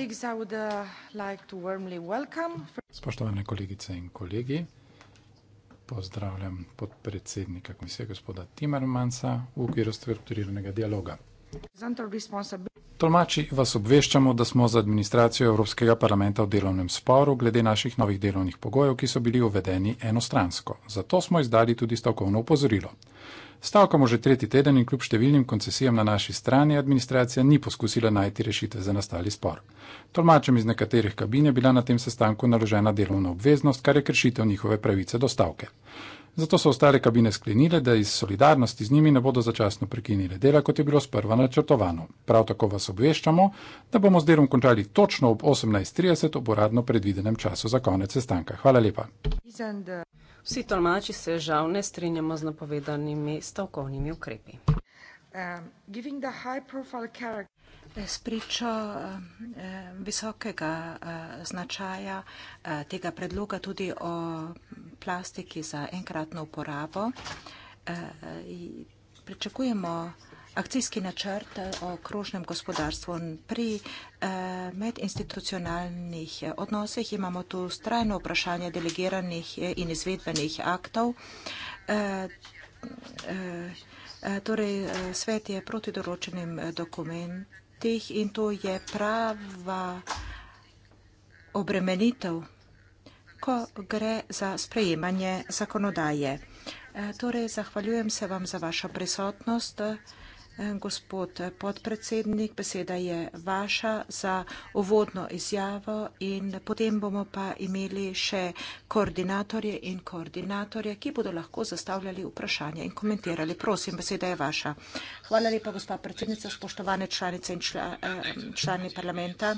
Uh, Spoštovane kolegice in kolegi, pozdravljam podpredsednika komisije gospoda Timermansa v okviru strukturiranega dialoga. Tolmači vas obveščamo, da smo z administracijo Evropskega parlamenta v delovnem sporu glede naših novih delovnih pogojev, ki so bili uvedeni enostransko. Zato smo izdali tudi stavkovno opozorilo. Stavkamo že tretji teden in kljub številnim koncesijam na naši strani administracija ni poskusila najti rešitev za nastali spor. Tolmačem iz nekaterih kabin je bila na tem sestanku naložena delovna obveznost, kar je kršitev njihove pravice do stavke. Zato so ostale kabine sklenile, da iz solidarnosti z njimi ne bodo začasno prekinile dela, kot je bilo sprva načrtovano. Prav tako vas obveščamo, da bomo z delom končali točno ob 18.30 ob uradno predvidenem času za konec sestanka. Hvala lepa. Vsi tolmači se žal ne strinjamo z napovedanimi stavkovnimi ukrepi. Um, Spričo um, um, visokega uh, značaja uh, tega predloga tudi o plastiki za enkratno uporabo uh, pričakujemo akcijski načrt eh, o krožnem gospodarstvu. Pri eh, medinstitucionalnih eh, odnosih imamo tu strajno vprašanje delegiranih in izvedbenih aktov. Torej, svet je proti določenim dokumentih in to je prava obremenitev, ko gre za sprejemanje zakonodaje. Torej, zahvaljujem se vam za vašo prisotnost. Eh, gospod podpredsednik, beseda je vaša za uvodno izjavo in potem bomo pa imeli še koordinatorje in koordinatorje, ki bodo lahko zastavljali vprašanja in komentirali. Prosim, beseda je vaša. Hvala lepa, gospa predsednica, spoštovane članice in čla, eh, člani parlamenta.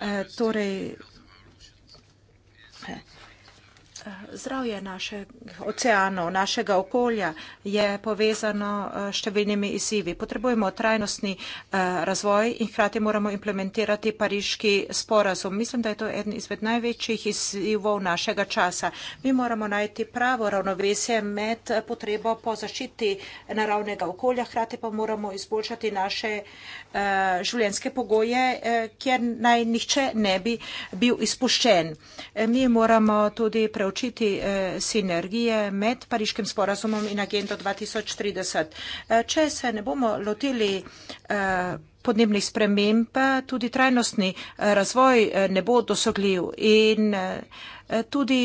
Eh, torej, zdravje našega oceana, našega okolja je povezano eh, s številnimi izzivi. Potrebujemo trajnostni eh, razvoj in hkrati moramo implementirati pariški sporazum. Mislim, da je to eden izmed največjih izzivov našega časa. Mi moramo najti pravo ravnovesje med potrebo po zaščiti naravnega okolja, hkrati pa moramo izboljšati naše eh, življenjske pogoje, kjer naj nihče ne bi bil izpuščen. Mi moramo tudi preučiti, določiti eh, sinergije med Pariškim sporazumom in agendo 2030. Eh, če se ne bomo lotili eh, podnebnih sprememb, tudi trajnostni razvoj ne bo dosegljiv in tudi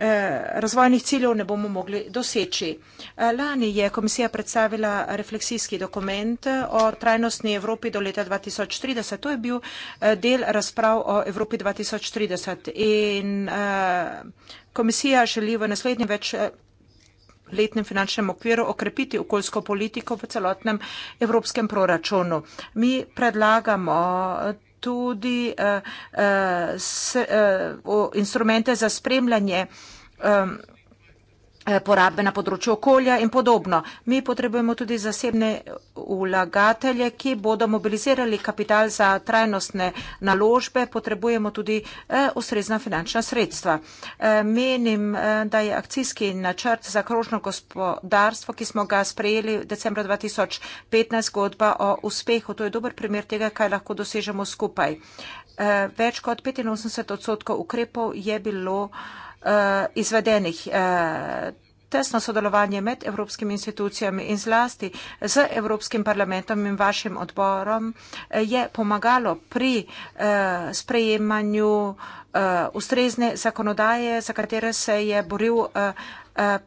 Eh, razvojnih ciljev ne bomo mogli doseči. Eh, lani je komisija predstavila refleksijski dokument eh, o trajnostni Evropi do leta 2030. To je bil del razprav o Evropi 2030. In komisija želi v naslednjem več letnem finančnem okviru okrepiti okoljsko politiko v celotnem evropskem proračunu. Mi predlagamo tudi uh, uh, s, uh, instrumente za spremljanje um, Eh, porabe na področju okolja in podobno. Mi potrebujemo tudi zasebne vlagatelje, ki bodo mobilizirali kapital za trajnostne naložbe, potrebujemo tudi eh, ustrezna finančna sredstva. Eh, menim, da je akcijski načrt za krožno gospodarstvo, ki smo ga sprejeli v decembru 2015, zgodba o uspehu. To je dober primer tega, kaj lahko dosežemo skupaj. Več kot 85 odstotkov ukrepov je bilo Eh, izvedenih eh, tesno sodelovanje med evropskimi institucijami in zlasti z Evropskim parlamentom in vašim odborom eh, je pomagalo pri sprejemanju ustrezne zakonodaje, za katere se je boril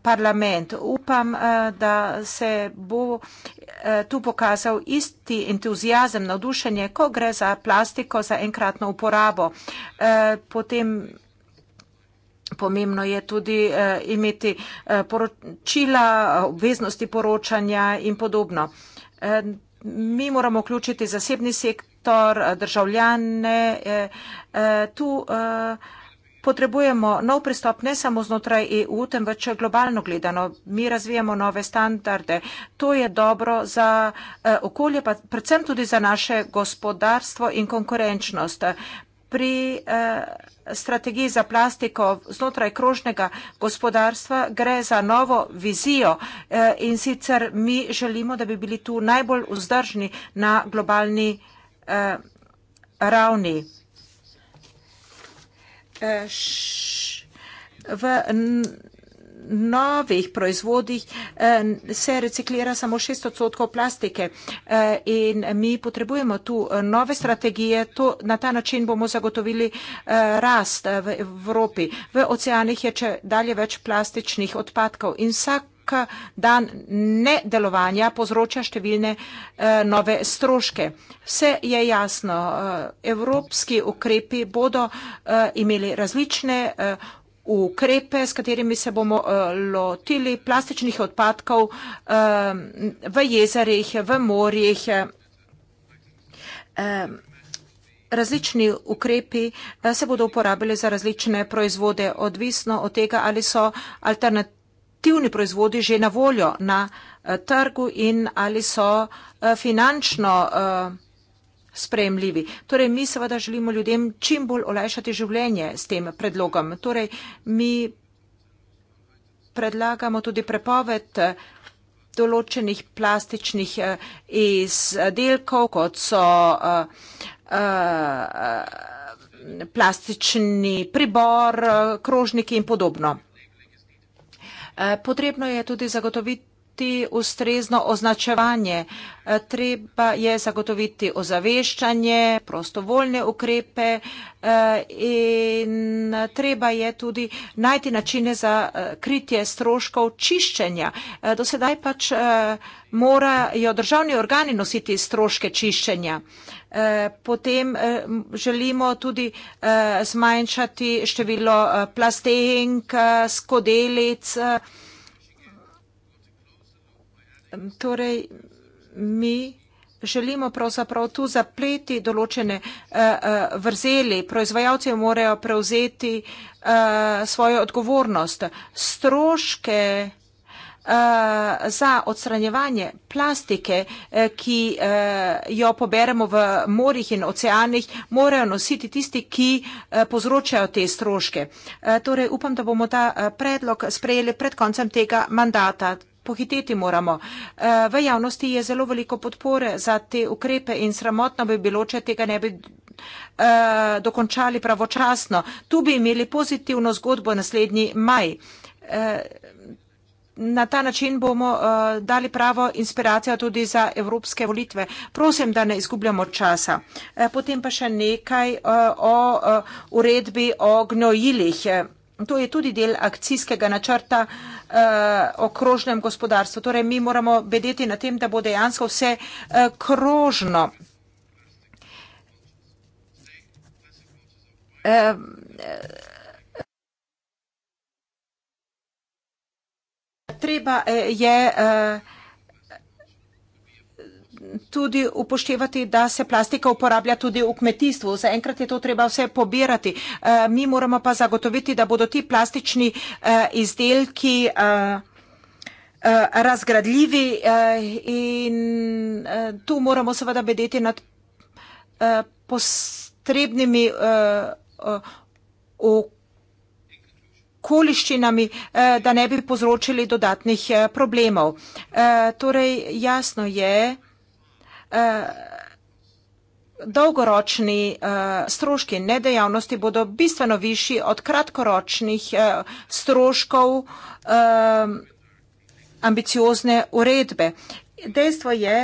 parlament. Upam, da se bo tu pokazal isti entuzijazem, navdušenje, ko gre za plastiko, za enkratno uporabo. Potem Pomembno je tudi eh, imeti eh, poročila, obveznosti poročanja in podobno. Eh, mi moramo vključiti zasebni sektor, državljane. Tu potrebujemo nov pristop ne samo znotraj EU, temveč globalno gledano. Mi razvijamo nove standarde. To je dobro za okolje, pa predvsem tudi za naše gospodarstvo in konkurenčnost pri eh, strategiji za plastiko znotraj krožnega gospodarstva gre za novo vizijo eh, in sicer mi želimo, da bi bili tu najbolj vzdržni na globalni eh, ravni. Eh, š, v, n, novih proizvodih eh, se reciklira samo 6 odstotkov plastike eh, in mi potrebujemo tu eh, nove strategije. To, na ta način bomo zagotovili rast v Evropi. V oceanih je če dalje več plastičnih odpadkov in vsak dan nedelovanja povzroča številne eh, nove stroške. Vse je jasno, evropski ukrepi bodo eh, imeli različne eh, ukrepe, s katerimi se bomo eh, lotili plastičnih odpadkov eh, v jezerih, v morjih. Eh, različni ukrepi se bodo uporabili za različne proizvode, odvisno od tega, ali so alternativni proizvodi že na voljo na trgu in ali so finančno sprejemljivi. Torej, mi seveda želimo ljudem čim bolj olajšati življenje s tem predlogom. Torej, mi predlagamo tudi prepoved eh, določenih plastičnih eh, izdelkov, kot so eh, plastični pribor, krožniki in podobno. Potrebno je tudi zagotoviti zagotoviti ustrezno označevanje, eh, treba je zagotoviti ozaveščanje, prostovoljne ukrepe eh, in treba je tudi najti načine za eh, kritje stroškov čiščenja. Do sedaj pač morajo državni organi nositi stroške čiščenja. Potem želimo tudi zmanjšati število plastenk, skodelic, Torej, mi želimo pravzaprav tu zapleti določene eh, eh, vrzeli. Proizvajalci morajo prevzeti eh, svojo odgovornost. Stroške za odstranjevanje plastike, ki jo poberemo v morjih in oceanih, morajo nositi tisti, ki povzročajo te stroške. Torej, upam, da bomo ta predlog sprejeli pred koncem tega mandata pohiteti moramo. Eh, v javnosti je zelo veliko podpore za te ukrepe in sramotno bi bilo, če tega ne bi eh, dokončali pravočasno. Tu bi imeli pozitivno zgodbo naslednji maj. Eh, na ta način bomo uh, dali pravo inspiracijo tudi za evropske volitve. Prosim, da ne izgubljamo časa. E, potem pa še nekaj uh, o uh, uredbi o gnojilih. E, To je tudi del akcijskega načrta uh, eh, o krožnem gospodarstvu. Torej, mi moramo bedeti na tem, da bo dejansko vse uh, krožno. Uh, uh, treba je. Uh, tudi upoštevati, da se plastika uporablja tudi v kmetijstvu. Zaenkrat je to treba vse pobirati. Eh, mi moramo pa zagotoviti, da bodo ti plastični eh, izdelki eh, razgradljivi in tu moramo seveda bedeti nad postrebnimi okoliščinami, da ne bi povzročili dodatnih problemov. Torej, jasno je, Eh, dolgoročni eh, stroški nedejavnosti bodo bistveno višji od kratkoročnih eh, stroškov ambiciozne uredbe. Dejstvo je,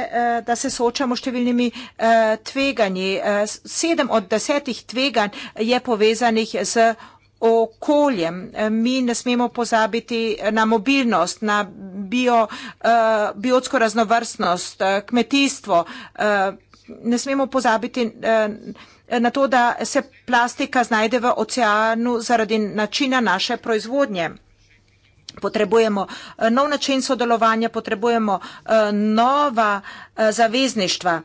da se soočamo številnimi tveganji. Sedem od desetih tveganj je povezanih z uredbe okoljem. Mi ne smemo pozabiti na mobilnost, na bio, eh, biotsko raznovrstnost, eh, kmetijstvo. Eh, ne smemo pozabiti na to, da se plastika znajde v oceanu zaradi načina naše proizvodnje potrebujemo eh, nov način sodelovanja, potrebujemo eh, nova eh, zavezništva.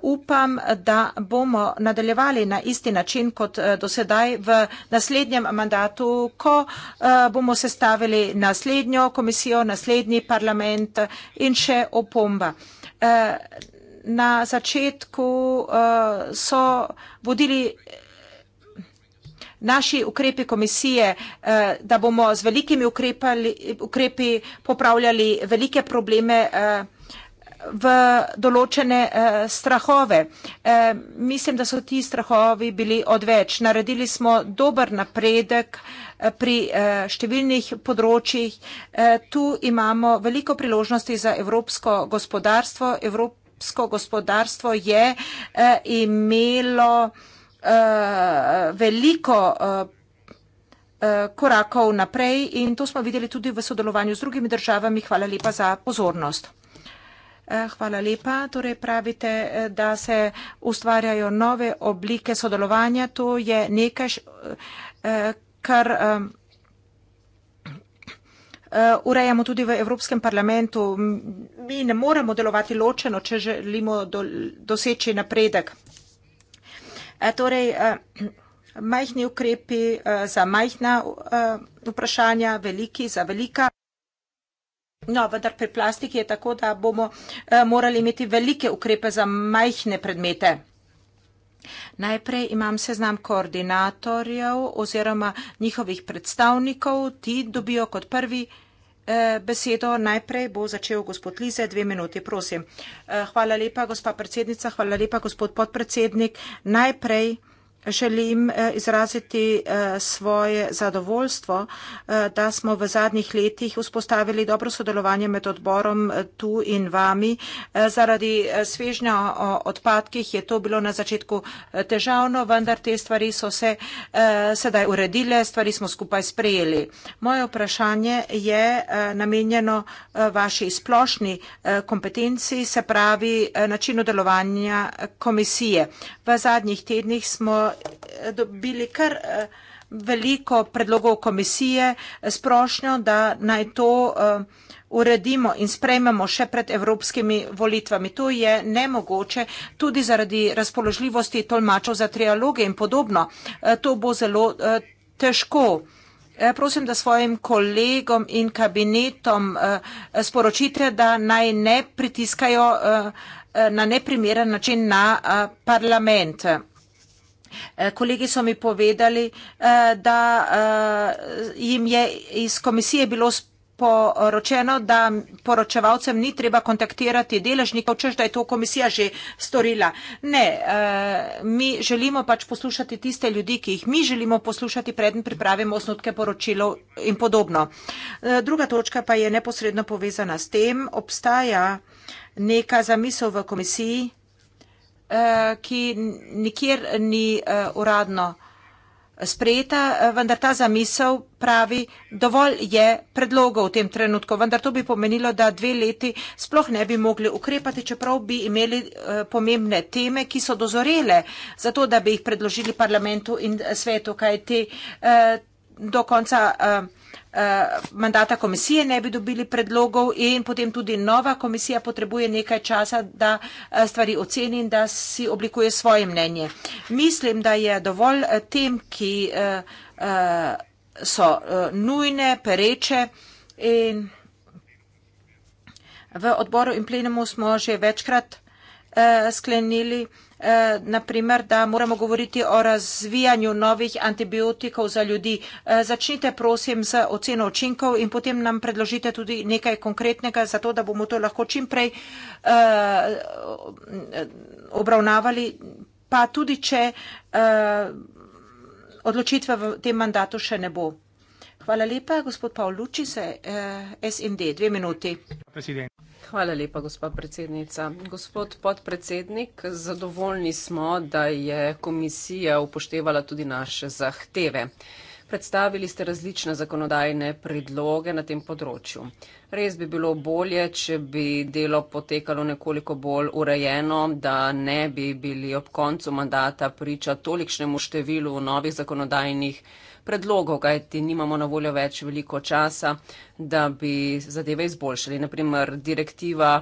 Upam, da bomo nadaljevali na isti način kot dosedaj v naslednjem mandatu, ko bomo sestavili naslednjo komisijo, naslednji parlament in še opomba. Na začetku so vodili naši ukrepi komisije, eh, da bomo z velikimi ukrepali, ukrepi popravljali velike probleme eh, v določene eh, strahove. Mislim, da so ti strahovi bili odveč. Naredili smo dober napredek pri številnih področjih. Tu imamo veliko priložnosti za evropsko gospodarstvo. Evropsko gospodarstvo je imelo uh, veliko uh, uh, korakov naprej in to smo videli tudi v sodelovanju z drugimi državami. Hvala lepa za pozornost. Hvala lepa. Torej pravite, da se ustvarjajo nove oblike sodelovanja. To je nekaj, kar urejamo tudi v Evropskem parlamentu. Mi ne moremo delovati ločeno, če želimo doseči napredek. Eh, torej, eh, majhni ukrepi eh, za majhna vprašanja, veliki za velika. No, vendar pri plastiki je tako, da bomo morali imeti velike ukrepe za majhne predmete. Najprej imam seznam koordinatorjev oziroma njihovih predstavnikov, ti dobijo kot prvi. Eh, besedo najprej bo začel gospod Lize, dve minuti, prosim. Eh, hvala lepa, gospa predsednica, hvala lepa, gospod podpredsednik. Najprej Želim eh, izraziti eh, svoje zadovoljstvo, eh, da smo v zadnjih letih vzpostavili dobro sodelovanje med odborom tu in vami. Zaradi svežnja o odpadkih je to bilo na začetku težavno, vendar te stvari so se sedaj uredile, stvari smo skupaj sprejeli. Moje vprašanje je namenjeno vaši splošni kompetenci, se pravi načinu delovanja komisije. V zadnjih tednih smo Eh, dobili kar eh, veliko predlogov komisije s prošnjo, da naj to eh, uredimo in sprejmemo še pred evropskimi volitvami. To je nemogoče tudi zaradi razpoložljivosti tolmačev za trialoge in podobno. To bo zelo težko. Prosim, da svojim kolegom in kabinetom sporočite, da naj ne pritiskajo na neprimeren način na parlament. Eh, kolegi so mi povedali, eh, da eh, jim je iz komisije bilo poročeno, da poročevalcem ni treba kontaktirati deležnikov, čež da je to komisija že storila. Ne, mi želimo pač poslušati tiste ljudi, ki jih mi želimo poslušati, preden pripravimo osnutke poročilov in podobno. Druga točka pa je neposredno povezana s tem. Obstaja neka zamisel v komisiji, Eh, ki nikjer ni eh, uradno eh, sprejeta, vendar ta zamisel pravi, dovolj je predlogov v tem trenutku, vendar to bi pomenilo, da dve leti sploh ne bi mogli ukrepati, čeprav bi imeli pomembne teme, ki so dozorele za to, da bi jih predložili parlamentu in svetu, kaj te do konca. Eh, mandata komisije ne bi dobili predlogov in potem tudi nova komisija potrebuje nekaj časa, da eh, stvari oceni in da si oblikuje svoje mnenje. Mislim, da je dovolj eh, tem, ki so nujne, pereče in v odboru in plenumu smo že večkrat sklenili, Eh, na primer, da moramo govoriti o razvijanju novih antibiotikov za ljudi. Eh, začnite prosim z oceno očinkov in potem nam predložite tudi nekaj konkretnega, zato da bomo to lahko čim prej eh, obravnavali, pa tudi če odločitve v tem mandatu še ne bo. Hvala lepa, gospod Pavluči, se eh, SND, dve minuti. Hvala lepa, gospa predsednica. Gospod podpredsednik, zadovoljni smo, da je komisija upoštevala tudi naše zahteve. Predstavili ste različne zakonodajne predloge na tem področju. Res bi bilo bolje, če bi delo potekalo nekoliko bolj urejeno, da ne bi bili ob koncu mandata priča tolikšnemu številu novih zakonodajnih predlogov predlogov, kajti nimamo na voljo več veliko časa, da bi zadeve izboljšali. Naprimer, direktiva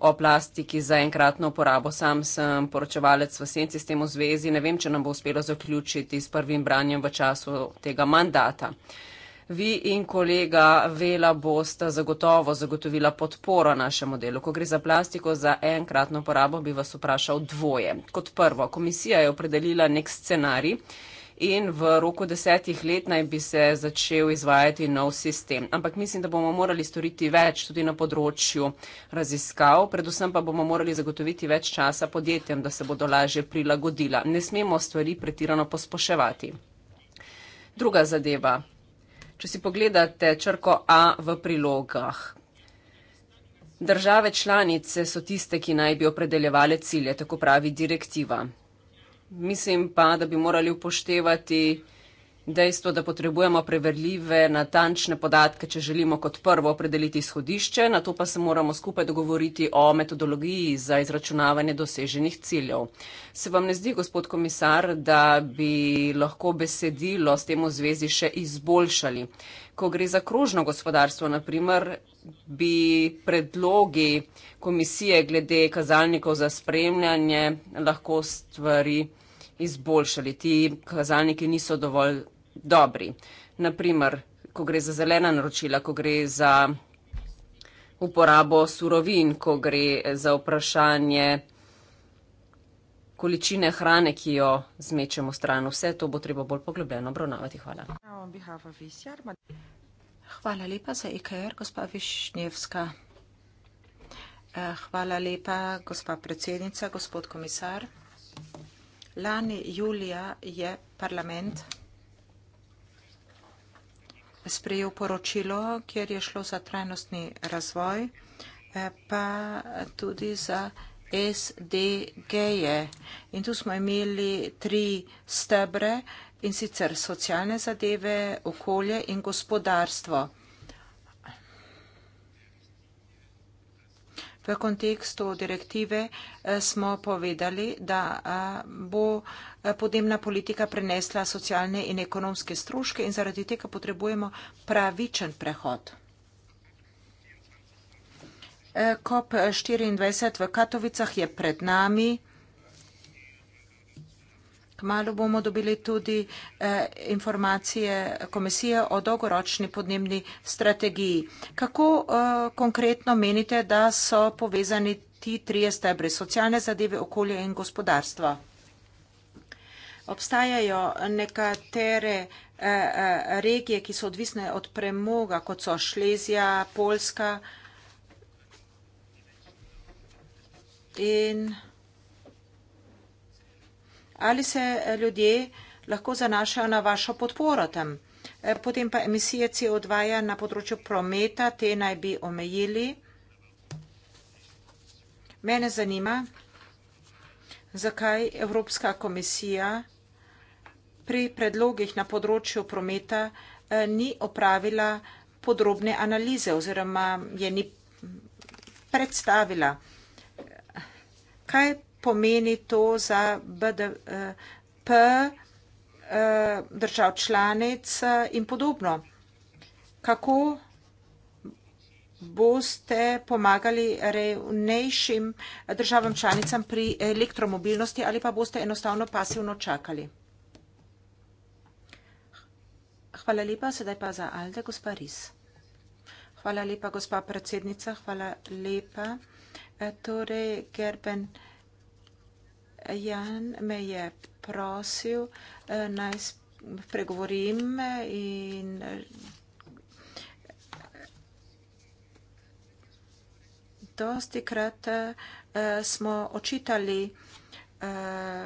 o plastiki za enkratno uporabo. Sam sem poročevalec v senci s tem v zvezi. Ne vem, če nam bo uspelo zaključiti s prvim branjem v času tega mandata. Vi in kolega Vela boste zagotovo zagotovila podporo našemu delu. Ko gre za plastiko za enkratno uporabo, bi vas vprašal dvoje. Kot prvo, komisija je opredelila nek scenarij, in v roku desetih let naj bi se začel izvajati nov sistem. Ampak mislim, da bomo morali storiti več tudi na področju raziskav, predvsem pa bomo morali zagotoviti več časa podjetjem, da se bodo lažje prilagodila. Ne smemo stvari pretirano pospoševati. Druga zadeva. Če si pogledate črko A v prilogah. Države članice so tiste, ki naj bi opredeljevale cilje, tako pravi direktiva. Mislim pa, da bi morali upoštevati dejstvo, da potrebujemo preverljive, natančne podatke, če želimo kot prvo opredeliti izhodišče, na to pa se moramo skupaj dogovoriti o metodologiji za izračunavanje doseženih ciljev. Se vam ne zdi, gospod komisar, da bi lahko besedilo s tem v zvezi še izboljšali? Ko gre za krožno gospodarstvo, naprimer, bi predlogi komisije glede kazalnikov za spremljanje lahko stvari izboljšali. Ti kazalniki niso dovolj dobri. Naprimer, ko gre za zelena naročila, ko gre za uporabo surovin, ko gre za vprašanje količine hrane, ki jo zmečemo stran. Vse to bo treba bolj poglobljeno obravnavati. Hvala. Hvala lepa za IKR, e gospa Višnjevska. Eh, hvala lepa, gospa predsednica, gospod komisar. Lani julija je parlament sprejel poročilo, kjer je šlo za trajnostni razvoj, eh, pa tudi za SDG-je. In tu smo imeli tri stebre in sicer socialne zadeve, okolje in gospodarstvo. V kontekstu direktive eh, smo povedali, da eh, bo eh, podnebna politika prenesla socialne in ekonomske stroške in zaradi tega potrebujemo pravičen prehod. COP24 v Katovicah je pred nami. Kmalo bomo dobili tudi eh, informacije komisije o dolgoročni podnebni strategiji. Kako eh, konkretno menite, da so povezani ti trije stebri, socialne zadeve, okolje in gospodarstvo? Obstajajo nekatere eh, regije, ki so odvisne od premoga, kot so Šlezija, Poljska in Hrvatska ali se eh, ljudje lahko zanašajo na vašo podporo tam. Eh, potem pa emisije CO2 na področju prometa, te naj bi omejili. Mene zanima, zakaj Evropska komisija pri predlogih na področju prometa eh, ni opravila podrobne analize oziroma je ni predstavila. Kaj pomeni to za BDP eh, držav članic eh, in podobno. Kako boste pomagali revnejšim državam članicam pri elektromobilnosti ali pa boste enostavno pasivno čakali? Hvala lepa, sedaj pa za Alde, gospa Riz. Hvala lepa, gospa predsednica, hvala lepa. Eh, torej, Gerben, vsega, Jan me je prosil, eh, naj spregovorim in eh, dosti krat eh, smo očitali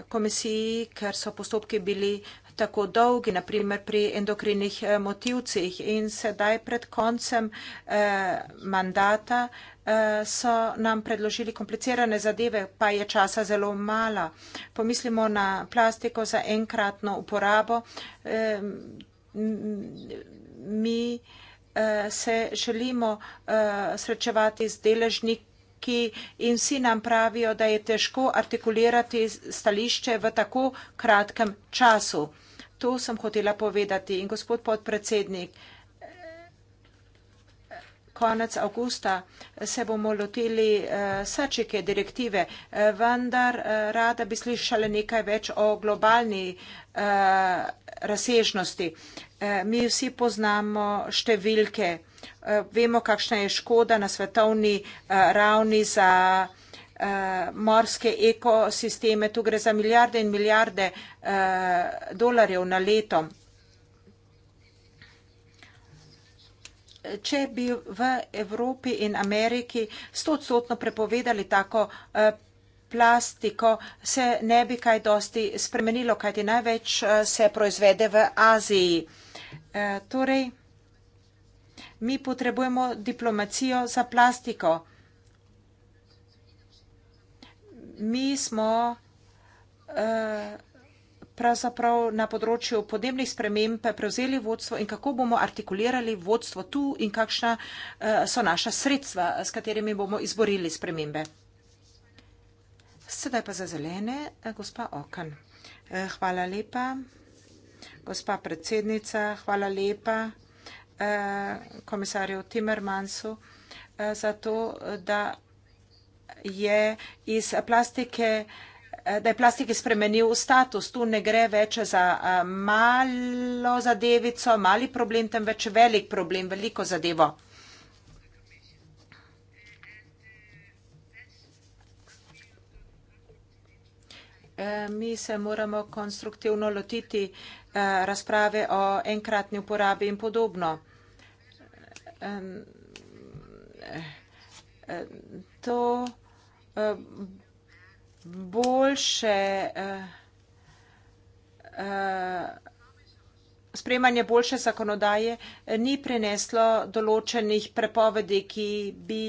komisiji, ker so postopki bili tako dolgi, naprimer pri endokrinih eh, motivcih. In sedaj pred koncem eh, mandata eh, so nam predložili komplicirane zadeve, pa je časa zelo mala. Pomislimo na plastiko za enkratno uporabo. Mi se želimo srečevati z deležniki kritiki in vsi nam pravijo, da je težko artikulirati stališče v tako kratkem času. To sem hotela povedati. In gospod podpredsednik, konec avgusta se bomo lotili eh, srčike direktive, eh, vendar eh, rada bi slišala nekaj več o globalni razsežnosti. Mi vsi poznamo številke vemo, kakšna je škoda na svetovni eh, ravni za eh, morske ekosisteme. Tu gre za milijarde in milijarde eh, dolarjev na leto. Če bi v Evropi in Ameriki stotstotno prepovedali tako plastiko, se ne bi kaj dosti spremenilo, kajti največ se proizvede v Aziji. Torej, Mi potrebujemo diplomacijo za plastiko. Mi smo eh, pravzaprav na področju podnebnih sprememb prevzeli vodstvo in kako bomo artikulirali vodstvo tu in kakšna eh, so naša sredstva, s katerimi bomo izborili spremembe. Sedaj pa za zelene, eh, gospa Okan. Hvala lepa, gospa predsednica, hvala lepa komisarju Timmermansu eh, za to, da je iz plastike eh, da je plastik spremenil status. Tu ne gre več za eh, malo zadevico, mali problem, temveč velik problem, veliko zadevo. Eh, mi se moramo konstruktivno lotiti eh, razprave o enkratni uporabi in podobno. Eh, to boljše sprejemanje boljše zakonodaje ni prineslo določenih prepovedi, ki bi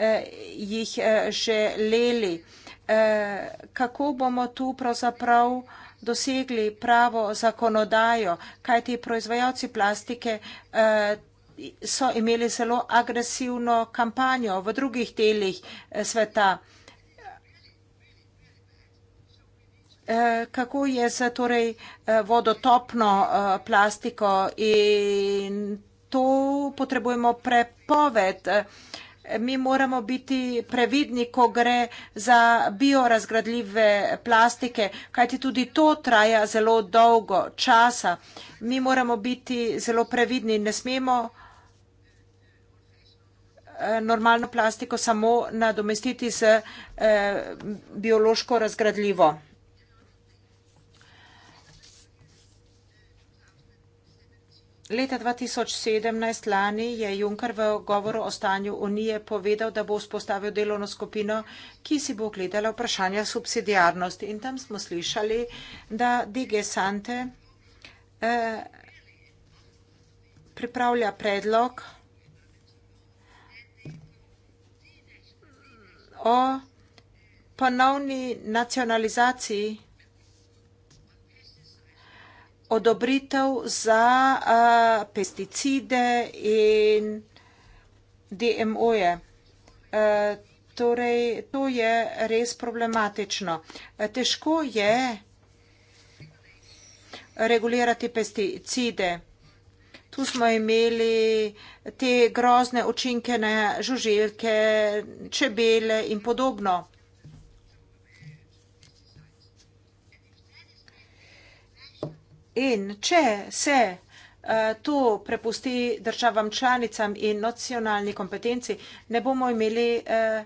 Eh, jih eh, želeli. Eh, kako bomo tu pravzaprav dosegli pravo zakonodajo, kaj ti proizvajalci plastike so imeli zelo agresivno kampanjo v drugih delih sveta. Kako je z torej, vodotopno plastiko in to potrebujemo prepoved mi moramo biti previdni, ko gre za biorazgradljive plastike, kajti tudi to traja zelo dolgo časa. Mi moramo biti zelo previdni, ne smemo eh, normalno plastiko samo nadomestiti z eh, biološko razgradljivo. Leta 2017 lani je Juncker v govoru o stanju unije povedal, da bo vzpostavil delovno skupino, ki si bo gledala vprašanja subsidijarnosti. In tam smo slišali, da DG Sante eh, pripravlja predlog o ponovni nacionalizaciji odobritev za uh, pesticide in DMO-je. Uh, e, torej, to je res problematično. E, težko je regulirati pesticide. Tu smo imeli te grozne učinke na žuželke, čebele in podobno. In če se eh, to prepusti državam članicam in nacionalni kompetenci, ne bomo imeli eh,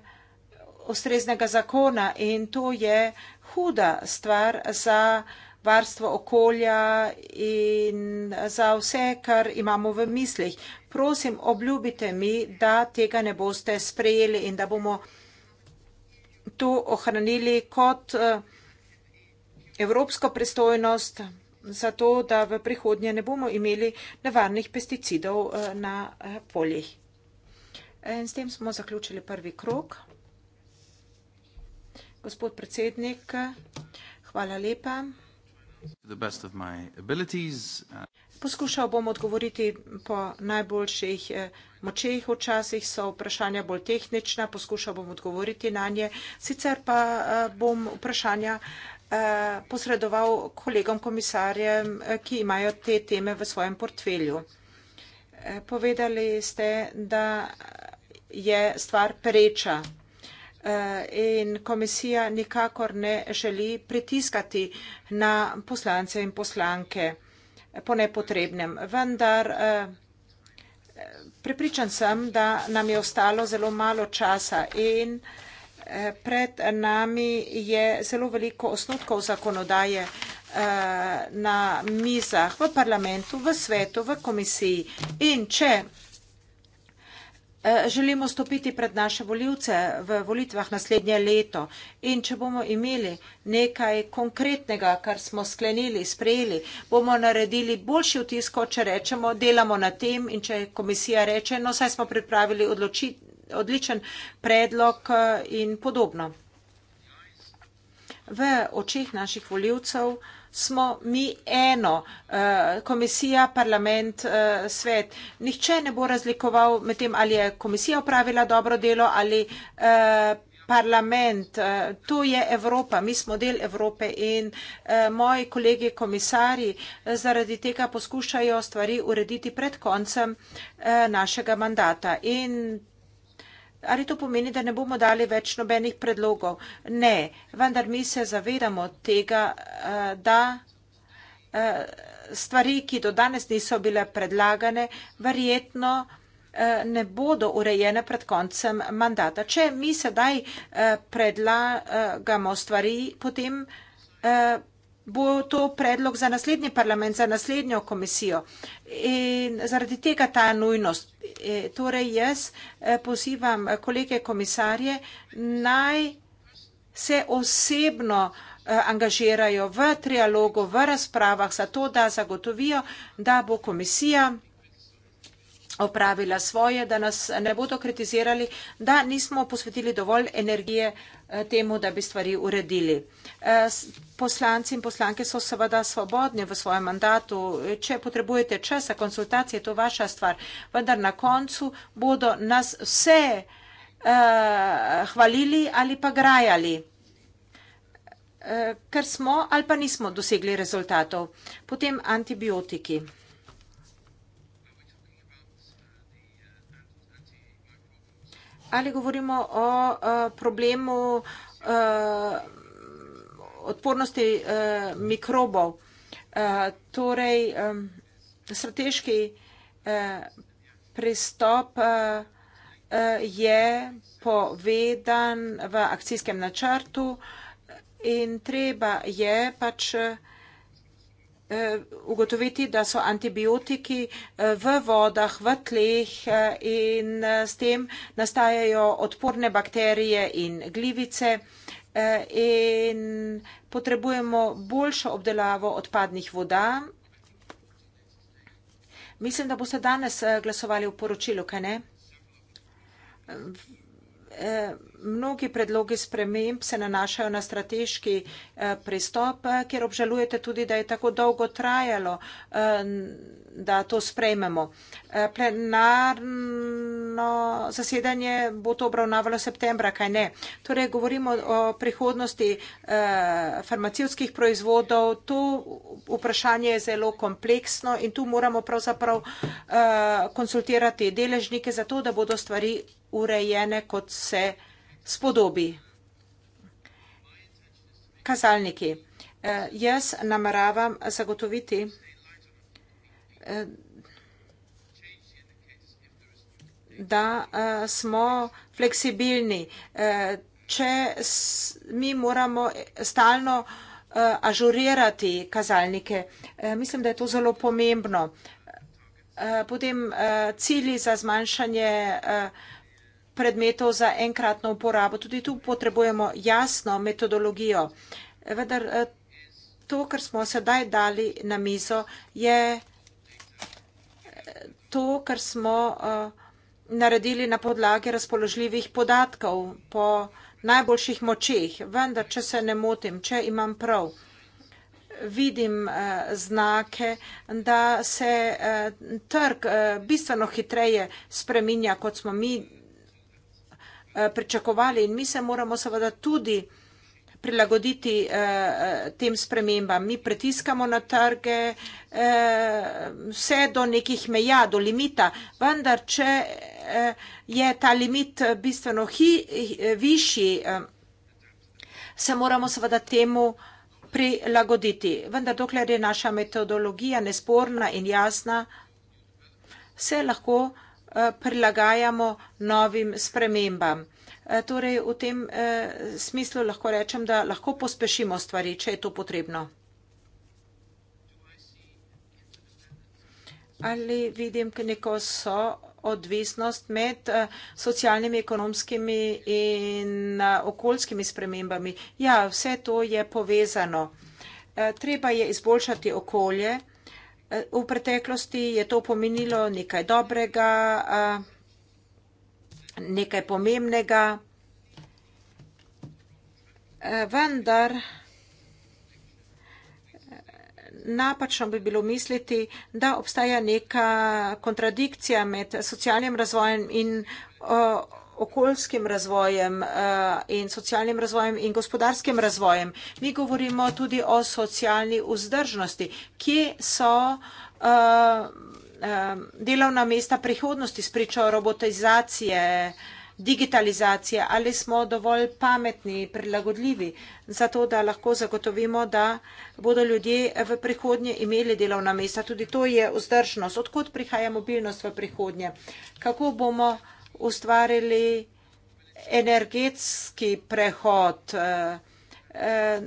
ustreznega zakona in to je huda stvar za varstvo okolja in za vse, kar imamo v mislih. Prosim, obljubite mi, da tega ne boste sprejeli in da bomo to ohranili kot eh, evropsko pristojnost vsega zato, da v prihodnje ne bomo imeli nevarnih pesticidov eh, na eh, poljih. In s tem smo zaključili prvi krok. Gospod predsednik, hvala lepa. Uh, poskušal bom odgovoriti po najboljših eh, močeh, včasih so vprašanja bolj tehnična, poskušal bom odgovoriti na nje, sicer pa bom vprašanja Eh, posredoval kolegom komisarjem, eh, ki imajo te teme v svojem portfelju. Eh, povedali ste, da je stvar preča in komisija nikakor ne želi pritiskati na poslance in poslanke po nepotrebnem. Vendar pripričan sem, da nam je ostalo zelo malo časa in pripričan sem, Pred nami je zelo veliko osnutkov zakonodaje eh, na mizah v parlamentu, v svetu, v komisiji. In če eh, želimo stopiti pred naše voljivce v volitvah naslednje leto in če bomo imeli nekaj konkretnega, kar smo sklenili, sprejeli, bomo naredili boljši vtisko, če rečemo, delamo na tem in če komisija reče, no saj smo pripravili odločitev odličen predlog eh, in podobno. V očih naših voljivcev smo mi eno, eh, komisija, parlament, eh, svet. Nihče ne bo razlikoval med tem, ali je komisija upravila dobro delo ali parlament. To je Evropa, mi smo del Evrope in moji kolegi komisari zaradi tega poskušajo stvari urediti pred koncem našega mandata. In Ali to pomeni, da ne bomo dali več nobenih predlogov? Ne, vendar mi se zavedamo tega, eh, da eh, stvari, ki do danes niso bile predlagane, verjetno eh, ne bodo urejene pred koncem mandata. Če mi sedaj predlagamo stvari, potem bo to predlog za naslednji parlament, za naslednjo komisijo. In zaradi tega ta nujnost. E, torej jaz e, pozivam kolege komisarje, naj se osebno e, angažirajo v trialogu, v razpravah, zato da zagotovijo, da bo komisija opravila svoje, da nas ne bodo kritizirali, da nismo posvetili dovolj energije temu, da bi stvari uredili poslanci in poslanke so seveda svobodni v svojem mandatu. Če potrebujete časa, konsultacije, je to vaša stvar. Vendar na koncu bodo nas vse uh, hvalili ali pa grajali, uh, ker smo ali pa nismo dosegli rezultatov. Potem antibiotiki. Ali govorimo o uh, problemu uh, odpornosti eh, mikrobov. Eh, torej, eh, strateški eh, pristop eh, eh, je povedan v akcijskem načrtu in treba je pač eh, ugotoviti, da so antibiotiki eh, v vodah, v tleh in s tem nastajajo odporne bakterije in glivice, Eh, in potrebujemo boljšo obdelavo odpadnih voda. Mislim, da boste danes eh, glasovali v poročilu, kaj ne? Eh, mnogi predlogi sprememb se nanašajo na strateški eh, pristop, eh, kjer obžalujete tudi, da je tako dolgo trajalo, eh, da to sprejmemo. Plenarno zasedanje bo to obravnavalo septembra, kaj ne. Torej, govorimo o prihodnosti farmacijskih proizvodov. To vprašanje je zelo kompleksno in tu moramo pravzaprav konsultirati deležnike za to, da bodo stvari urejene, kot se spodobi. Kazalniki. E, jaz nameravam zagotoviti e, da uh, smo fleksibilni. Uh, če s, mi moramo stalno uh, ažurirati kazalnike, uh, mislim, da je to zelo pomembno. Uh, potem uh, cilji za zmanjšanje uh, predmetov za enkratno uporabo. Tudi tu potrebujemo jasno metodologijo. Vendar eh, to, kar smo sedaj dali na mizo, je eh, to, kar smo eh, naredili na podlagi razpoložljivih podatkov po najboljših močeh. Vendar, če se ne motim, če imam prav, vidim znake, da se trg bistveno hitreje spreminja, kot smo mi Eh, pričakovali in mi se moramo seveda tudi prilagoditi eh, eh, tem spremembam. Mi pritiskamo na trge eh, vse do nekih meja, do limita, vendar če eh, je ta limit bistveno hi, hi, višji, eh, se moramo seveda temu prilagoditi. Vendar dokler je naša metodologija nesporna in jasna, se lahko eh, Eh, prilagajamo novim spremembam. Eh, torej, v tem eh, smislu lahko rečem, da lahko pospešimo stvari, če je to potrebno. Ali vidim neko so odvisnost med socialnimi, ekonomskimi in okoljskimi spremembami? Ja, vse to je povezano. Treba je izboljšati okolje. Eh, v preteklosti, je to pomenilo nekaj dobrega, eh, nekaj pomembnega, eh, vendar napačno bi bilo misliti, da obstaja neka kontradikcija med socialnim razvojem in okoljskim razvojem eh, in socialnim razvojem in gospodarskim razvojem. Mi govorimo tudi o socialni vzdržnosti, kje so eh, eh, delovna mesta prihodnosti, spričo robotizacije, digitalizacije, ali smo dovolj pametni, prilagodljivi, zato da lahko zagotovimo, da bodo ljudje v prihodnje imeli delovna mesta. Tudi to je vzdržnost. Odkot prihaja mobilnost v prihodnje? Kako bomo ustvarili energetski prehod. Eh, eh,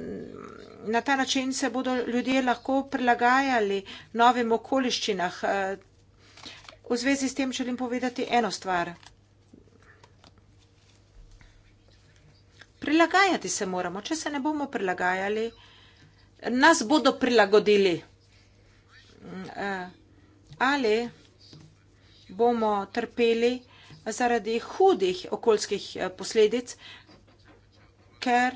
na ta način se bodo ljudje lahko prilagajali novim okoliščinah. Eh, v zvezi s tem želim povedati eno stvar. Prilagajati se moramo. Če se ne bomo prilagajali, nas bodo prilagodili. Ali bomo trpeli, zaradi hudih okoljskih eh, posledic, ker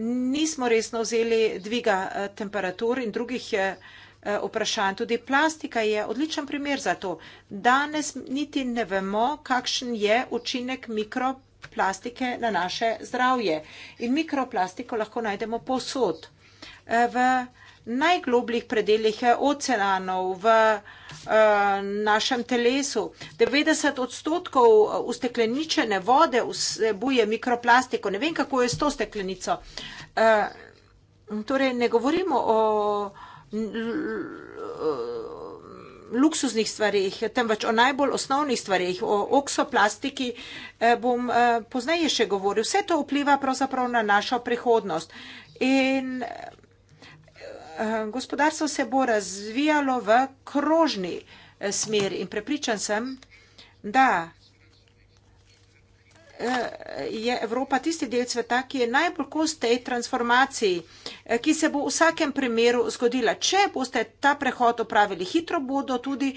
nismo resno vzeli dviga eh, temperatur in drugih eh, vprašanj. Tudi plastika je odličen primer za to. Danes niti ne vemo, kakšen je učinek mikroplastike na naše zdravje. In mikroplastiko lahko najdemo posod. V najglobljih predeljih oceanov v eh, našem telesu. 90 odstotkov ustekleničene vode vsebuje mikroplastiko. Ne vem, kako je s to steklenico. Eh, torej, ne govorimo o luksuznih stvarih, temveč o najbolj osnovnih stvarih, o oksoplastiki eh, bom pozneje še govoril. Vse to vpliva pravzaprav na našo prihodnost. In Eh, gospodarstvo se bo razvijalo v krožni eh, smeri in prepričan sem, da eh, je Evropa tisti del sveta, ki je najbolj kost tej transformaciji, ki se bo v vsakem primeru zgodila. Če boste ta prehod opravili hitro, bodo tudi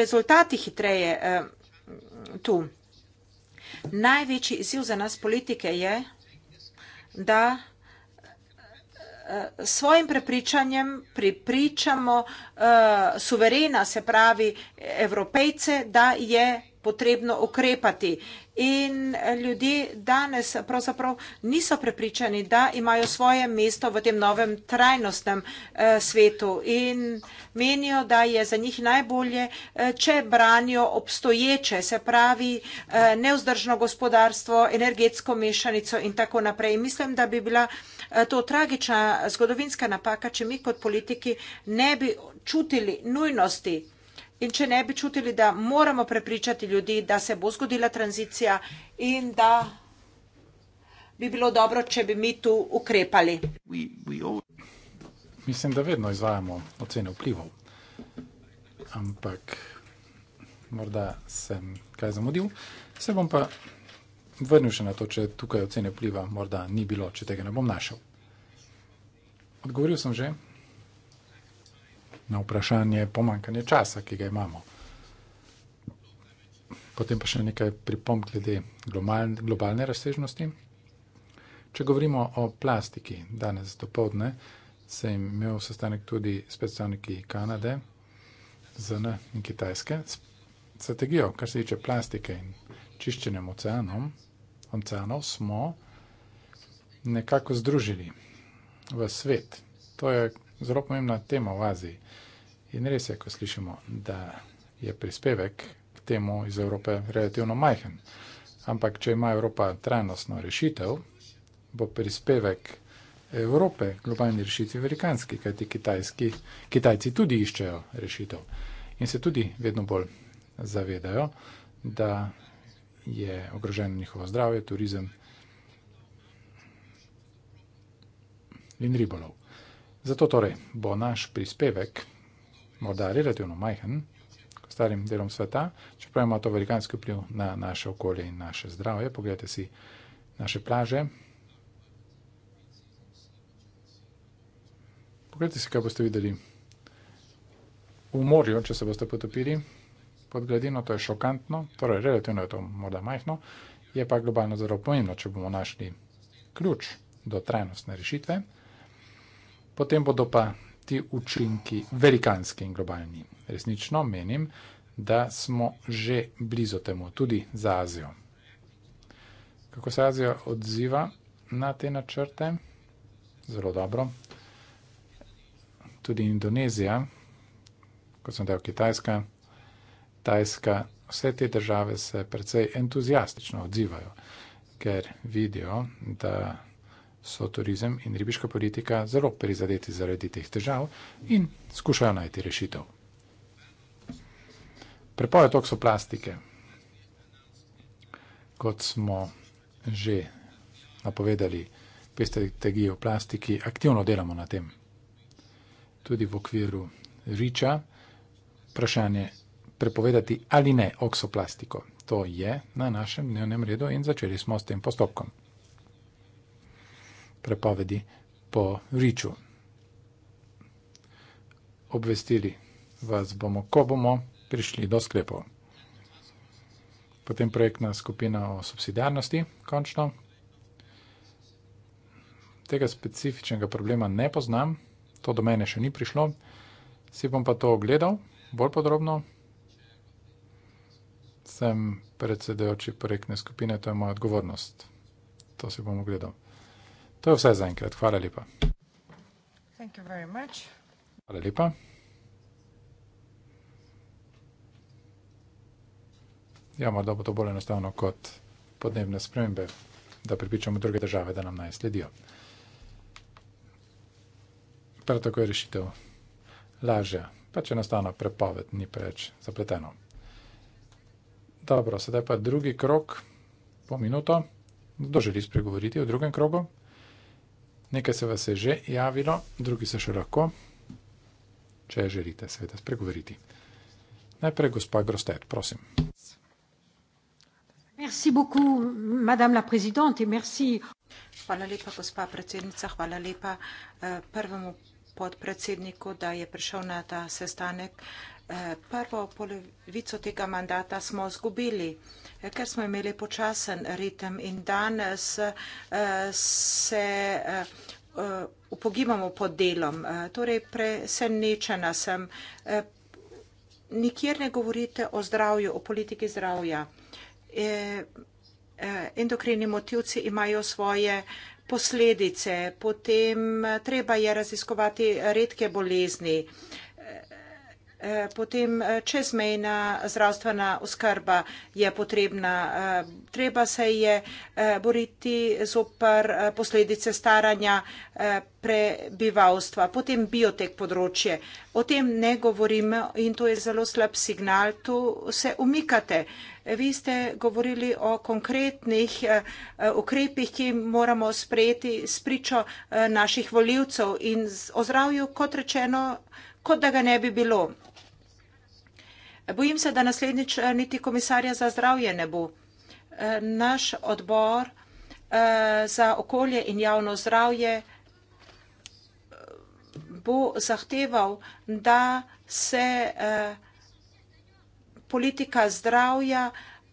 rezultati hitreje tu. Največji izziv za nas politike je, da s svojim prepričanjem pripričamo eh, suverena, se pravi, evropejce, da je potrebno ukrepati. In eh, ljudje danes pravzaprav niso prepričani, da imajo svoje mesto v tem novem trajnostnem eh, svetu in menijo, da je za njih najbolje, eh, če branijo obstoječe, se pravi neuzdržno gospodarstvo, energetsko mešanico in tako naprej. In mislim, da bi bila to tragična zgodovinska napaka, če mi kot politiki ne bi čutili nujnosti in če ne bi čutili, da moramo prepričati ljudi, da se bo zgodila tranzicija in da bi bilo dobro, če bi mi tu ukrepali. Mislim, da vedno izvajamo ocene vplivov, ampak morda sem kaj zamudil. Se bom pa vrnil še na to, če tukaj ocene vpliva morda ni bilo, če tega ne bom našel. Odgovoril sem že na vprašanje pomankanja časa, ki ga imamo. Potem pa še nekaj pripomp glede globalne razsežnosti. Če govorimo o plastiki, danes do povdne sem imel sestanek tudi s predstavniki Kanade, ZN in Kitajske. Strategijo, kar se tiče plastike in čiščenjem oceanom, oceanov, smo nekako združili v svet. To je zelo pomembna tema v Aziji. In res je, ko slišimo, da je prispevek k temu iz Evrope relativno majhen. Ampak, če ima Evropa trajnostno rešitev, bo prispevek Evrope globalni rešitvi velikanski, kajti Kitajci tudi iščejo rešitev in se tudi vedno bolj zavedajo, da je ogroženo njihovo zdravje, turizem in ribolov. Zato torej bo naš prispevek, morda relativno majhen, starim delom sveta, čeprav ima to velikanski vpliv na naše okolje in naše zdravje. Poglejte si naše plaže. Poglejte si, kaj boste videli v morju, če se boste potopili pod gladino, to je šokantno, torej relativno je to morda majhno, je pa globalno zelo pomembno, če bomo našli ključ do trajnostne rešitve potem bodo pa ti učinki velikanski in globalni. Resnično menim, da smo že blizu temu, tudi za Azijo. Kako se Azija odziva na te načrte? Zelo dobro. Tudi Indonezija, kot sem dejal, Kitajska, Tajska, vse te države se precej entuzijastično odzivajo, ker vidijo, da so turizem in ribiška politika zelo prizadeti zaradi teh težav in skušajo najti rešitev. Prepoje toksoplastike, kot smo že napovedali, pestetegijo plastiki, aktivno delamo na tem. Tudi v okviru riča vprašanje prepovedati ali ne oksoplastiko. To je na našem dnevnem redu in začeli smo s tem postopkom prepovedi po Riču. Obvestili vas bomo, ko bomo prišli do sklepov. Potem projektna skupina o subsidijarnosti, končno. Tega specifičnega problema ne poznam, to do mene še ni prišlo. Si bom pa to ogledal bolj podrobno. Sem predsedojoči projektne skupine, to je moja odgovornost. To si bom ogledal. To je vse zaenkrat. Hvala lepa. Hvala lepa. Ja, morda bo to bolj enostavno kot podnebne spremembe, da pripričamo druge države, da nam naj sledijo. Prav tako je rešitev lažja, pač enostavno prepoved, ni preveč zapleteno. Dobro, sedaj pa drugi krok, po minuto. Kdo želi spregovoriti o drugem krogu? Nekaj se vas je že javilo, drugi se še lahko, če želite, seveda, spregovoriti. Najprej, gospa Grostet, prosim. Beaucoup, hvala lepa, gospa predsednica, hvala lepa eh, prvemu podpredsedniku, da je prišel na ta sestanek prvo polovico tega mandata smo zgubili, ker smo imeli počasen ritem in danes eh, se upogibamo eh, pod delom. Eh, torej, presenečena sem. Nikjer ne govorite o zdravju, o politiki zdravja. Endokrini motivci imajo svoje posledice, potem treba je raziskovati redke bolezni. Eh, potem eh, čezmejna zdravstvena oskrba je potrebna. Eh, treba se je boriti z opar posledice staranja prebivalstva, potem biotek področje. O tem ne govorimo in to je zelo slab signal, tu se umikate. Vi ste govorili o konkretnih ukrepih, ki moramo sprejeti s pričo naših voljivcev in o zdravju, kot rečeno, kot da ga ne bi bilo. Bojim se, da naslednjič eh, niti komisarja za zdravje ne bo. Eh, naš odbor eh, za okolje in javno zdravje bo zahteval, da se politika zdravja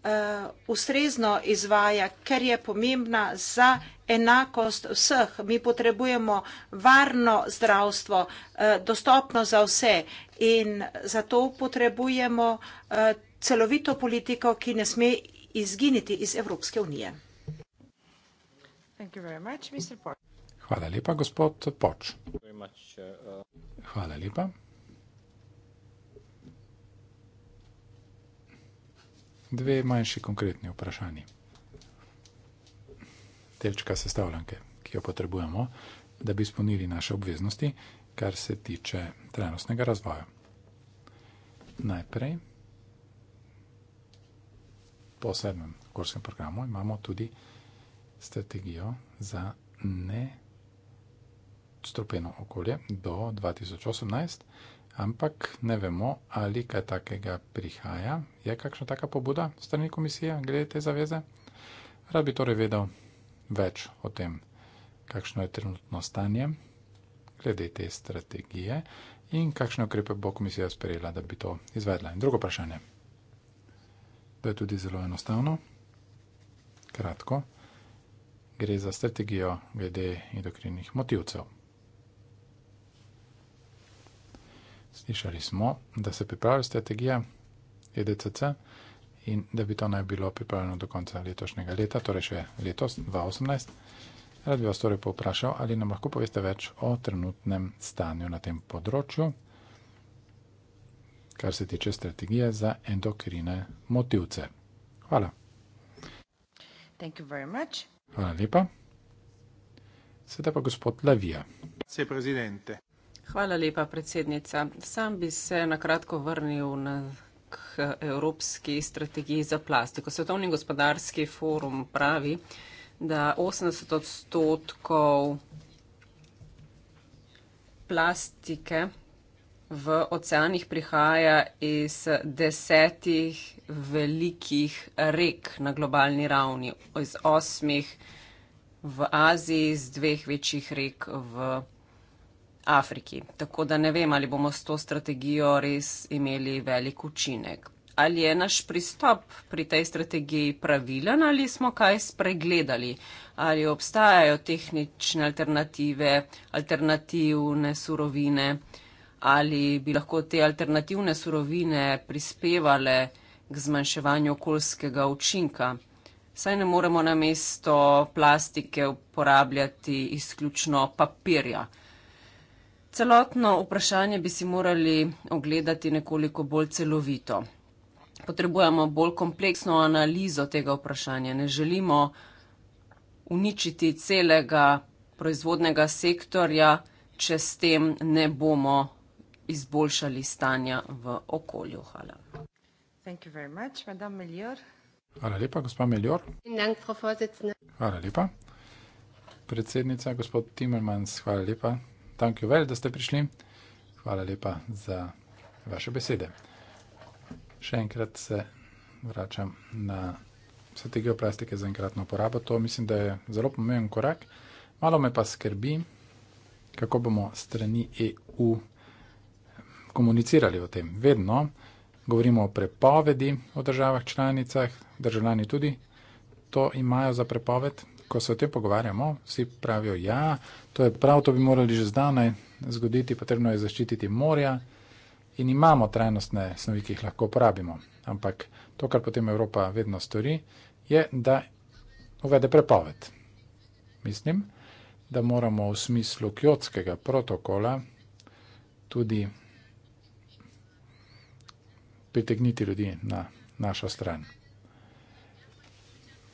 uh, ustrezno izvaja, ker je pomembna za enakost vseh. Mi potrebujemo varno zdravstvo, uh, dostopno za vse in zato potrebujemo uh, celovito politiko, ki ne sme izginiti iz Evropske unije. Hvala lepa, gospod Poč. Uh, uh, Hvala lepa. dve manjši konkretni vprašanji. Telčka sestavljanke, ki jo potrebujemo, da bi izpolnili naše obveznosti, kar se tiče trenostnega razvoja. Najprej, po sedmem korskem programu, imamo tudi strategijo za ne. Stropeno okolje do 2018, ampak ne vemo, ali kaj takega prihaja. Je kakšna taka pobuda strani komisije glede te zaveze? Rad bi torej vedel več o tem, kakšno je trenutno stanje glede te strategije in kakšne ukrepe bo komisija sprejela, da bi to izvedla. In drugo vprašanje. To je tudi zelo enostavno, kratko. Gre za strategijo glede endokrinnih motivcev. Slišali smo, da se pripravlja strategija EDCC in da bi to naj bilo pripravljeno do konca letošnjega leta, torej še letos 2018. Rad bi vas torej povprašal, ali nam lahko poveste več o trenutnem stanju na tem področju, kar se tiče strategije za endokrine motivce. Hvala. Hvala lepa. Sedaj pa gospod Lavija. Se, predsedente. Hvala lepa, predsednica. Sam bi se nakratko vrnil na k evropski strategiji za plastiko. Svetovni gospodarski forum pravi, da 80 odstotkov plastike v oceanih prihaja iz desetih velikih rek na globalni ravni, iz osmih v Aziji, iz dveh večjih rek v Evropi. Afriki. Tako da ne vem, ali bomo s to strategijo res imeli velik učinek. Ali je naš pristop pri tej strategiji pravilen ali smo kaj spregledali? Ali obstajajo tehnične alternative, alternativne surovine? Ali bi lahko te alternativne surovine prispevale k zmanjševanju okoljskega učinka? Saj ne moremo na mesto plastike uporabljati izključno papirja. Celotno vprašanje bi si morali ogledati nekoliko bolj celovito. Potrebujemo bolj kompleksno analizo tega vprašanja. Ne želimo uničiti celega proizvodnega sektorja, če s tem ne bomo izboljšali stanja v okolju. Hvala. Hvala lepa, gospa Meljor. Hvala lepa. Predsednica, gospod Timmermans, hvala lepa, Thank you very much, da ste prišli. Hvala lepa za vaše besede. Še enkrat se vračam na strategijo plastike za enkratno uporabo. To mislim, da je zelo pomemben korak. Malo me pa skrbi, kako bomo strani EU komunicirali o tem. Vedno govorimo o prepovedi v državah članicah, državljani tudi to imajo za prepoved, ko se o tem pogovarjamo, vsi pravijo, da ja, to je prav, to bi morali že zdanaj zgoditi, potrebno je zaščititi morja in imamo trajnostne snovi, ki jih lahko uporabimo. Ampak to, kar potem Evropa vedno stori, je, da uvede prepoved. Mislim, da moramo v smislu kjotskega protokola tudi pritegniti ljudi na našo stran.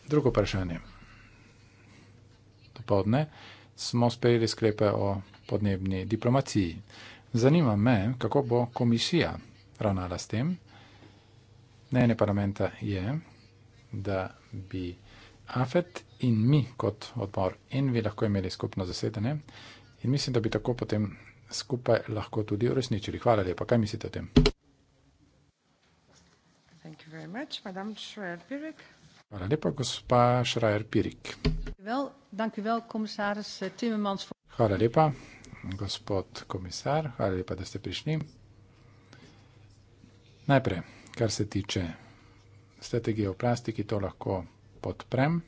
Drugo vprašanje popodne smo sprejeli sklepe o podnebni diplomaciji. Zanima me, kako bo komisija ravnala s tem. Mnenje parlamenta je, da bi AFET in mi kot odbor Envi lahko imeli skupno zasedanje in mislim, da bi tako potem skupaj lahko tudi uresničili. Hvala lepa. Kaj mislite o tem? Hvala lepa, gospa Šrajer Pirik. Wel, dank u wel, commissaris eh, Timmermans. Voor... Hvala lepa, gospod komisar. Hvala lepa, da ste prišli. Najprej, kar se tiče strategije o plastiki, to lahko podprem.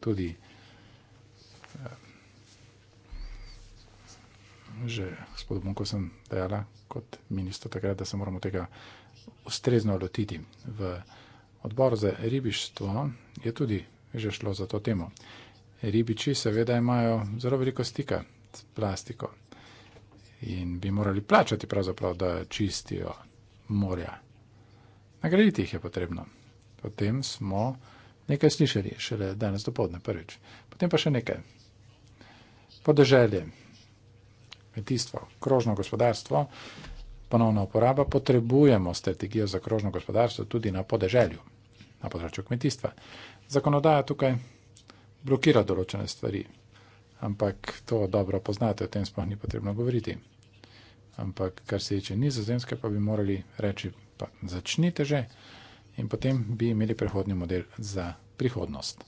Tudi eh, že gospod Bunko sem dejala kot ministr takrat, da se moramo tega ustrezno lotiti. V odboru za ribištvo je tudi že šlo za to temo ribiči seveda imajo zelo veliko stika s plastiko in bi morali plačati pravzaprav, da čistijo morja. Nagraditi jih je potrebno. Potem smo nekaj slišali, šele danes dopoledne prvič. Potem pa še nekaj. Podeželje, kmetijstvo, krožno gospodarstvo, ponovna uporaba, potrebujemo strategijo za krožno gospodarstvo tudi na podeželju, na področju kmetijstva. Zakonodaja tukaj blokira določene stvari. Ampak to dobro poznate, o tem sploh ni potrebno govoriti. Ampak kar se tiče nizozemske, pa bi morali reči, pa začnite že in potem bi imeli prehodni model za prihodnost.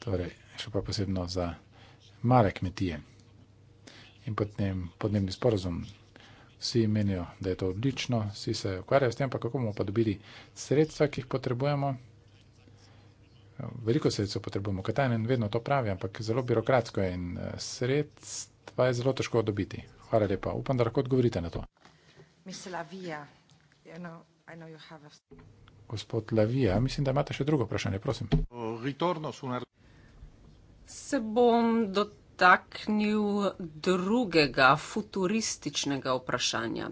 Torej, še pa posebno za male kmetije in potem podnebni sporozum. Vsi menijo, da je to odlično, vsi se ukvarjajo s tem, pa kako bomo pa dobili sredstva, ki jih potrebujemo, Veliko sredstev potrebujemo, Katajnen vedno to pravi, ampak zelo birokratsko je in eh, sredstva je zelo težko dobiti. Hvala lepa. Upam, da lahko odgovorite na to. Gospod Lavija, mislim, da imate še drugo vprašanje, prosim. Se bom dotaknil drugega futurističnega vprašanja.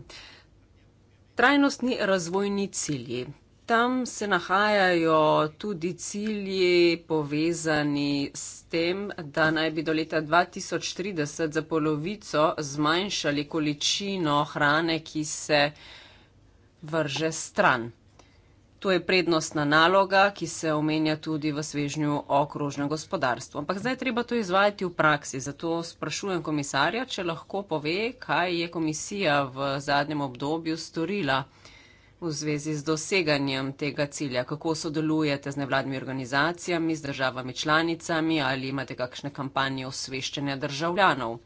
Trajnostni razvojni cilji. Tam se nahajajo tudi cilji povezani s tem, da naj bi do leta 2030 za polovico zmanjšali količino hrane, ki se vrže stran. To je prednostna naloga, ki se omenja tudi v svežnju o krožnem gospodarstvu. Ampak zdaj treba to izvajati v praksi. Zato sprašujem komisarja, če lahko pove, kaj je komisija v zadnjem obdobju storila v zvezi z doseganjem tega cilja? Kako sodelujete z nevladnimi organizacijami, z državami članicami ali imate kakšne kampanje osveščanja državljanov?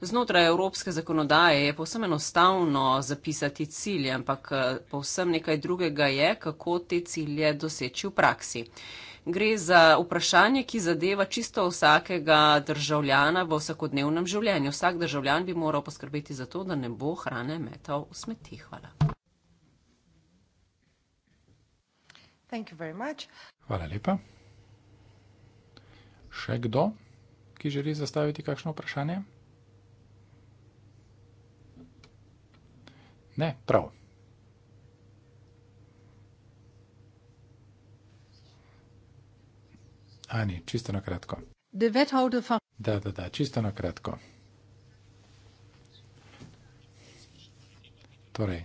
Znotraj evropske zakonodaje je povsem enostavno zapisati cilje, ampak povsem nekaj drugega je, kako te cilje doseči v praksi. Gre za vprašanje, ki zadeva čisto vsakega državljana v vsakodnevnem življenju. Vsak državljan bi moral poskrbeti za to, da ne bo hrane metal v smeti. Hvala. Hvala lepa. Še kdo, ki želi zastaviti kakšno vprašanje? Ne, prav. Ani, čisto na kratko. Da, da, da, čisto na kratko. Torej,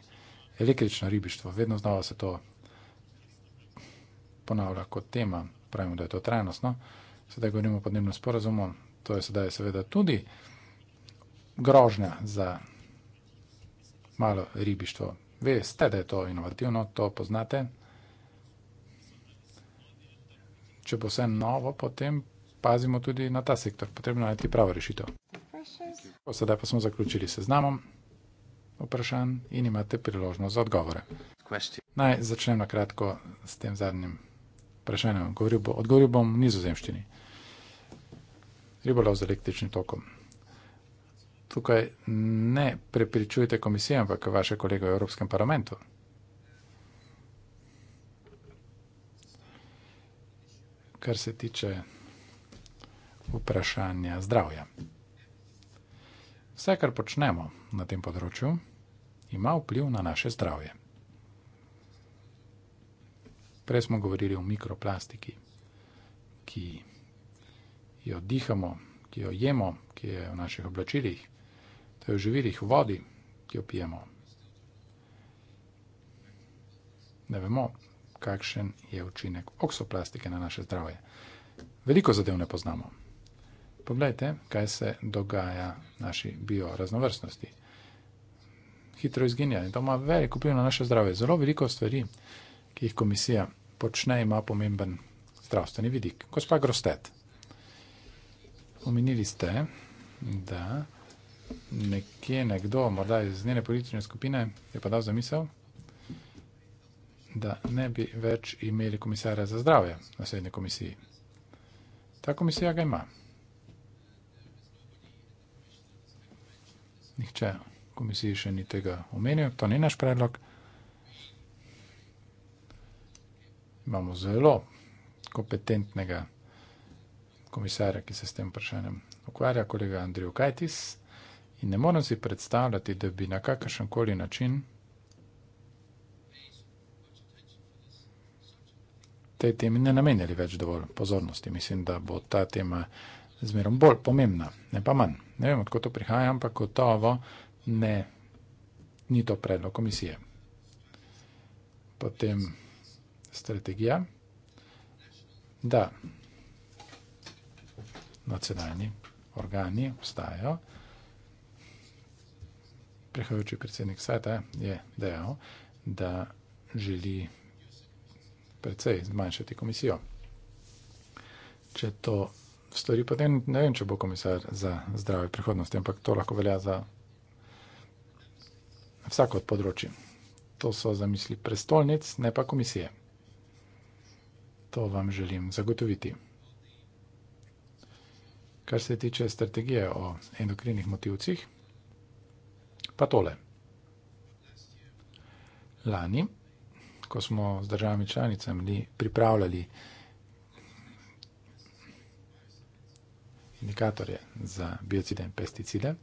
električno ribištvo, vedno znova se to ponavlja kot tema, pravimo, da je to trajnostno. Sedaj govorimo o podnebnem sporazumu, to je sedaj seveda tudi grožnja za malo ribištvo. Veste, da je to inovativno, to poznate. Če bo vse novo, potem pazimo tudi na ta sektor. Potrebno je najti pravo rešitev. Sedaj pa smo zaključili seznamom vprašanj in imate priložnost za odgovore. Naj začnem na kratko s tem zadnjim vprašanje. Bo, odgovoril bom v nizozemščini. Ribolov z električnim tokom. Tukaj ne prepričujete komisije, ampak vaše kolege v Evropskem parlamentu. Kar se tiče vprašanja zdravja. Vse, kar počnemo na tem področju, ima vpliv na naše zdravje. Prej smo govorili o mikroplastiki, ki jo dihamo, ki jo jemo, ki je v naših oblačilih, to je v živilih v vodi, ki jo pijemo. Ne vemo, kakšen je učinek oksoplastike na naše zdravje. Veliko zadev ne poznamo. Poglejte, kaj se dogaja naši bioraznovrstnosti. Hitro izginja in to ima veliko vpliv na naše zdravje. Zelo veliko stvari ki jih komisija počne, ima pomemben zdravstveni vidik. Gospa Grostet, omenili ste, da nekje nekdo, morda iz njene politične skupine, je pa dal zamisel, da ne bi več imeli komisarja za zdravje na srednji komisiji. Ta komisija ga ima. Nihče komisiji še ni tega omenil, to ni naš predlog. imamo zelo kompetentnega komisarja, ki se s tem vprašanjem ukvarja, kolega Andrej Kajtis. In ne morem si predstavljati, da bi na kakršen koli način te temi ne namenjali več dovolj pozornosti. Mislim, da bo ta tema zmerom bolj pomembna, ne pa manj. Ne vem, odkot to prihaja, ampak gotovo ne, ni to predlog komisije. Potem strategija, da nacionalni organi obstajajo. Prehajajoči predsednik sveta je dejal, da želi predvsej zmanjšati komisijo. Če to stori, potem ne vem, če bo komisar za zdrave prihodnosti, ampak to lahko velja za vsako od področji. To so zamisli prestolnic, ne pa komisije to vam želim zagotoviti. Kar se tiče strategije o endokrinih motivcih, pa tole. Lani, ko smo z državami članicami pripravljali indikatorje za biocide in pesticide,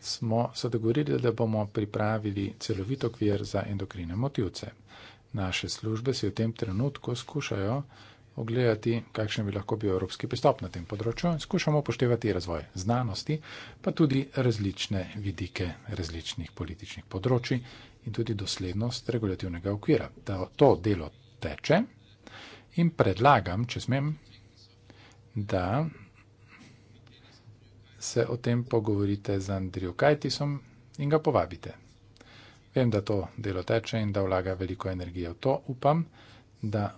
smo se dogovorili, da bomo pripravili celovit okvir za endokrine motivce naše službe si v tem trenutku skušajo ogledati, kakšen bi lahko bil evropski pristop na tem področju in skušamo upoštevati razvoj znanosti, pa tudi različne vidike različnih političnih področji in tudi doslednost regulativnega okvira. To, to delo teče in predlagam, če smem, da se o tem pogovorite z Andrijo Kajtisom in ga povabite. Vem, da to delo teče in da vlaga veliko energije v to. Upam, da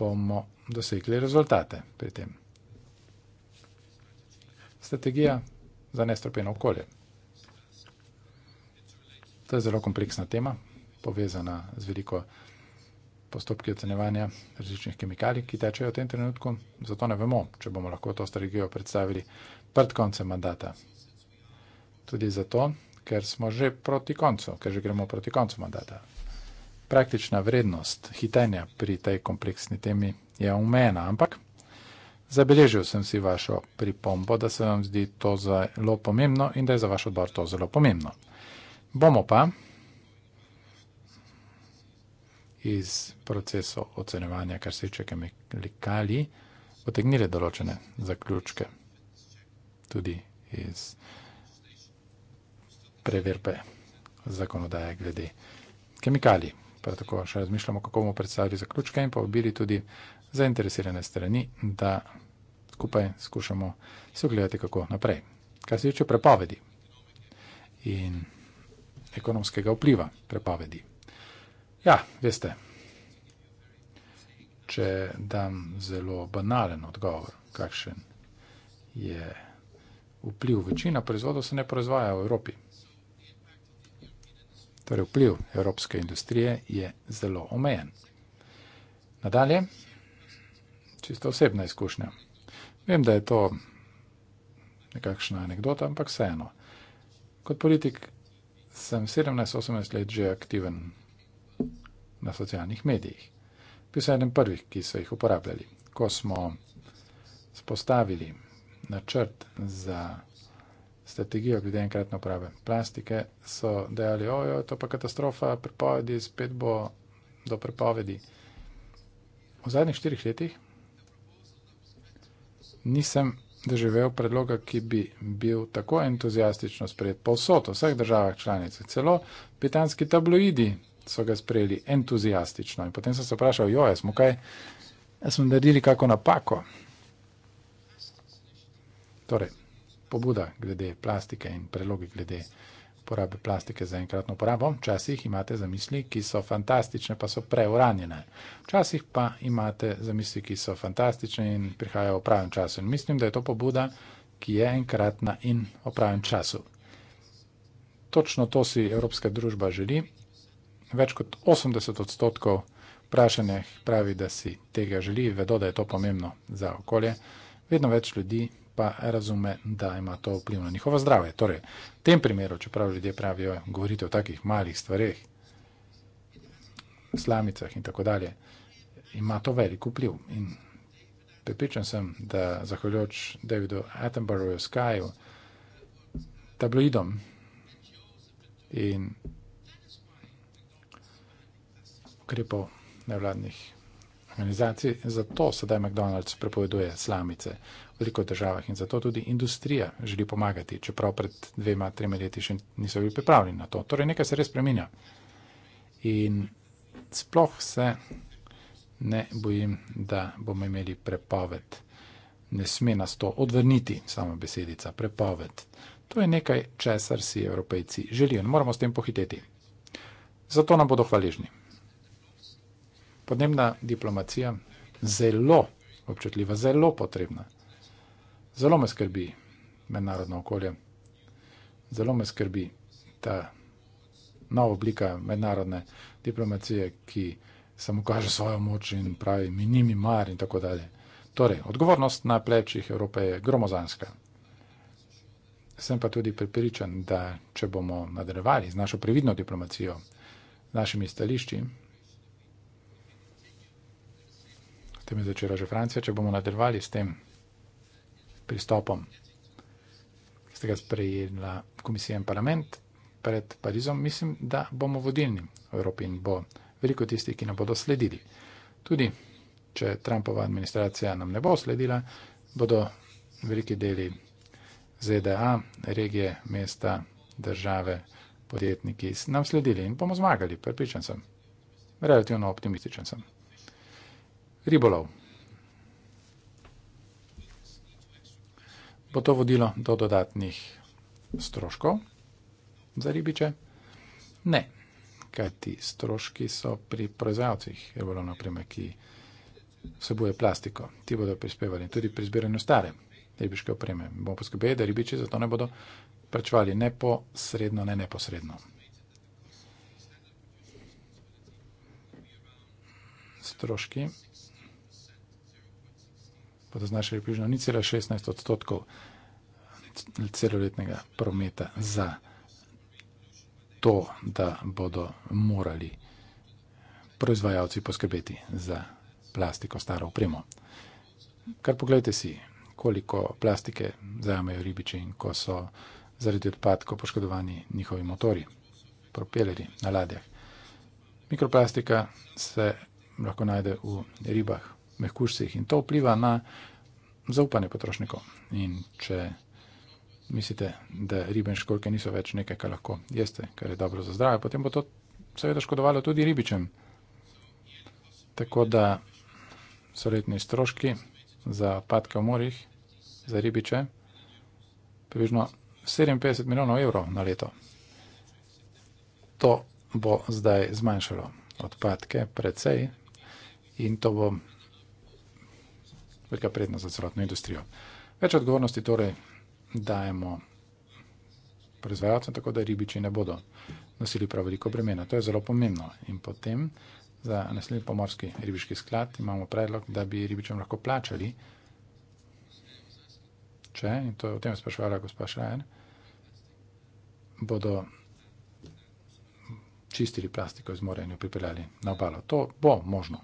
bomo dosegli rezultate pri tem. Strategija za nestropeno okolje. To je zelo kompleksna tema, povezana z veliko postopki ocenevanja različnih kemikalij, ki tečejo v tem trenutku. Zato ne vemo, če bomo lahko to strategijo predstavili pred koncem mandata. Tudi zato ker smo že proti koncu, ker že gremo proti koncu mandata. Praktična vrednost hitenja pri tej kompleksni temi je umena, ampak zabeležil sem si vašo pripombo, da se vam zdi to zelo pomembno in da je za vaš odbor to zelo pomembno. Bomo pa iz procesov ocenevanja, kar se tiče kemikalij, potegnili določene zaključke tudi iz preverbe zakonodaje glede kemikalij. Prav tako še razmišljamo, kako bomo predstavili zaključke in povabili tudi zainteresirane strani, da skupaj skušamo se ogledati, kako naprej. Kar se tiče prepovedi in ekonomskega vpliva prepovedi. Ja, veste, če dam zelo banalen odgovor, kakšen je vpliv večina proizvodov, se ne proizvaja v Evropi. Torej vpliv evropske industrije je zelo omejen. Nadalje, čisto osebna izkušnja. Vem, da je to nekakšna anekdota, ampak vseeno. Kot politik sem 17-18 let že aktiven na socialnih medijih. Bil sem eden prvih, ki so jih uporabljali. Ko smo spostavili načrt za strategijo glede enkratne uporabe plastike, so dejali, ojoj, to pa katastrofa, prepovedi, spet bo do prepovedi. V zadnjih štirih letih nisem doživel predloga, ki bi bil tako entuzijastično sprejet povsod, v vseh državah članicah, celo britanski tabloidi so ga sprejeli entuzijastično. In potem sem se vprašal, joj, smo kaj, smo naredili kako napako. Torej, pobuda glede plastike in prelogi glede porabe plastike za enkratno uporabo. Včasih imate zamisli, ki so fantastične, pa so preuranjene. Včasih pa imate zamisli, ki so fantastične in prihajajo v pravem času. In mislim, da je to pobuda, ki je enkratna in v pravem času. Točno to si Evropska družba želi. Več kot 80 odstotkov vprašanjih pravi, da si tega želi, vedo, da je to pomembno za okolje. Vedno več ljudi pa razume, da ima to vpliv na njihovo zdravje. Torej, v tem primeru, čeprav ljudje pravijo, govorite o takih malih stvareh, slamicah in tako dalje, ima to velik vpliv. In pripričan sem, da zahvaljujoč Davidu Attenborough, Skyju, tabloidom in ukrepov nevladnih. Zato sedaj McDonald's prepoveduje slamice veliko državah in zato tudi industrija želi pomagati, čeprav pred dvema, trema leti še niso bili pripravljeni na to. Torej, nekaj se res spremenja. In sploh se ne bojim, da bomo imeli prepoved. Ne sme nas to odvrniti, sama besedica, prepoved. To je nekaj, česar si evropejci želijo in moramo s tem pohiteti. Zato nam bodo hvaležni. Podnebna diplomacija zelo občutljiva, zelo potrebna. Zelo me skrbi mednarodno okolje, zelo me skrbi ta nova oblika mednarodne diplomacije, ki samo kaže svojo moč in pravi, mi nimi mar in tako dalje. Torej, odgovornost na plečih Evrope je gromozanska. Sem pa tudi pripričan, da če bomo nadaljevali z našo previdno diplomacijo, z našimi stališči, s tem je začela že Francija, če bomo nadaljevali s tem, pristopom, ki ste ga sprejela komisija in parlament pred Parizom, mislim, da bomo vodilni v Evropi in bo veliko tistih, ki nam bodo sledili. Tudi, če Trumpova administracija nam ne bo sledila, bodo veliki deli ZDA, regije, mesta, države, podjetniki nam sledili in bomo zmagali, prepričan sem. Relativno optimističen sem. Ribolov. bo to vodilo do dodatnih stroškov za ribiče? Ne, kajti stroški so pri proizvajalcih ribolovne opreme, ki vsebuje plastiko. Ti bodo prispevali tudi pri zbiranju stare ribiške opreme. Bomo poskrbeli, da ribiči za to ne bodo plačevali neposredno, ne neposredno. Stroški bodo znašali približno 0,16 odstotkov celoletnega prometa za to, da bodo morali proizvajalci poskrbeti za plastiko staro upremo. Kar pogledajte si, koliko plastike zajamejo ribiči in ko so zaradi odpadkov poškodovani njihovi motori, propeleri na ladjah. Mikroplastika se lahko najde v ribah, mehkužcih in to vpliva na zaupanje potrošnikov. In če mislite, da ribe in školjke niso več nekaj, kar lahko jeste, kar je dobro za zdravje, potem bo to seveda škodovalo tudi ribičem. Tako da so letni stroški za padke v morjih za ribiče približno 57 milijonov evrov na leto. To bo zdaj zmanjšalo odpadke precej in to bo velika prednost za celotno industrijo. Več odgovornosti torej dajemo proizvajalcem, tako da ribiči ne bodo nosili prav veliko bremena. To je zelo pomembno. In potem za naslednji pomorski ribiški sklad imamo predlog, da bi ribičem lahko plačali, če, in to je o tem sprašvala gospa Šrajen, bodo čistili plastiko iz morja in jo pripeljali na obalo. To bo možno.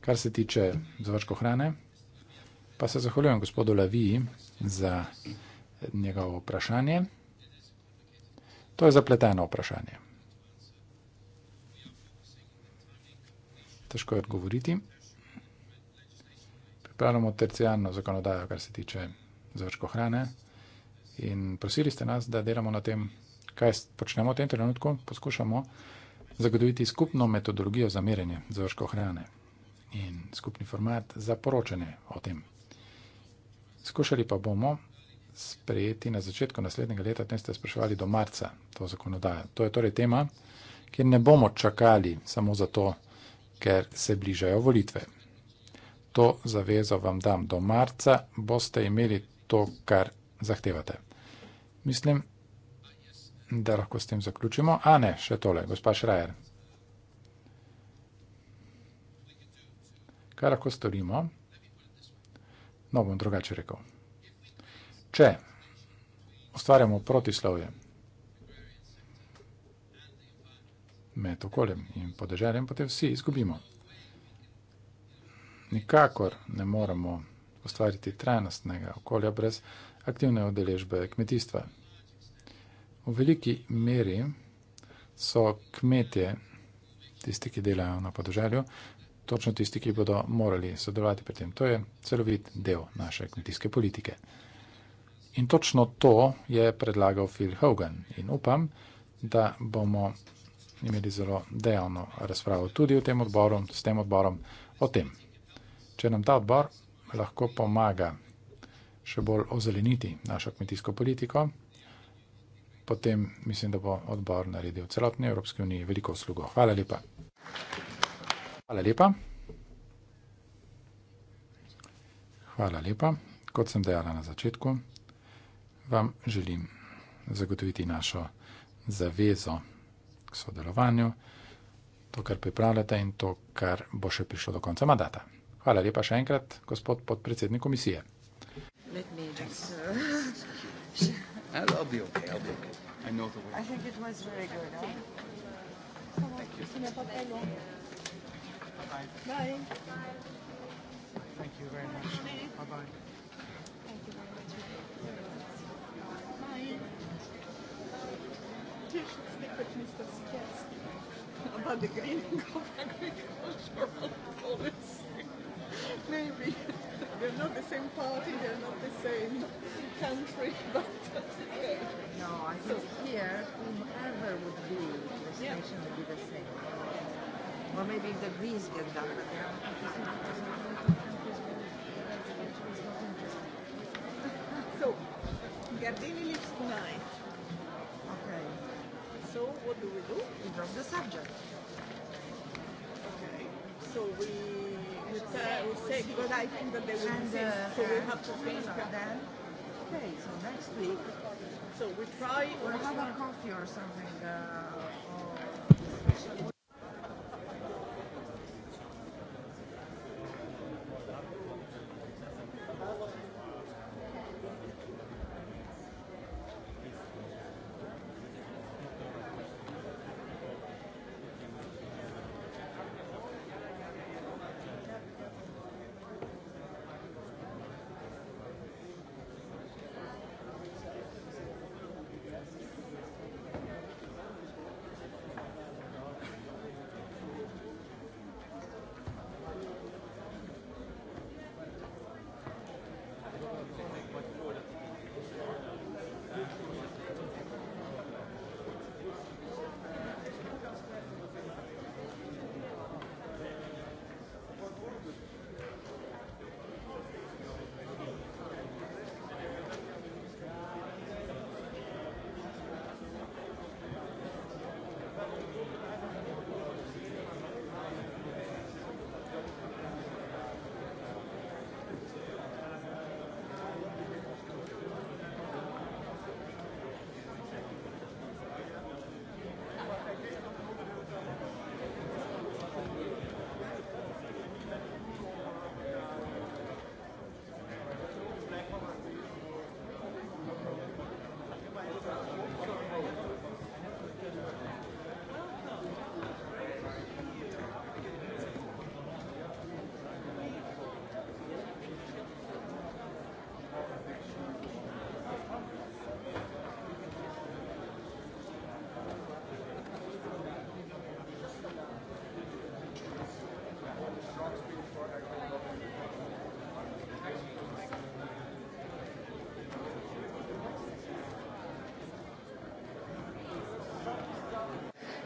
Kar se tiče završko hrane, Pa se zahvaljujem gospodu Laviji za njegovo vprašanje. To je zapleteno vprašanje. Težko je odgovoriti. Pripravljamo tercijalno zakonodajo, kar se tiče zvrško hrane. In prosili ste nas, da delamo na tem, kaj počnemo v tem trenutku. Poskušamo zagotoviti skupno metodologijo za merjenje zvrško hrane in skupni format za poročanje o tem. Skušali pa bomo sprejeti na začetku naslednjega leta, tem ste spraševali do marca, to zakonodajo. To je torej tema, kjer ne bomo čakali samo zato, ker se bližajo volitve. To zavezo vam dam do marca, boste imeli to, kar zahtevate. Mislim, da lahko s tem zaključimo. A ne, še tole, gospa Šrajer. Kaj lahko storimo? No, bom drugače rekel. Če ustvarjamo protislovje med okoljem in podeželjem, potem vsi izgubimo. Nikakor ne moremo ustvariti trajnostnega okolja brez aktivne udeležbe kmetijstva. V veliki meri so kmetje, tisti, ki delajo na podeželju, točno tisti, ki bodo morali sodelovati pri tem. To je celovit del naše kmetijske politike. In točno to je predlagal Phil Hogan in upam, da bomo imeli zelo dejavno razpravo tudi v tem odboru, s tem odborom o tem. Če nam ta odbor lahko pomaga še bolj ozeleniti našo kmetijsko politiko, potem mislim, da bo odbor naredil celotni Evropski uniji veliko uslugo. Hvala lepa. Hvala lepa. Hvala lepa. Kot sem dejala na začetku, vam želim zagotoviti našo zavezo k sodelovanju, to, kar pripravljate in to, kar bo še prišlo do konca mandata. Hvala lepa še enkrat, gospod podpredsednik komisije. Uh, Thank you. Bye. Thank you very much. Bye bye. Thank you very much. About the green of agricultural policy. Maybe. They're not the same party, they're not the same country, but okay. No, I think so, here, whomever would be, the situation yeah. would be the same. Or maybe the greens get done. So, Gardini lives tonight. Okay. So, what do we do? We drop the subject. Okay. So, we... We say, we say because I think that they will and, uh, So, we have to think then. Okay, so next week... So, we try... We'll have a coffee or something. Uh, or...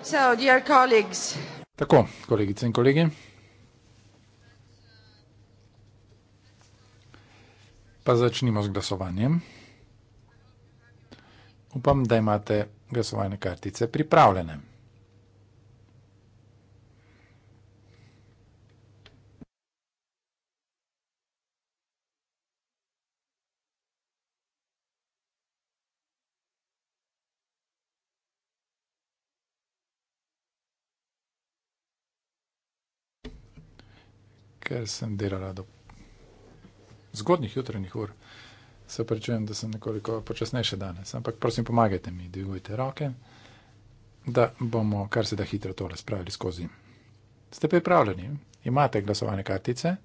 So, Tako, kolegice in kolegi. Pa začnimo z glasovanjem. Upam, da imate glasovalne kartice pripravljene. sem delala do zgodnih jutranjih ur. Se prečujem, da sem nekoliko počasnejša danes, ampak prosim, pomagajte mi, dvigujte roke, da bomo kar se da hitro tole spravili skozi. Ste pripravljeni? Imate glasovane kartice?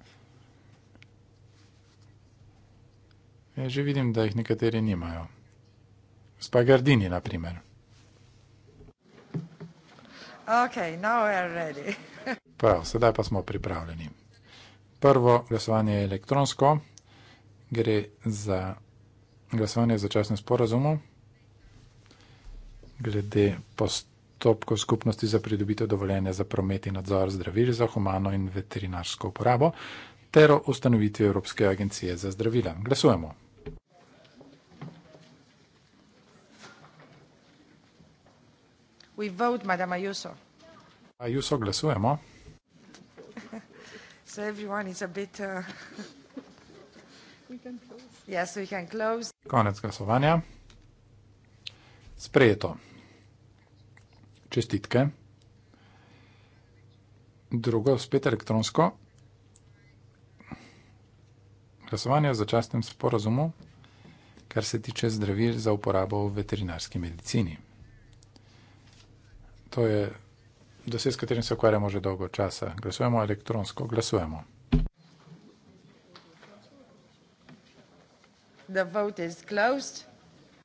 Ja, že vidim, da jih nekateri nimajo. Spa Gardini, na primer. Okay, Prav, sedaj pa smo pripravljeni. Prvo glasovanje je elektronsko, gre za glasovanje za časno sporazumu glede postopkov skupnosti za pridobitev dovoljenja za promet in nadzor zdravil za humano in veterinarsko uporabo ter o ustanovitvi Evropske agencije za zdravila. Glasujemo. We vote, Madame Ayuso. Ayuso, glasujemo everyone is a bit uh... we can close. yes we can close konec glasovanja sprejeto čestitke drugo spet elektronsko glasovanje o začastnem sporazumu kar se tiče zdravil za uporabo v veterinarski medicini to je dosed, s katerim se ukvarjamo že dolgo časa. Glasujemo elektronsko, glasujemo.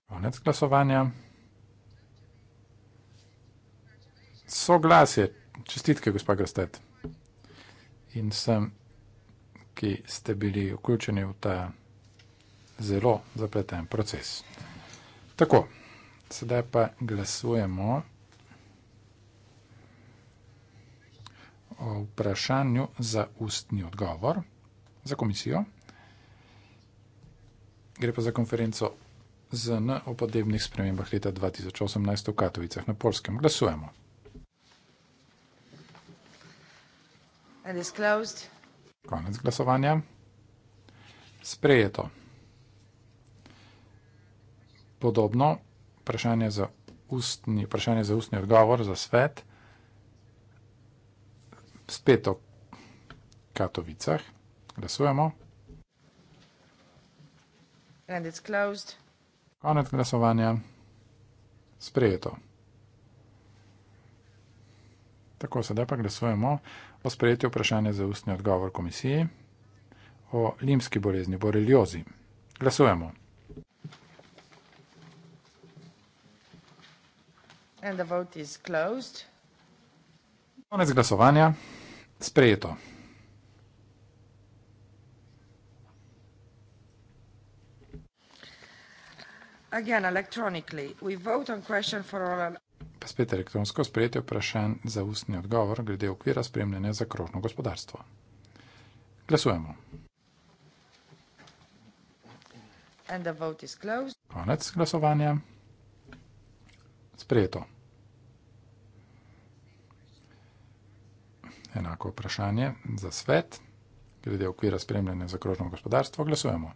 Konec glasovanja. Soglasje, čestitke, gospa Grastet. In sem, ki ste bili vključeni v ta zelo zapleten proces. Tako, sedaj pa glasujemo. o vprašanju za ustni odgovor za komisijo. Gre pa za konferenco ZN o podnebnih spremembah leta 2018 v Katovicah na Polskem. Glasujemo. Konec glasovanja. Sprejeto. Podobno vprašanje za ustni, vprašanje za ustni odgovor za svet spet o Katovicah. Glasujemo. Konec glasovanja. Sprejeto. Tako, sedaj pa glasujemo o sprejetju vprašanja za ustni odgovor komisiji o limski bolezni, boreliozi. Glasujemo. And the vote is closed. Konec glasovanja, sprejeto. Again, electronically, we vote on question for oral. Pa spet elektronsko sprejeti vprašanje za ustni odgovor glede okvira spremljanja za krožno gospodarstvo. Glasujemo. And the vote is closed. Konec glasovanja. Sprejeto. enako vprašanje za svet, glede okvira spremljanja za krožno gospodarstvo. Glasujemo.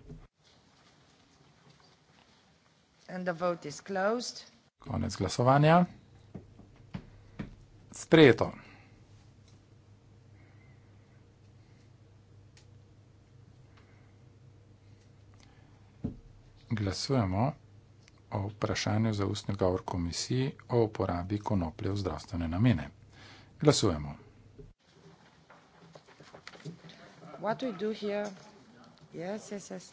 Konec glasovanja. Sprejeto. Glasujemo o vprašanju za ustni govor komisiji o uporabi konoplje v zdravstvene namene. Glasujemo. what we do here yes yes yes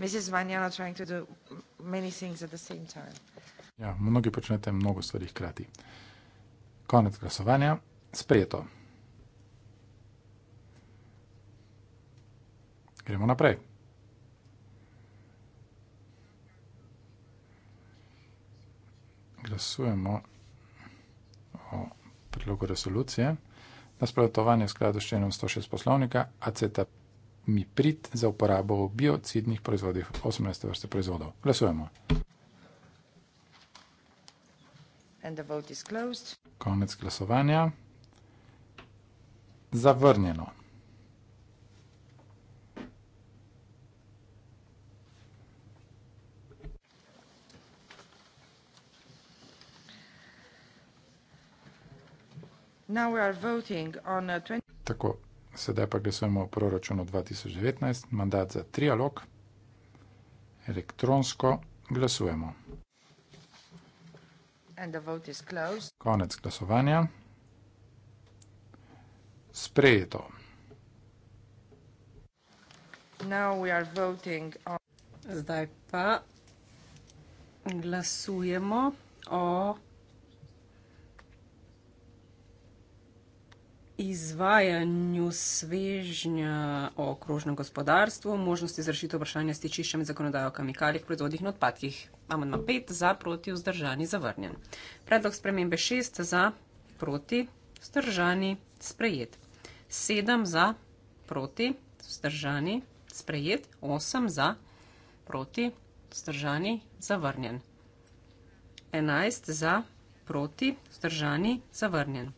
mrs vanyana trying to do many things at the same time ja mnogi počnete mnogo stvari hkrati konec glasovanja sprejeto gremo naprej glasujemo o predlogu resolucije nasprotovanje v skladu s členom 106 poslovnika ACETA mi prid za uporabo v biocidnih proizvodih 18. vrste proizvodov. Glasujemo. Konec glasovanja. Zavrnjeno. Uh, Tako, sedaj pa glasujemo o proračunu 2019, mandat za trialog. Elektronsko glasujemo. Konec glasovanja. Sprejeto. On... Zdaj pa glasujemo o izvajanju svežnja o okrožnem gospodarstvu, možnosti za rešitev vprašanja stičiščem in zakonodajo o kemikalijah, proizvodih in odpadkih. Amandma 5 za, proti, vzdržani, zavrnjen. Predlog spremembe 6 za, proti, vzdržani, sprejet. 7 za, proti, vzdržani, sprejet. 8 za, proti, vzdržani, zavrnjen. 11 za, proti, vzdržani, zavrnjen.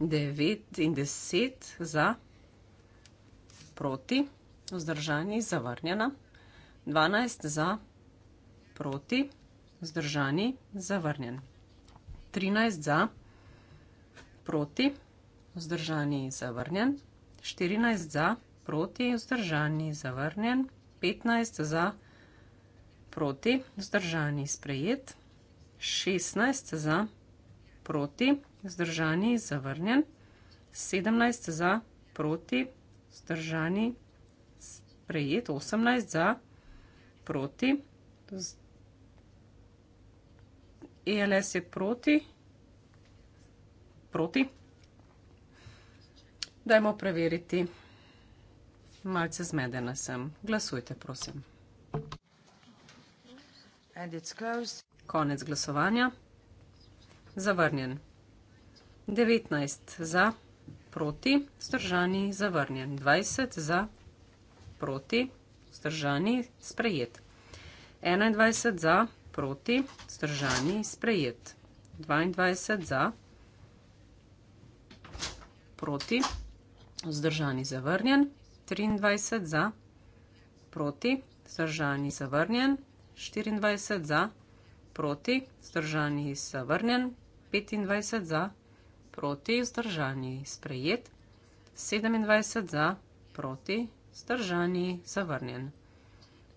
9 in 10 za proti, vzdržani, zavrnjena. 12 za proti, vzdržani, zavrnjen. 13 za proti, vzdržani, zavrnjen. 14 za proti, vzdržani, zavrnjen. 15 za proti, vzdržani, sprejet. 16 za proti, vzdržani, zavrnjen vzdržani, zavrnjen, 17 za, proti, vzdržani, sprejet, 18 za, proti, ELS je proti, proti. Dajmo preveriti, malce zmedena sem. Glasujte, prosim. Konec glasovanja. Zavrnjen. 19 za, proti, vzdržani, zavrnjen. 20 za, proti, vzdržani, sprejet. 21 za, proti, vzdržani, sprejet. 22 za, proti, vzdržani, zavrnjen. 23 za, proti, vzdržani, zavrnjen. 24 za, proti, vzdržani, zavrnjen. 25 za, proti, vzdržani, zavrnjen proti, vzdržani, sprejet, 27 za, proti, vzdržani, zavrnjen,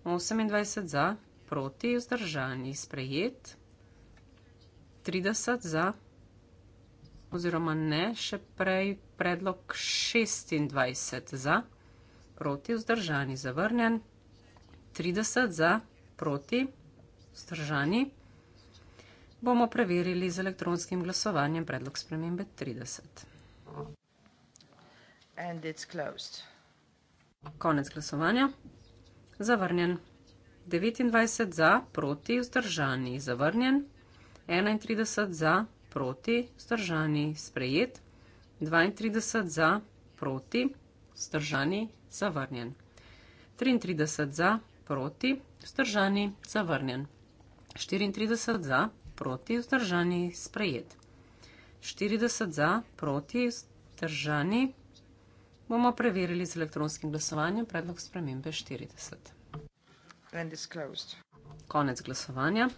28 za, proti, vzdržani, sprejet, 30 za, oziroma ne, še prej predlog 26 za, proti, vzdržani, zavrnjen, 30 za, proti, vzdržani, bomo preverili z elektronskim glasovanjem predlog spremembe 30. And it's closed. Konec glasovanja. Zavrnjen. 29 za, proti, vzdržani. Zavrnjen. 31 za, proti, vzdržani. Sprejet. 32 za, proti, vzdržani. Zavrnjen. 33 za, proti, vzdržani. Zavrnjen. 34 za, proti, vzdržani, sprejet. 40 za, proti, vzdržani. Bomo preverili z elektronskim glasovanjem predlog spremembe 40. Konec glasovanja.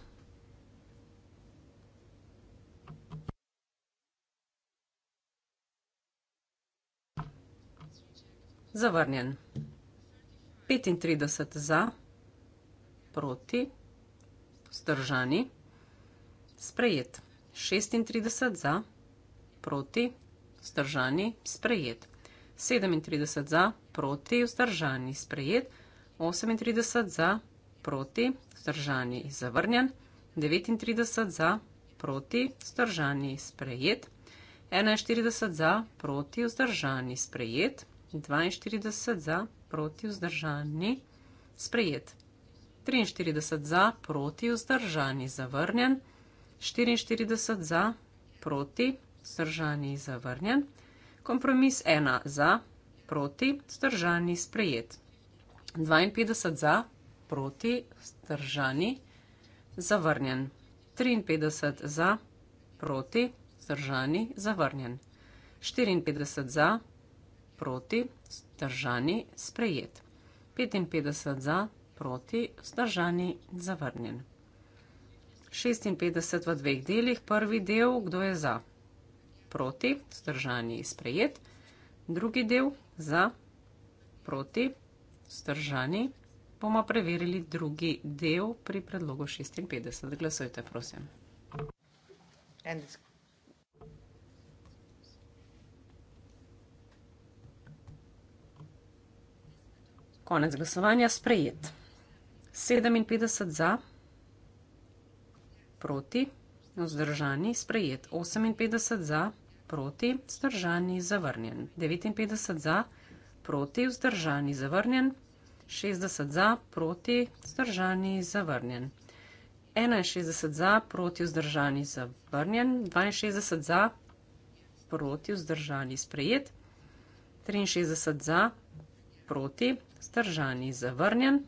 Zavrnjen. 35 za, proti, vzdržani. Sprejet. 36 za, proti, vzdržani, sprejet. 37 za, proti, vzdržani, sprejet. 38 za, proti, vzdržani, zavrnjen. 39 za, proti, vzdržani, sprejet. 41 za, proti, vzdržani, sprejet. 42 za, proti, vzdržani, sprejet. 43 za, proti, vzdržani, zavrnjen. 44 za, proti, vzdržani, zavrnjen. Kompromis 1 za, proti, vzdržani, sprejet. 52 za, proti, vzdržani, zavrnjen. 53 za, proti, vzdržani, zavrnjen. 54 za, proti, vzdržani, sprejet. 55 za, proti, vzdržani, zavrnjen. 56 v dveh delih. Prvi del, kdo je za, proti, zdržani, sprejet. Drugi del, za, proti, zdržani. Bomo preverili drugi del pri predlogu 56. Glasujte, prosim. Konec glasovanja, sprejet. 57 za proti, vzdržani, sprejet. 58 za, proti, vzdržani, zavrnjen. 59 za, proti, vzdržani, zavrnjen. 60 za, proti, vzdržani, zavrnjen. 61 za, proti, vzdržani, zavrnjen. 62 za, proti, vzdržani, sprejet. 63 za, proti, vzdržani, zavrnjen.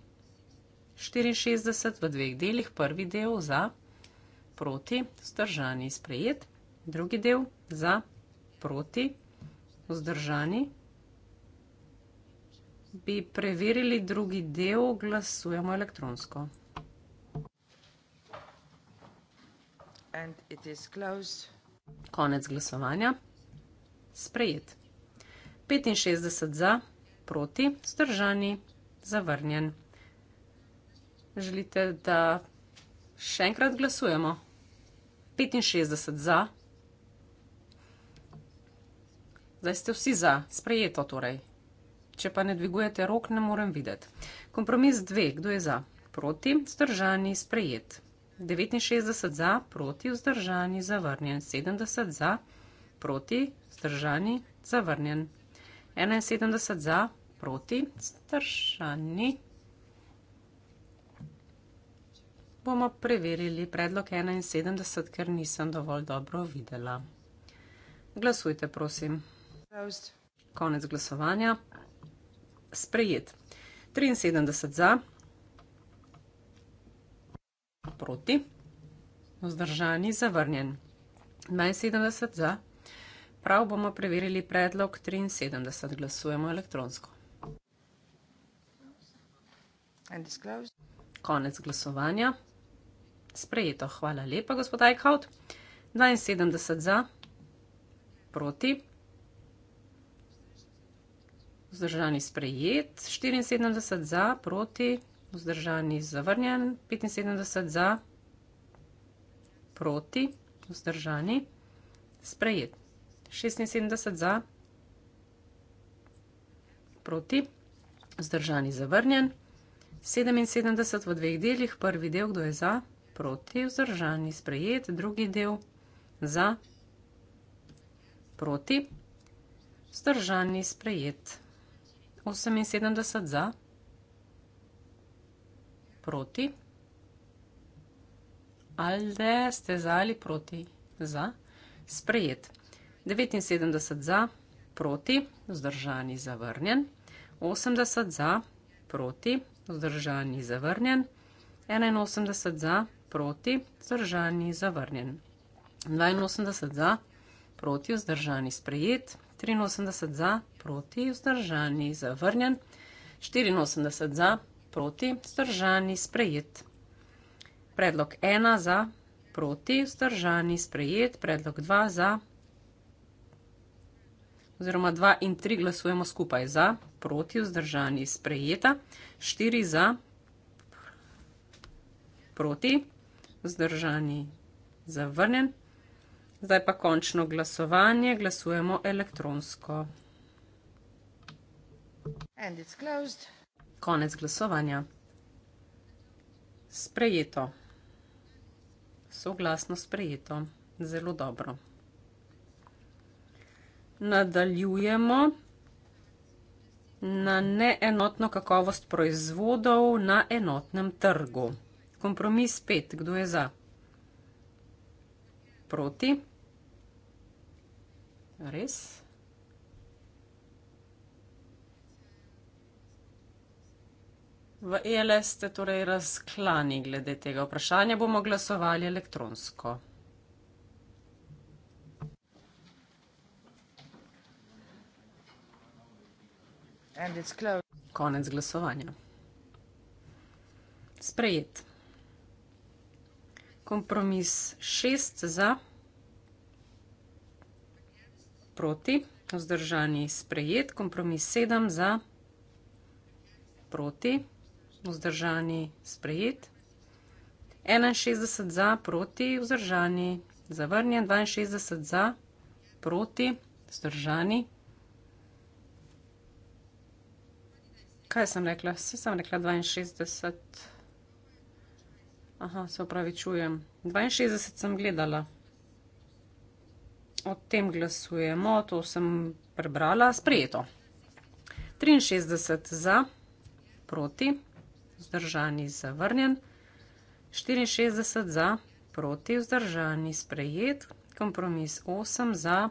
64 v dveh delih, prvi del za, proti proti, vzdržani, sprejet, drugi del za, proti, vzdržani. Bi preverili drugi del, glasujemo elektronsko. Konec glasovanja. Sprejet. 65 za, proti, vzdržani, zavrnjen. Želite, da še enkrat glasujemo? 65 za. Zdaj ste vsi za, sprejeto torej. Če pa ne dvigujete rok, ne morem videti. Kompromis 2. Kdo je za? Proti, zdržani, sprejet. 69 za, proti, zdržani, zavrnjen. 70 za, proti, zdržani, zavrnjen. 71 za, proti, zdržani, zavrnjen. bomo preverili predlog 71, ker nisem dovolj dobro videla. Glasujte, prosim. Konec glasovanja. Sprejet. 73 za, proti, vzdržani, zavrnjen. 72 za, prav bomo preverili predlog 73. Glasujemo elektronsko. Konec glasovanja. Sprejeto. Hvala lepa, gospod Eichhout. 72 za, proti. Vzdržani sprejet. 74 za, proti. Vzdržani zavrnjen. 75 za, proti. Vzdržani sprejet. 76 za, proti. Vzdržani zavrnjen. 77 v dveh delih. Prvi del, kdo je za? proti vzdržani, sprejet, drugi del za proti vzdržani, sprejet. 78 za proti. Alde ste za ali proti za sprejet. 79 za proti vzdržani, zavrnjen. 80 za proti vzdržani, zavrnjen. 81 za proti proti, vzdržani, zavrnjen. 82 za, proti, vzdržani, sprejet. 83 za, proti, vzdržani, zavrnjen. 84 za, proti, vzdržani, sprejet. Predlog 1 za, proti, vzdržani, sprejet. Predlog 2 za, oziroma 2 in 3 glasujemo skupaj za, proti, vzdržani, sprejeta. 4 za, proti vzdržani, zavrnjen. Zdaj pa končno glasovanje, glasujemo elektronsko. Konec glasovanja. Sprejeto. Soglasno sprejeto. Zelo dobro. Nadaljujemo na neenotno kakovost proizvodov na enotnem trgu. Kompromis pet. Kdo je za? Proti? Res? V ELS ste torej razklani glede tega vprašanja. Bomo glasovali elektronsko. Konec glasovanja. Sprejet. Kompromis 6 za, proti, vzdržani sprejet. Kompromis 7 za, proti, vzdržani sprejet. 61 za, proti, vzdržani, zavrnjen. 62 za, proti, vzdržani. Kaj sem rekla? Vse sem rekla 62 za. Aha, se opravičujem. 62 sem gledala. O tem glasujemo, to sem prebrala, sprejeto. 63 za, proti, vzdržani, zavrnjen. 64 za, proti, vzdržani, sprejet. Kompromis 8 za,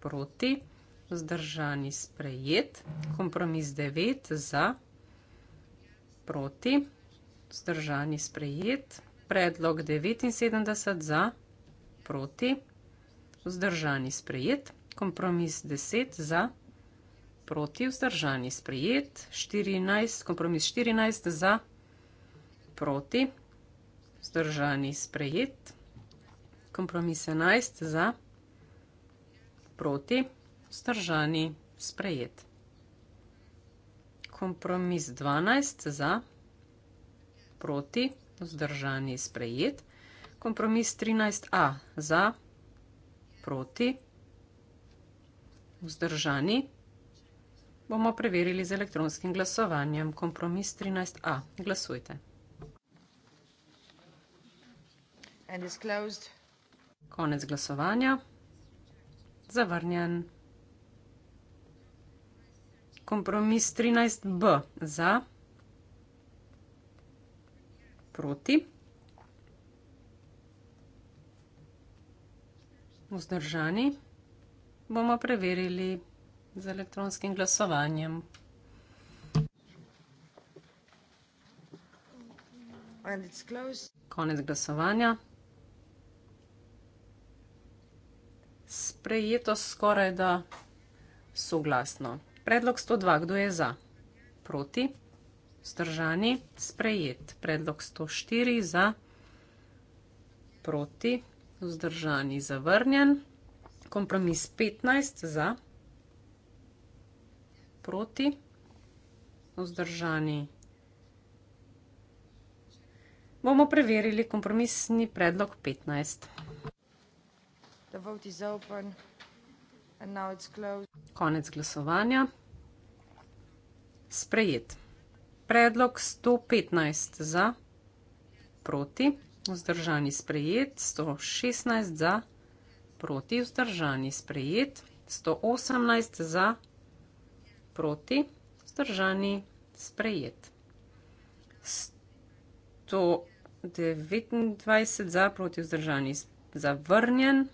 proti, vzdržani, sprejet. Kompromis 9 za, proti, vzdržani, sprejet vzdržani sprejet. Predlog 79 za, proti, vzdržani sprejet. Kompromis 10 za, proti, vzdržani sprejet. 14, kompromis 14 za, proti, vzdržani sprejet. Kompromis 11 za, proti, vzdržani sprejet. Kompromis 12 za, proti, vzdržani sprejet proti, vzdržani sprejet. Kompromis 13a za, proti, vzdržani. Bomo preverili z elektronskim glasovanjem. Kompromis 13a. Glasujte. Konec glasovanja. Zavrnjen. Kompromis 13b za, proti proti. Vzdržani bomo preverili z elektronskim glasovanjem. Konec glasovanja. Sprejeto skoraj da soglasno. Predlog 102. Kdo je za? Proti? vzdržani, sprejet. Predlog 104 za proti, vzdržani, zavrnjen. Kompromis 15 za proti, vzdržani. Bomo preverili kompromisni predlog 15. The vote is open and now it's closed. Konec glasovanja. Sprejet. Predlog 115 za, proti, vzdržani sprejet, 116 za, proti, vzdržani sprejet, 118 za, proti, vzdržani sprejet. 129 za, proti, vzdržani zavrnjen,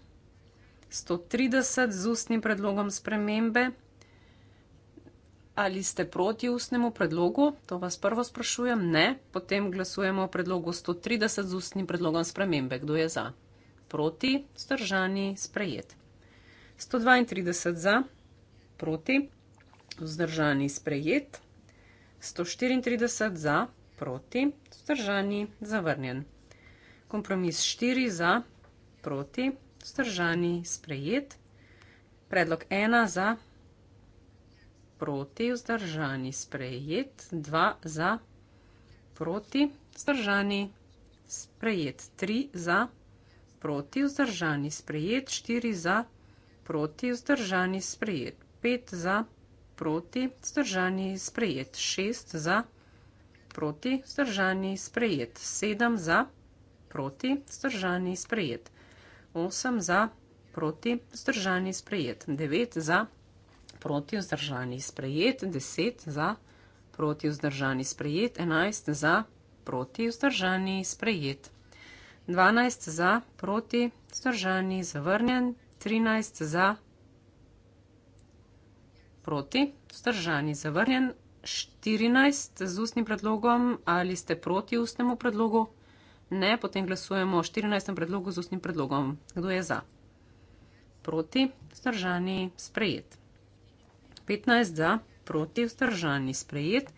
130 z ustnim predlogom spremembe, ali ste proti ustnemu predlogu? To vas prvo sprašujem. Ne. Potem glasujemo o predlogu 130 z ustnim predlogom spremembe. Kdo je za? Proti, vzdržani, sprejet. 132 za, proti, vzdržani, sprejet. 134 za, proti, vzdržani, zavrnjen. Kompromis 4 za, proti, vzdržani, sprejet. Predlog 1 za, proti, vzdržani, sprejet, dva za, proti, vzdržani, sprejet, tri za, proti, vzdržani, sprejet, štiri za, proti, vzdržani, sprejet, pet za, proti, vzdržani, sprejet, šest za, proti, vzdržani, sprejet, sedem za, proti, vzdržani, sprejet, osem za, proti, vzdržani, sprejet, devet za, proti, vzdržani, sprejet, proti vzdržani sprejet, 10 za proti vzdržani sprejet, 11 za proti vzdržani sprejet, 12 za proti vzdržani zavrnjen, 13 za proti vzdržani zavrnjen, 14 z ustnim predlogom ali ste proti ustnemu predlogu, ne, potem glasujemo o 14. predlogu z ustnim predlogom. Kdo je za? Proti, zdržani, sprejet. 15 za, proti vzdržani sprejet.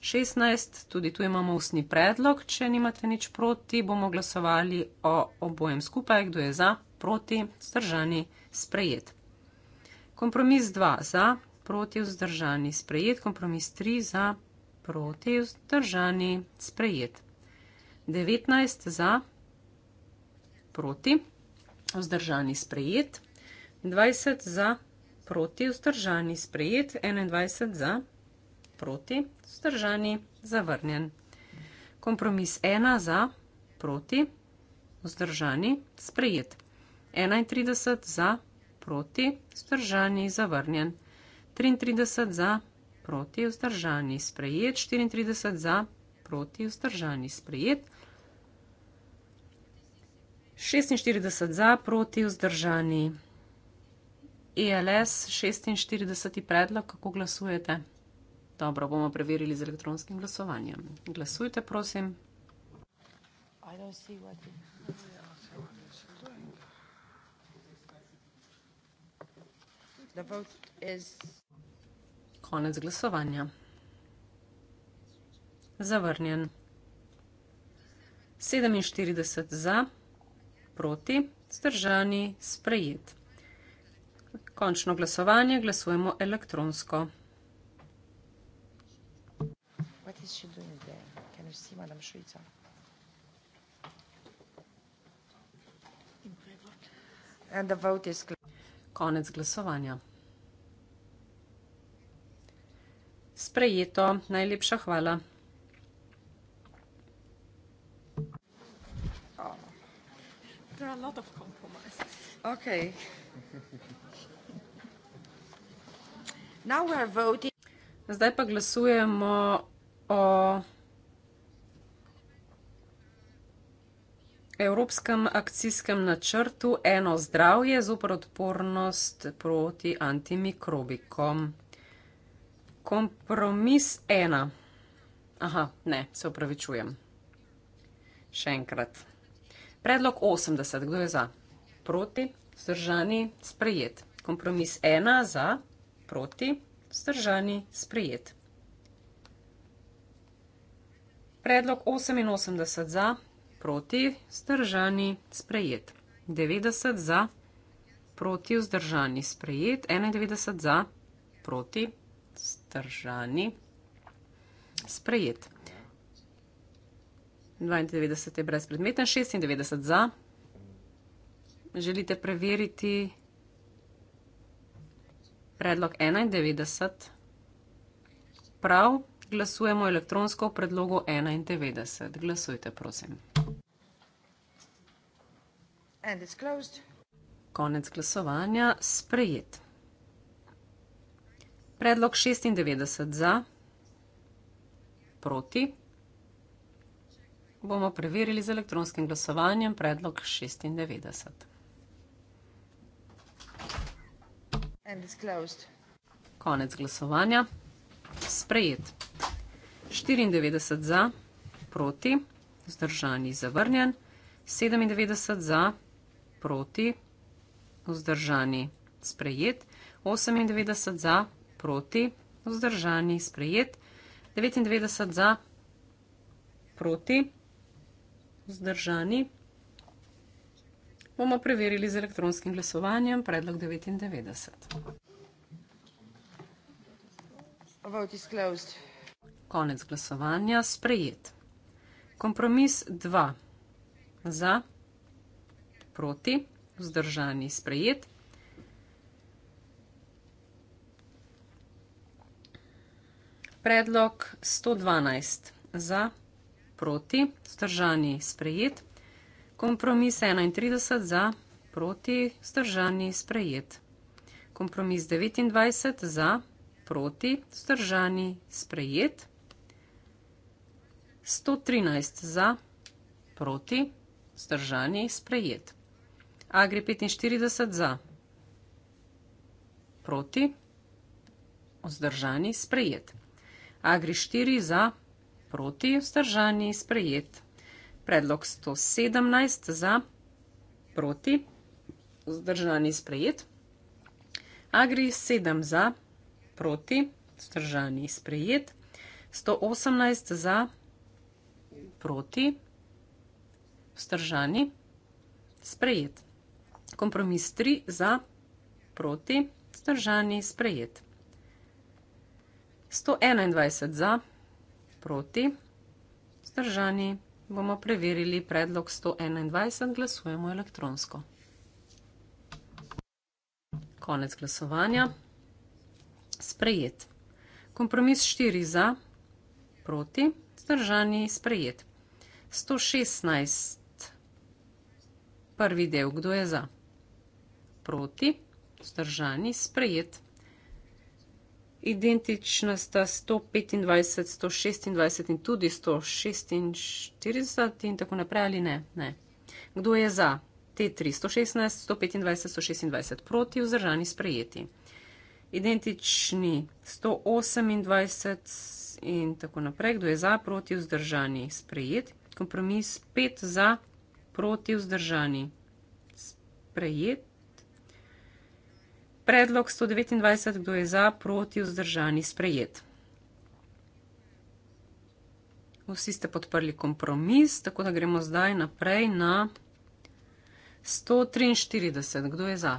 16, tudi tu imamo usni predlog, če nimate nič proti, bomo glasovali o obojem skupaj, kdo je za, proti, vzdržani, sprejet. Kompromis 2 za, proti, vzdržani, sprejet. Kompromis 3 za, proti, vzdržani, sprejet. 19 za, proti, vzdržani, sprejet. 20 za, proti vzdržani, sprejet, 21 za, proti vzdržani, zavrnjen. Kompromis 1 za, proti vzdržani, sprejet, 31 za, proti vzdržani, zavrnjen. 33 za, proti vzdržani, sprejet, 34 za, proti vzdržani, sprejet. 46 za, proti vzdržani, sprejet. ELS 46. predlog, kako glasujete? Dobro, bomo preverili z elektronskim glasovanjem. Glasujte, prosim. Konec glasovanja. Zavrnjen. 47 za, proti, zdržani, sprejet. Končno glasovanje glasujemo elektronsko. Konec glasovanja. Sprejeto. Najlepša hvala. Oh. There are a lot of compromises. Okay. Zdaj pa glasujemo o Evropskem akcijskem načrtu Eno zdravje z uporodpornost proti antimikrobikom. Kompromis ena. Aha, ne, se upravičujem. Še enkrat. Predlog 80. Kdo je za? Proti? Zdržani? Sprejet. Kompromis ena za? proti, vzdržani, sprejet. Predlog 88 za, proti, vzdržani, sprejet. 90 za, proti, vzdržani, sprejet. 91 za, proti, vzdržani, sprejet. 92 je brezpredmeten, 96 za. Želite preveriti predlog 91. Prav, glasujemo elektronsko v predlogu 91. Glasujte, prosim. Konec glasovanja, sprejet. Predlog 96 za, proti. Bomo preverili z elektronskim glasovanjem predlog 96. Konec glasovanja. Sprejet. 94 za, proti, vzdržani, zavrnjen. 97 za, proti, vzdržani, sprejet. 98 za, proti, vzdržani, sprejet. 99 za, proti, vzdržani, sprejet bomo preverili z elektronskim glasovanjem, predlog 99. Konec glasovanja, sprejet. Kompromis 2. Za, proti, vzdržani, sprejet. Predlog 112. Za, proti, vzdržani, sprejet. Kompromis 31 za, proti, vzdržani, sprejet. Kompromis 29 za, proti, vzdržani, sprejet. 113 za, proti, vzdržani, sprejet. Agri 45 za, proti, vzdržani, sprejet. Agri 4 za, proti, vzdržani, sprejet. Predlog 117 za, proti, vzdržani sprejet. Agri 7 za, proti, vzdržani sprejet. 118 za, proti, vzdržani sprejet. Kompromis 3 za, proti, vzdržani sprejet. 121 za, proti, vzdržani sprejet. Bomo preverili predlog 121, glasujemo elektronsko. Konec glasovanja. Sprejet. Kompromis 4 za, proti, zdržani, sprejet. 116, prvi del, kdo je za? Proti, zdržani, sprejet identična sta 125, 126 in tudi 146 in tako naprej ali ne? ne. Kdo je za te 316, 125, 126 proti vzdržani sprejeti? Identični 128 in tako naprej, kdo je za proti vzdržani sprejeti? Kompromis 5 za proti vzdržani sprejeti. Predlog 129, kdo je za, proti, vzdržani, sprejet. Vsi ste podprli kompromis, tako da gremo zdaj naprej na 143, kdo je za,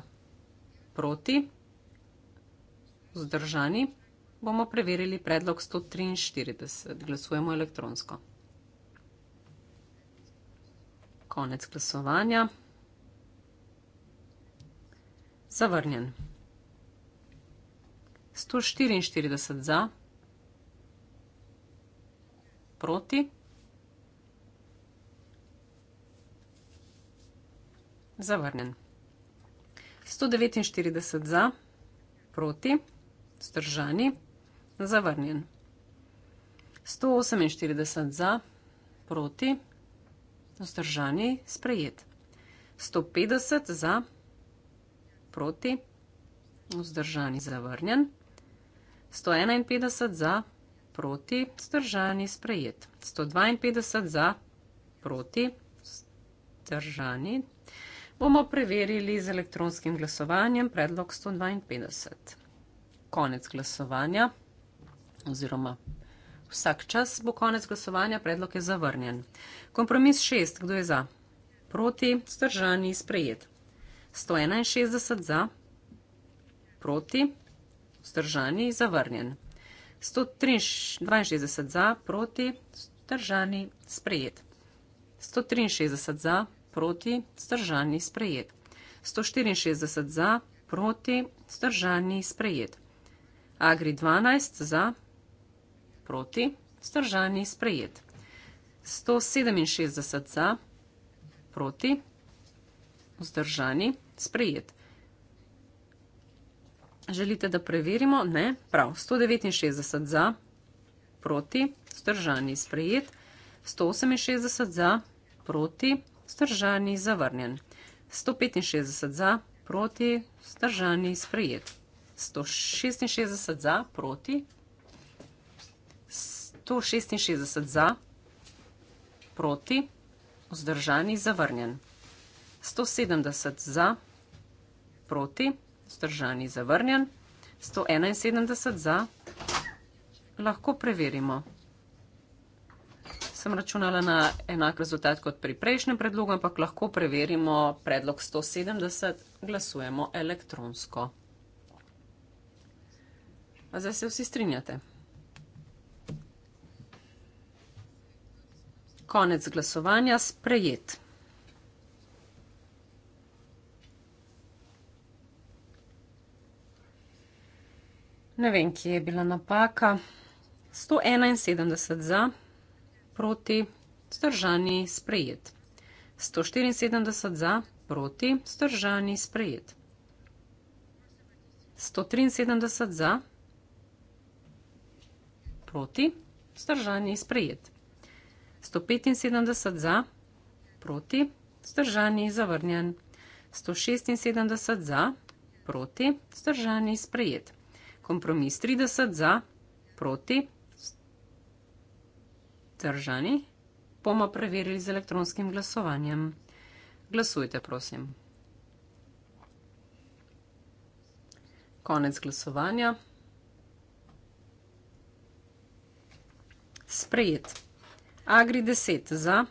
proti, vzdržani. Bomo preverili predlog 143, glasujemo elektronsko. Konec glasovanja. Zavrnjen. 144 za, proti 1, zavrnjen. 149 za, proti, zdržani, zavrnjen. 148 za, proti, zdržani, sprejet. 150 za, proti, zdržani, zavrnjen. 151 za, proti, vzdržani, sprejet. 152 za, proti, vzdržani. Bomo preverili z elektronskim glasovanjem predlog 152. Konec glasovanja oziroma vsak čas bo konec glasovanja, predlog je zavrnjen. Kompromis 6. Kdo je za? Proti, vzdržani, sprejet. 161 za, proti, vzdržani vzdržani, zavrnjen. 162 za, proti, vzdržani, sprejet. 163 za, proti, vzdržani, sprejet. 164 za, proti, vzdržani, sprejet. Agri 12 za, proti, vzdržani, sprejet. 167 za, proti, vzdržani, sprejet. Želite, da preverimo? Ne. Prav. 169 za, proti, stržani, sprejet. 168 za, proti, stržani, zavrnjen. 165 za, proti, stržani, sprejet. 166 za, proti. 166 za, proti, vzdržani, zavrnjen. 170 za, proti, vzdržani zavrnjen, 171 za, lahko preverimo. Sem računala na enak rezultat kot pri prejšnjem predlogu, ampak lahko preverimo predlog 170, glasujemo elektronsko. A zdaj se vsi strinjate. Konec glasovanja, sprejet. Ne vem, kje je bila napaka. 171 za, proti, zdržani, sprejet. 174 za, proti, zdržani, sprejet. 173 za, proti, zdržani, sprejet. 175 za, proti, zdržani, zavrnjen. 176 za, proti, zdržani, sprejet. 177 za, proti, zdržani, sprejet kompromis 30 za, proti, držani. Bomo preverili z elektronskim glasovanjem. Glasujte, prosim. Konec glasovanja. Sprejet. Agri 10 za,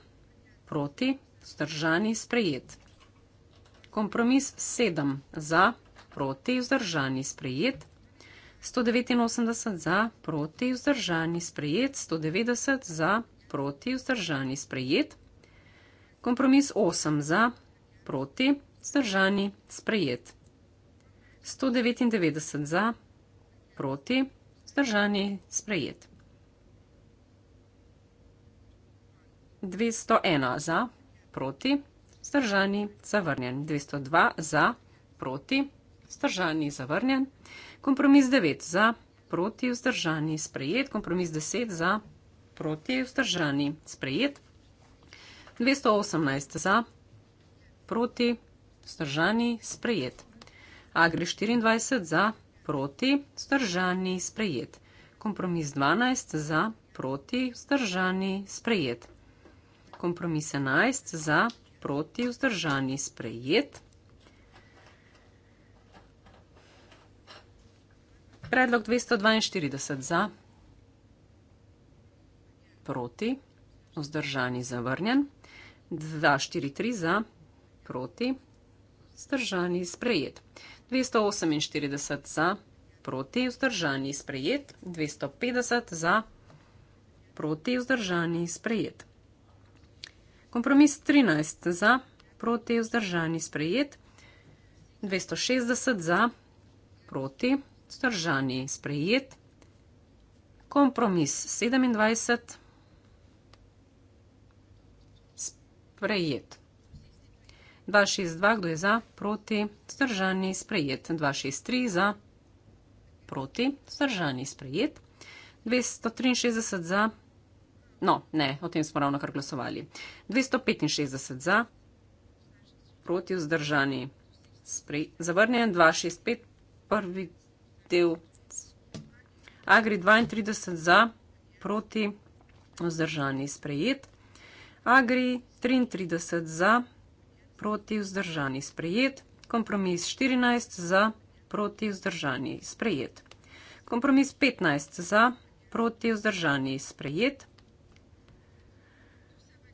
proti, vzdržani, sprejet. Kompromis 7 za, proti, vzdržani, sprejet. 189 za, proti vzdržani sprejet, 190 za, proti vzdržani sprejet. Kompromis 8 za, proti vzdržani sprejet. 199 za, proti vzdržani sprejet. 201 za, proti, vzdržani, zavrnjen. 202 za, proti, vzdržani, zavrnjen. Kompromis 9 za, proti vzdržani, sprejet. Kompromis 10 za, proti vzdržani, sprejet. 218 za, proti vzdržani, sprejet. Agri 24 za, proti vzdržani, sprejet. Kompromis 12 za, proti vzdržani, sprejet. Kompromis 11 za, proti vzdržani, sprejet. Predlog 242 za, proti, vzdržani zavrnjen, 243 za, proti, vzdržani sprejet, 248 za, proti, vzdržani sprejet, 250 za, proti, vzdržani sprejet. Kompromis 13 za, proti, vzdržani sprejet, 260 za, proti, vzdržani sprejet vzdržani, sprejet. Kompromis 27. Sprejet. 262, kdo je za, proti, vzdržani, sprejet. 263, za, proti, vzdržani, sprejet. 263 za, no, ne, o tem smo ravno kar glasovali. 265 za, proti, vzdržani, sprejet. Zavrnjen, 265, prvi zadev. Agri 32 za, proti, vzdržani sprejet. Agri 33 za, proti, vzdržani sprejet. Kompromis 14 za, proti, vzdržani sprejet. Kompromis 15 za, proti, vzdržani sprejet.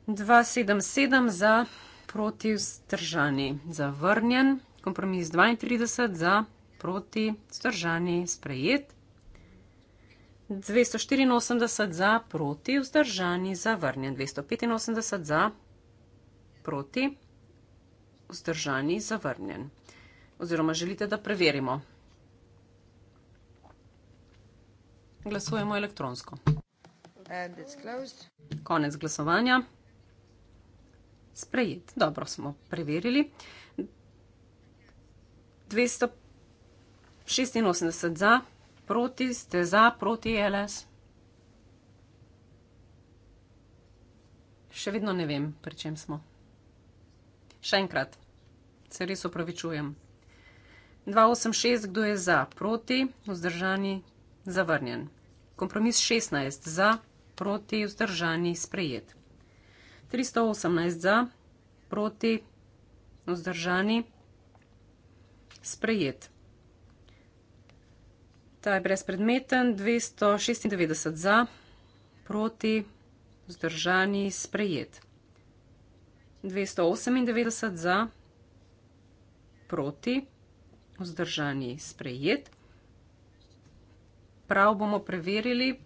277 za, proti, vzdržani zavrnjen. Kompromis 32 za, proti, vzdržani sprejet proti, vzdržani, sprejet. 284 za, proti, vzdržani, zavrnjen. 285 za, proti, vzdržani, zavrnjen. Oziroma želite, da preverimo. Glasujemo elektronsko. Konec glasovanja. Sprejet. Dobro smo preverili. 200. 86 za, proti ste za, proti LS. Še vedno ne vem, pri čem smo. Še enkrat, se res opravičujem. 286, kdo je za, proti, vzdržani, zavrnjen. Kompromis 16 za, proti, vzdržani, sprejet. 318 za, proti, vzdržani, sprejet. Ta je brezpredmeten, 296 za, proti, vzdržani, sprejet. 298 za, proti, vzdržani, sprejet. Prav bomo preverili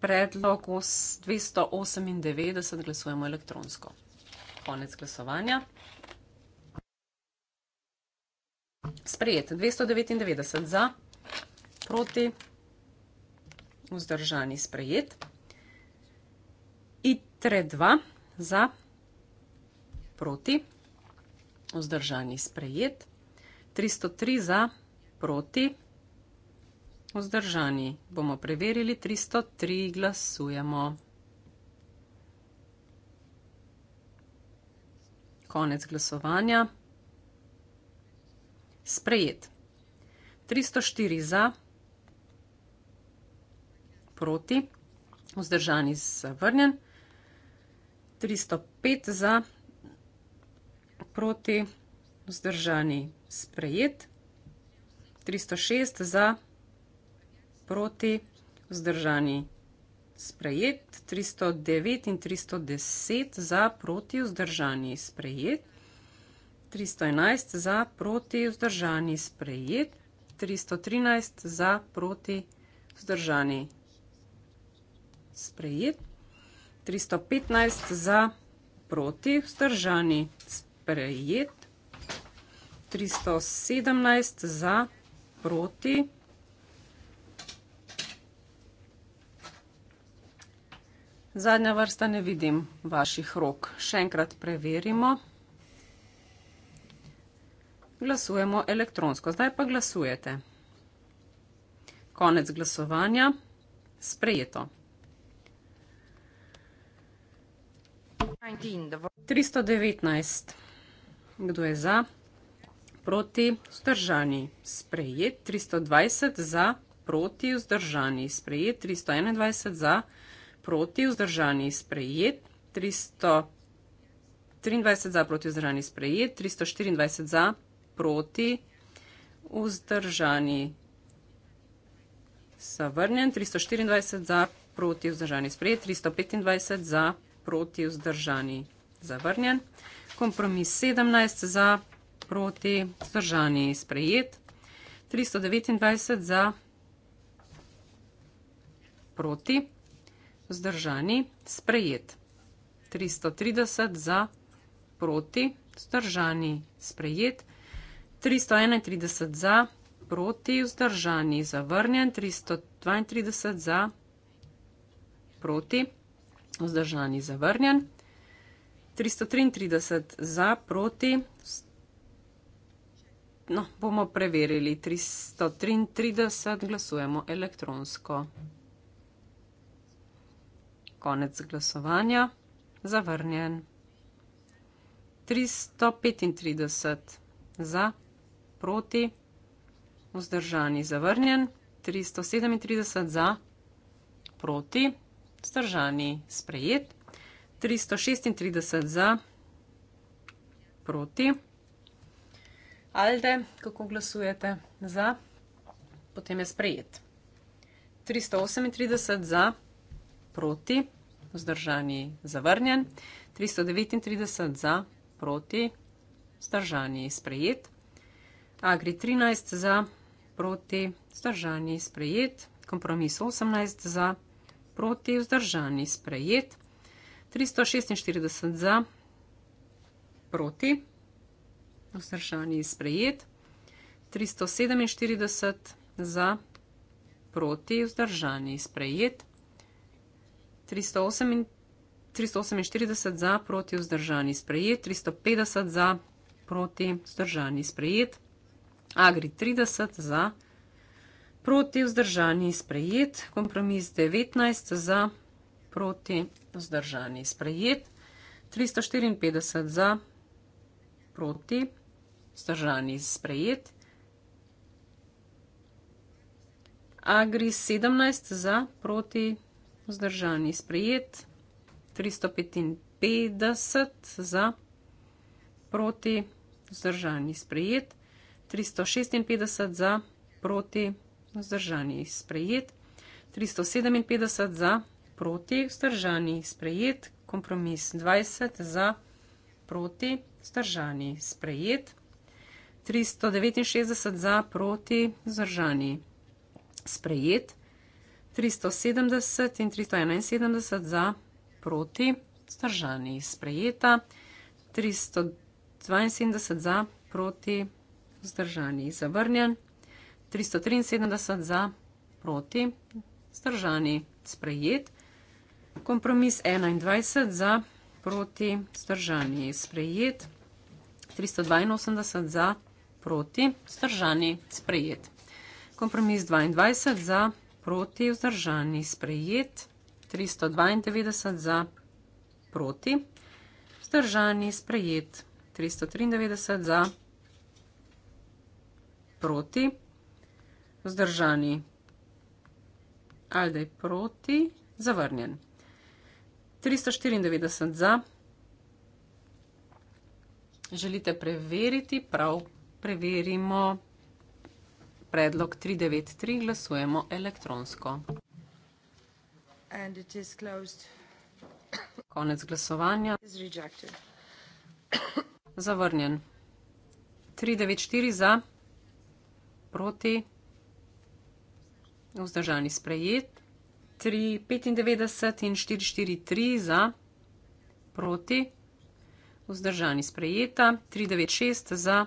predlog 298, glasujemo elektronsko. Konec glasovanja. Sprejet, 299 za proti, vzdržani sprejet. Itre 2 za, proti, vzdržani sprejet. 303 za, proti, vzdržani. Bomo preverili, 303 glasujemo. Konec glasovanja. Sprejet. 304 za, proti, vzdržani proti, vzdržani zavrnjen, 305 za, proti, vzdržani sprejet, 306 za, proti, vzdržani sprejet, 309 in 310 za, proti, vzdržani sprejet, 311 za, proti, vzdržani sprejet, 313 za, proti, vzdržani sprejet sprejet. 315 za proti vzdržani sprejet. 317 za proti Zadnja vrsta ne vidim vaših rok. Še enkrat preverimo. Glasujemo elektronsko. Zdaj pa glasujete. Konec glasovanja. Sprejeto. 319. Kdo je za? Proti, vzdržani, sprejet 320 za, proti, vzdržani, sprejet 321 za, proti, vzdržani, sprejet 323 za, proti, vzdržani, sprejet 324 za, proti, vzdržani, zavrnjen 324 za, proti, vzdržani, sprejet 325 za, proti, vzdržani, zavrnjen. Kompromis 17 za, proti, vzdržani, sprejet. 329 za, proti, vzdržani, sprejet. 330 za, proti, vzdržani, sprejet. 331 za, proti, vzdržani, zavrnjen, 332 za, proti, vzdržani zavrnjen. 333 za, proti. No, bomo preverili. 333 glasujemo elektronsko. Konec glasovanja. Zavrnjen. 335 za, proti. Vzdržani zavrnjen. 337 za, proti vzdržani, sprejet. 336 za, proti. Alde, kako glasujete za, potem je sprejet. 338 za, proti, vzdržani, zavrnjen. 339 za, proti, vzdržani, sprejet. Agri 13 za, proti, vzdržani, sprejet. Kompromis 18 za, proti proti, vzdržani sprejet, 346 za, proti, vzdržani sprejet, 347 za, proti, vzdržani sprejet, 348 za, proti, vzdržani sprejet, 350 za, proti, vzdržani sprejet, agri 30 za, proti, proti vzdržani sprejet, kompromis 19 za, proti vzdržani sprejet, 354 za, proti vzdržani sprejet, agri 17 za, proti vzdržani sprejet, 355 za, proti vzdržani sprejet, 356 za, proti vzdržani sprejet, vzdržani sprejet, 357 za, proti vzdržani sprejet, kompromis 20 za, proti vzdržani sprejet, 369 za, proti vzdržani sprejet, 370 in 371 za, proti vzdržani sprejeta, 372 za, proti vzdržani zavrnjen. 373 za, proti, zdržani, sprejet. Kompromis 21 za, proti, zdržani, sprejet. 382 za, proti, zdržani, sprejet. Kompromis 22 za, proti, vzdržani, sprejet. 392 za, proti, vzdržani, sprejet. 393 za, proti, vzdržani, sprejet vzdržani. Aldej proti, zavrnjen. 394 za. Želite preveriti? Prav preverimo predlog 393, glasujemo elektronsko. Konec glasovanja. Zavrnjen. 394 za, proti vzdržani sprejet. 3, 95 in 4, 4, 3 za, proti, vzdržani sprejeta. 3, 9, 6 za,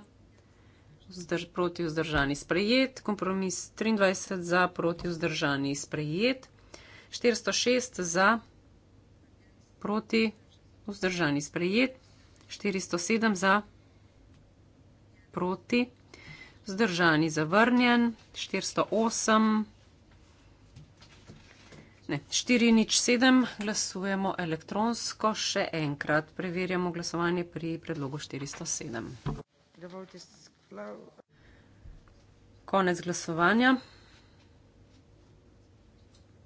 vzdrž, proti, vzdržani sprejet. Kompromis 23 za, proti, vzdržani sprejet. 406 za, proti, vzdržani sprejet. 407 za, proti, vzdržani zavrnjen. 408. Ne, štiri nič sedem, glasujemo elektronsko še enkrat. Preverjamo glasovanje pri predlogu 407. Konec glasovanja.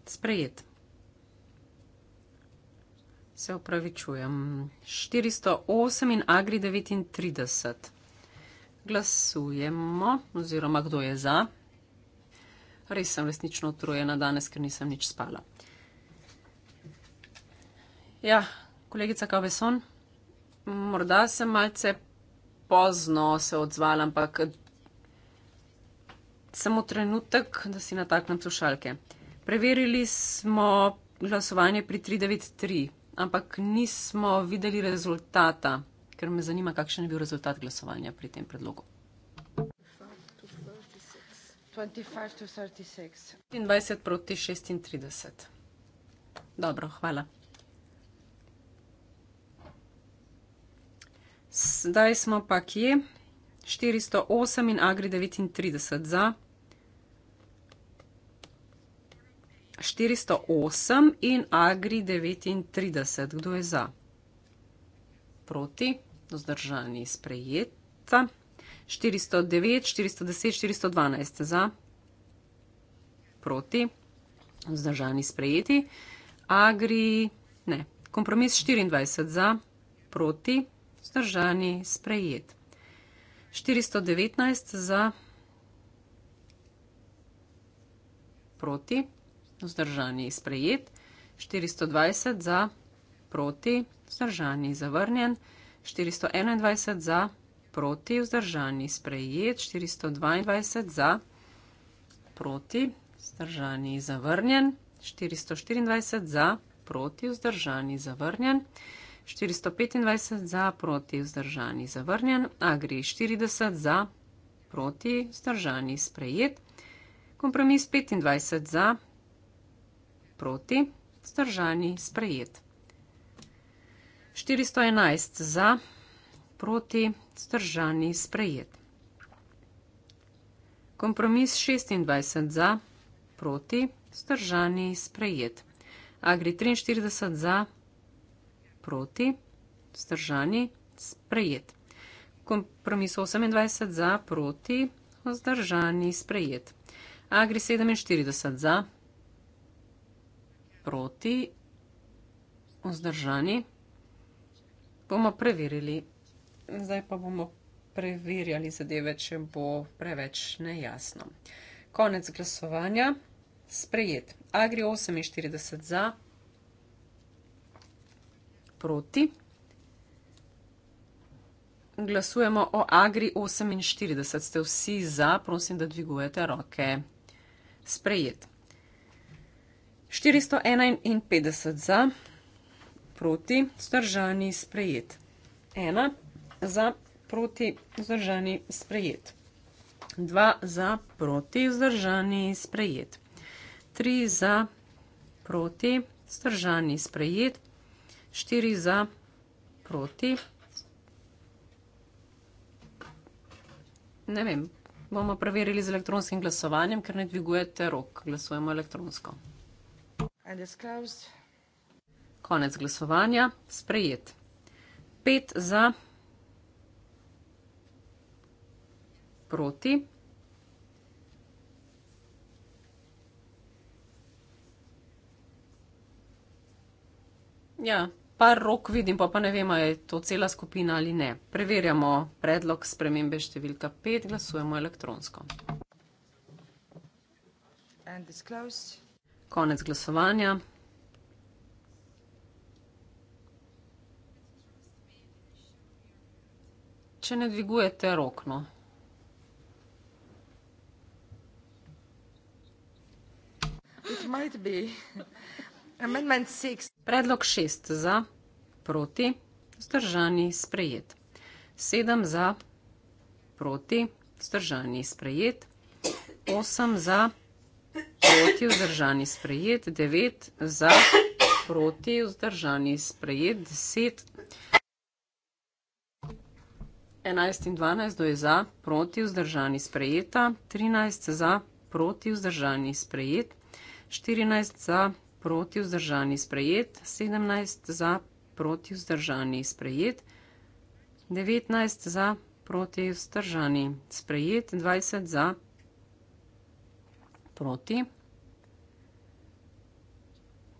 Sprejet. Se upravičujem. 408 in Agri 39. Glasujemo, oziroma kdo je za? Res sem resnično utrujena danes, ker nisem nič spala. Ja, kolegica Kaveson, morda sem malce pozno se odzvala, ampak samo trenutek, da si nataknem slušalke. Preverili smo glasovanje pri 393, ampak nismo videli rezultata, ker me zanima, kakšen je bil rezultat glasovanja pri tem predlogu. 25 proti 36. Dobro, hvala. Zdaj smo pa kje? 408 in Agri 39 za. 408 in Agri 39. Kdo je za? Proti, vzdržani, sprejeta. 409, 410, 412 za, proti, vzdržani sprejeti. Agri, ne, kompromis 24 za, proti, vzdržani sprejet. 419 za, proti, vzdržani sprejet. 420 za, proti, vzdržani zavrnjen. 421 za, proti proti, vzdržani sprejet, 422 za, proti, vzdržani zavrnjen, 424 za, proti, vzdržani zavrnjen, 425 za, proti, vzdržani zavrnjen, agri 40 za, proti, vzdržani sprejet, kompromis 25 za, proti, vzdržani sprejet. 411 za, proti, zdržani sprejet. Kompromis 26 za, proti, zdržani sprejet. Agri 43 za, proti, zdržani sprejet. Kompromis 28 za, proti, zdržani sprejet. Agri 47 za, proti, zdržani. Bomo preverili zdaj pa bomo preverjali zadeve, če bo preveč nejasno. Konec glasovanja. Sprejet. Agri 48 za, proti. Glasujemo o Agri 48. Ste vsi za, prosim, da dvigujete roke. Sprejet. 451 za, proti. Stržani sprejet. 1 za, proti, vzdržani, sprejet. 2 za, proti, vzdržani, sprejet. 3 za, proti, vzdržani, sprejet. 4 za, proti. Ne vem, bomo preverili z elektronskim glasovanjem, ker ne dvigujete rok. Glasujemo elektronsko. Konec glasovanja. Sprejet. 5 za, proti. proti. Ja, par rok vidim, pa pa ne vem, je to cela skupina ali ne. Preverjamo predlog spremembe številka 5, glasujemo elektronsko. Konec glasovanja. Če ne dvigujete rok, no, Predlog šest za, proti, zdržani, sprejet. Sedem za, proti, zdržani, sprejet. Osem za, proti, zdržani, sprejet. Devet za, proti, zdržani, sprejet. Deset. Enajst in dvanajst do je za, proti, vzdržani, sprejeta, trinajst za, proti, vzdržani, sprejeta. 14 za, proti vzdržani sprejet, 17 za, proti vzdržani sprejet, 19 za, proti vzdržani sprejet, 20 za, proti.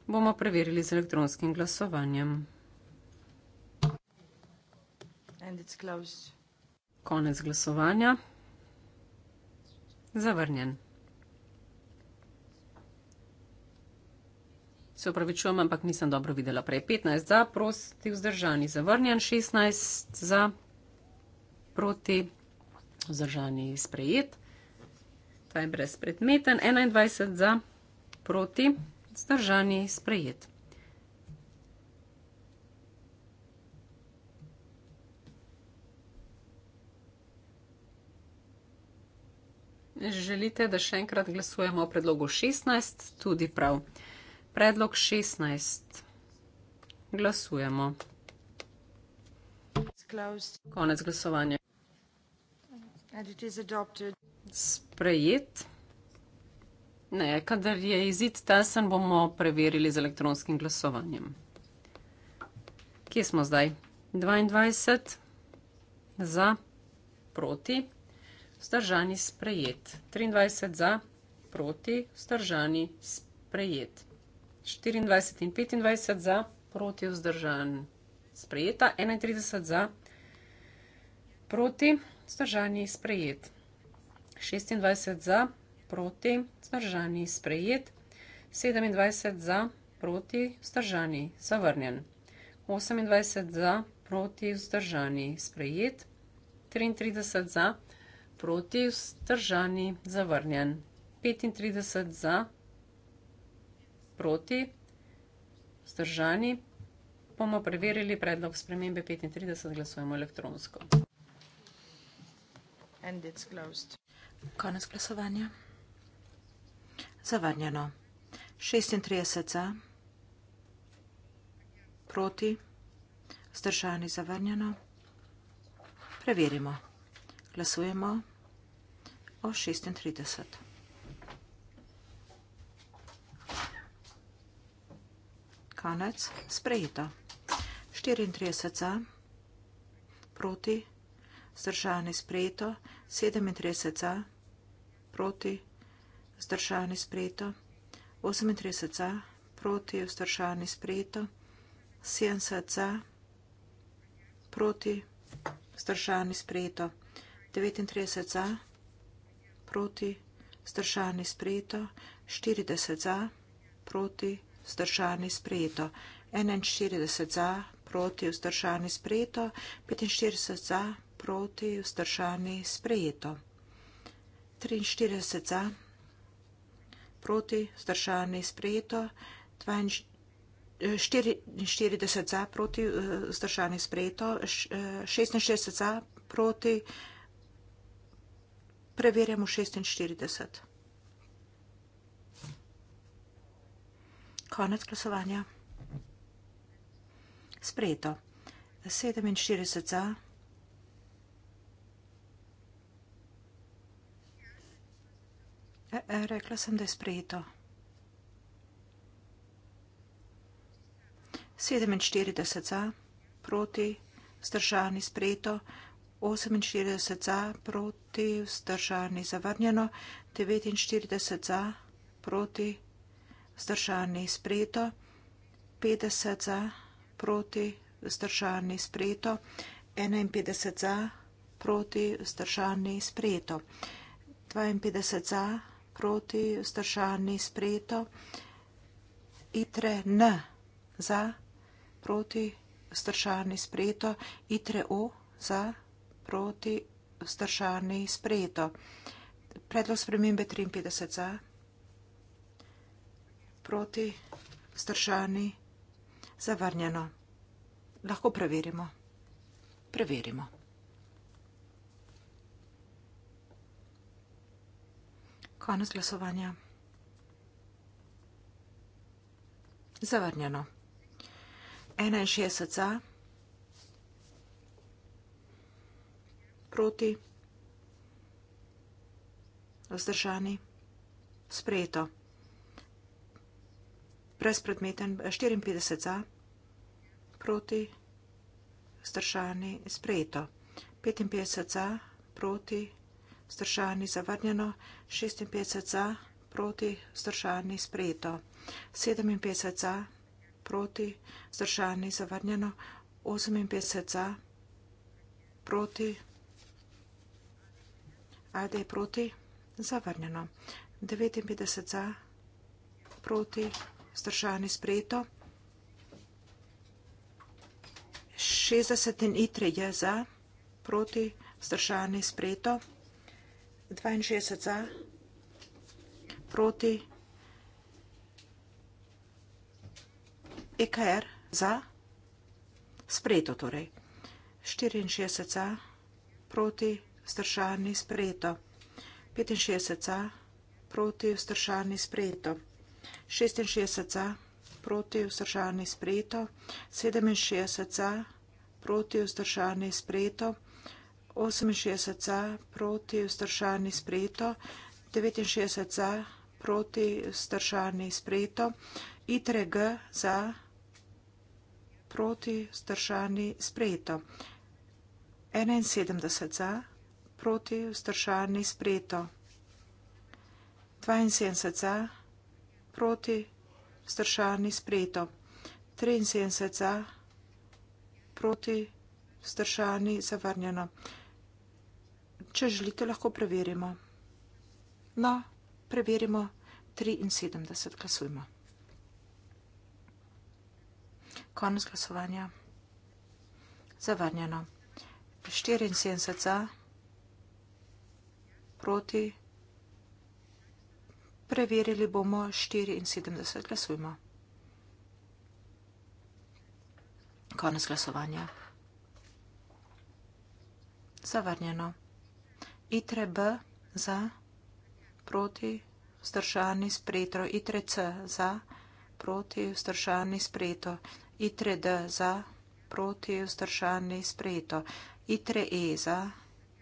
Bomo preverili z elektronskim glasovanjem. Konec glasovanja. Zavrnjen. Se upravičujem, ampak nisem dobro videla prej. 15 za, prosti vzdržani, zavrnjen, 16 za, proti vzdržani, sprejet. Ta je brezpredmeten, 21 za, proti vzdržani, sprejet. Želite, da še enkrat glasujemo o predlogu 16, tudi prav. Predlog šestnajst. Glasujemo. Konec glasovanja. Sprejet. Ne, kadar je izid tesen, bomo preverili z elektronskim glasovanjem. Kje smo zdaj? 22 za, proti, vzdržani sprejet. 23 za, proti, vzdržani sprejet. 24 in 25 za, proti vzdržan, sprejeta, 31 za, proti vzdržani, sprejet, 26 za, proti vzdržani, sprejet, 27 za, proti vzdržani, zavrnjen, 28 za, proti vzdržani, sprejet, 33 za, proti vzdržani, zavrnjen, 35 za, proti, vzdržani. Bomo preverili predlog spremembe 35, glasujemo elektronsko. Konec glasovanja. Zavrnjeno. 36 za, proti, vzdržani zavrnjeno. Preverimo. Glasujemo o 36. konec, sprejeto. 34 za, proti, zdržani sprejeto, 37 za, proti, zdržani sprejeto, 38 za, proti, zdržani sprejeto, 70 za, proti, zdržani sprejeto, 39 za, proti, zdržani sprejeto, 40 za, proti, zdržani sprejeto, vzdržani sprejeto. 41 za, proti vzdržani sprejeto. 45 za, proti vzdržani sprejeto. 43 za, proti vzdržani sprejeto. 44 eh, za, proti eh, vzdržani sprejeto. 46 eh, za, proti. Preverjamo 46. Konec glasovanja. Sprejeto. 47 za. 47. E, e, rekla sem, da je sprejeto. 47 za, proti, vzdržani, sprejeto. 48 za, proti, vzdržani, zavrnjeno. 49 za, proti, vzdržani vzdržani sprejeto, 50 za, proti vzdržani sprejeto, 51 za, proti vzdržani sprejeto, 52 za, proti vzdržani sprejeto, itre n za, proti vzdržani sprejeto, itre o za, proti vzdržani sprejeto. Predlog spremembe 53 za proti, vzdržani, zavrnjeno. Lahko preverimo. Preverimo. Konec glasovanja. Zavrnjeno. 61 za, proti, vzdržani, sprejeto brezpredmeten, 54 za, proti, stršani, sprejeto. 55 za, proti, stršani, zavrnjeno. 56 za, proti, stršani, sprejeto. 57 za, proti, stršani, zavrnjeno. 58 za, proti, ajde proti, zavrnjeno. 59 za, proti, zavrnjeno. Stršani sprejeto. 60 in itre je za, proti, stršani sprejeto. 62 za, proti, EKR za, sprejeto torej. 64 za, proti, stršani sprejeto. 65 za, proti, stršani sprejeto. 66 za, proti vzdržani sprejeto, 67 za, proti vzdržani sprejeto, 68 za, proti vzdržani sprejeto, 69 za, proti vzdržani sprejeto, ITREG za, proti vzdržani sprejeto, 71 za, proti vzdržani sprejeto, 72 za, proti vzdržani sprejeto, proti stršani spreto. 73 za proti stršani zavrnjeno. Če želite, lahko preverimo. No, preverimo 73, glasujmo. Konec glasovanja. Zavrnjeno. 74 za proti stršani spreto. Preverili bomo 74 glasujmo. Konec glasovanja. Zavrnjeno. Itre B za, proti, vzdržani spreto. Itre C za, proti, vzdržani spreto. Itre D za, proti, vzdržani spreto. Itre E za,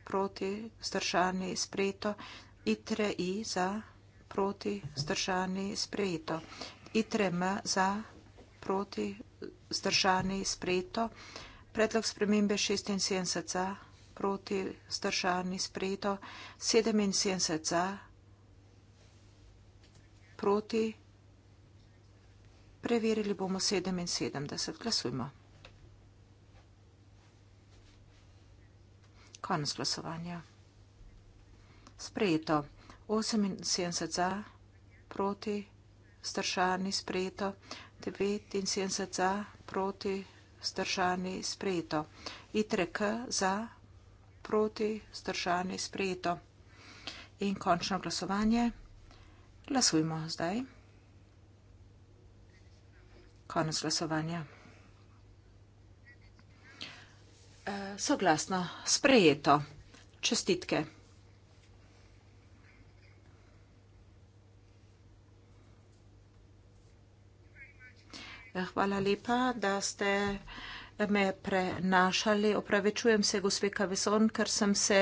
proti, vzdržani spreto. Itre I za, proti, proti, zdržani, sprejeto. I trema za, proti, zdržani, sprejeto. Predlog spremembe 76 za, proti, zdržani, sprejeto. 77 za, proti. Preverili bomo 77. Glasujmo. Konec glasovanja. Sprejeto. 78 za, proti, stršani sprejeto, 79 za, proti, stršani sprejeto, itrek za, proti, stršani sprejeto. In končno glasovanje. Glasujmo zdaj. Konec glasovanja. Eh, soglasno, sprejeto. Čestitke. Hvala lepa, da ste me prenašali. Opravičujem se, gospe Kaveson, ker sem se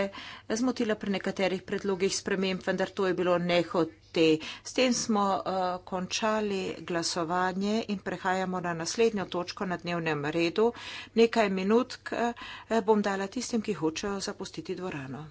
zmotila pri nekaterih predlogih sprememb, vendar to je bilo nehote. S tem smo uh, končali glasovanje in prehajamo na naslednjo točko na dnevnem redu. Nekaj minut uh, bom dala tistim, ki hočejo zapustiti dvorano.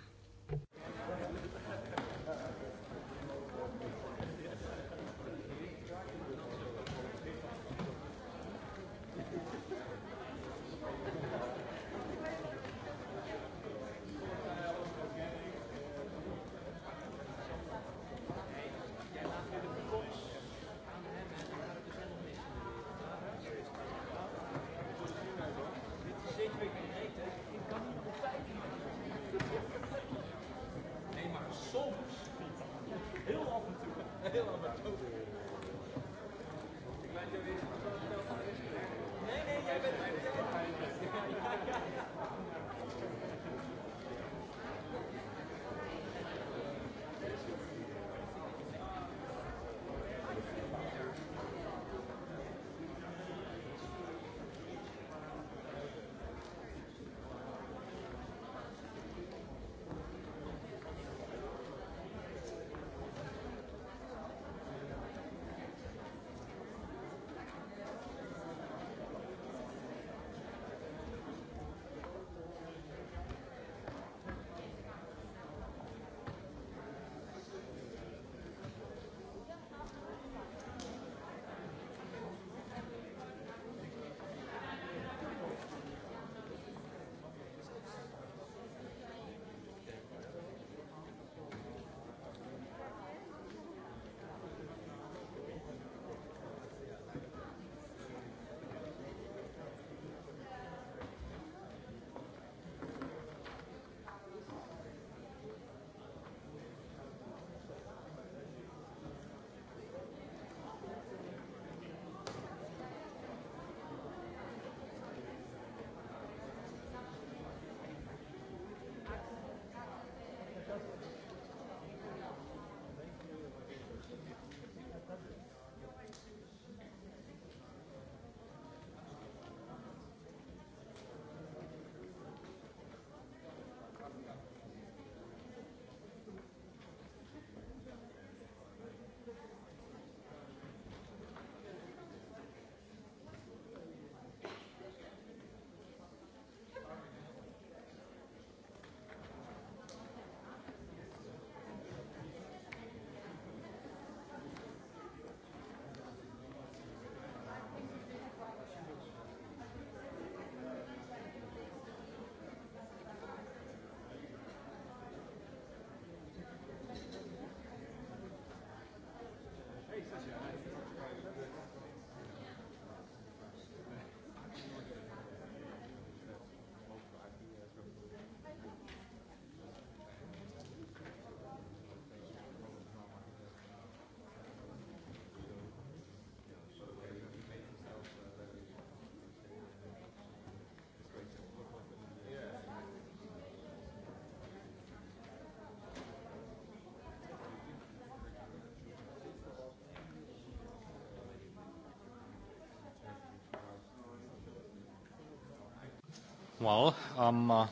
Well, um, uh,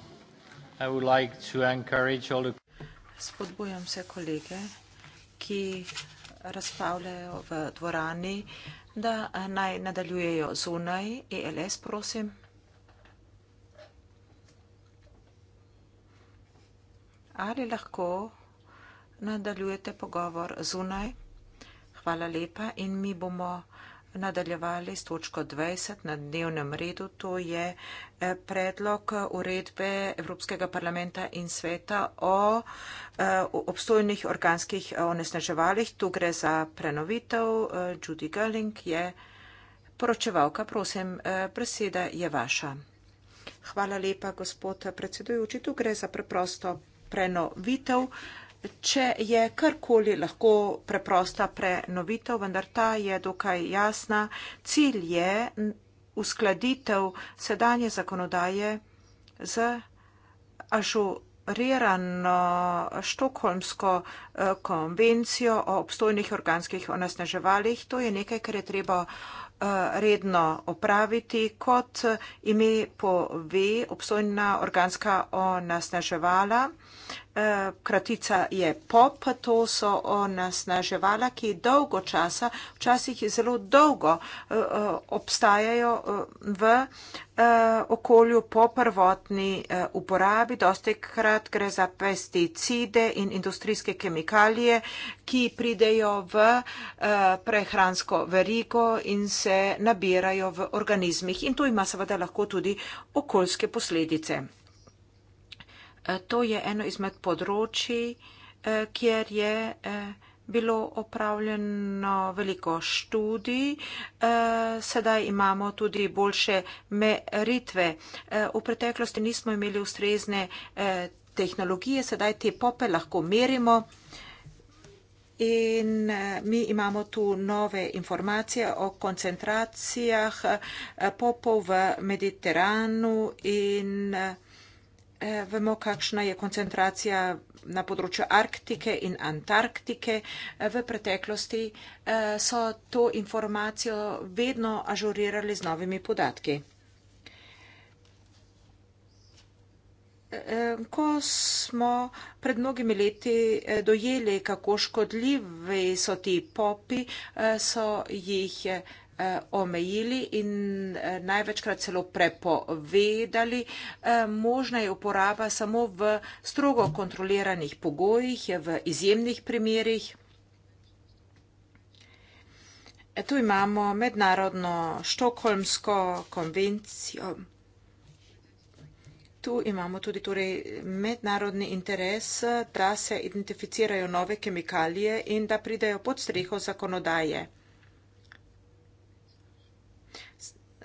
I would like to encourage all the... Spodbujam vse kolege, ki razpravljajo v dvorani, da eh, naj nadaljujejo zunaj. ELS, prosim. Ali lahko nadaljujete pogovor zunaj? Hvala lepa in mi bomo nadaljevali s točko 20 na dnevnem redu. To je eh, predlog eh, uredbe Evropskega parlamenta in sveta o eh, obstojnih organskih onesnaževalih. Tu gre za prenovitev. Judy Gulling je poročevalka. Prosim, preseda je vaša. Hvala lepa, gospod predsedujoči. Tu gre za preprosto prenovitev. Če je karkoli lahko preprosta prenovitev, vendar ta je dokaj jasna, cilj je uskladitev sedanje zakonodaje z ažurirano Štokholmsko eh, konvencijo o obstojnih organskih onesnaževalih. To je nekaj, kar je treba eh, redno opraviti. Kot eh, ime pove, obstojna organska onesnaževala Eh, kratica je pop, to so onasnaževala, ki dolgo časa, včasih zelo dolgo eh, eh, obstajajo v okolju po prvotni uporabi. Dosti krat gre za pesticide in industrijske kemikalije, ki pridejo v prehransko verigo in se nabirajo v organizmih. In to ima seveda lahko tudi okoljske posledice. Eh, to je eno izmed področij, eh, kjer je eh, bilo opravljeno veliko študij. Sedaj imamo tudi boljše meritve. V preteklosti nismo imeli ustrezne tehnologije, sedaj te pope lahko merimo. In mi imamo tu nove informacije o koncentracijah popov v Mediteranu in Mediteranu. Eh, vemo, kakšna je koncentracija na področju Arktike in Antarktike. Eh, v preteklosti eh, so to informacijo vedno ažurirali z novimi podatki. Ko smo pred mnogimi leti dojeli, kako škodljivi so ti popi, so jih Eh, omejili in eh, največkrat celo prepovedali. Eh, možna je uporaba samo v strogo kontroliranih pogojih, v izjemnih primerih. E, tu imamo mednarodno štokholmsko konvencijo. Tu imamo tudi torej mednarodni interes, da se identificirajo nove kemikalije in da pridejo pod streho zakonodaje.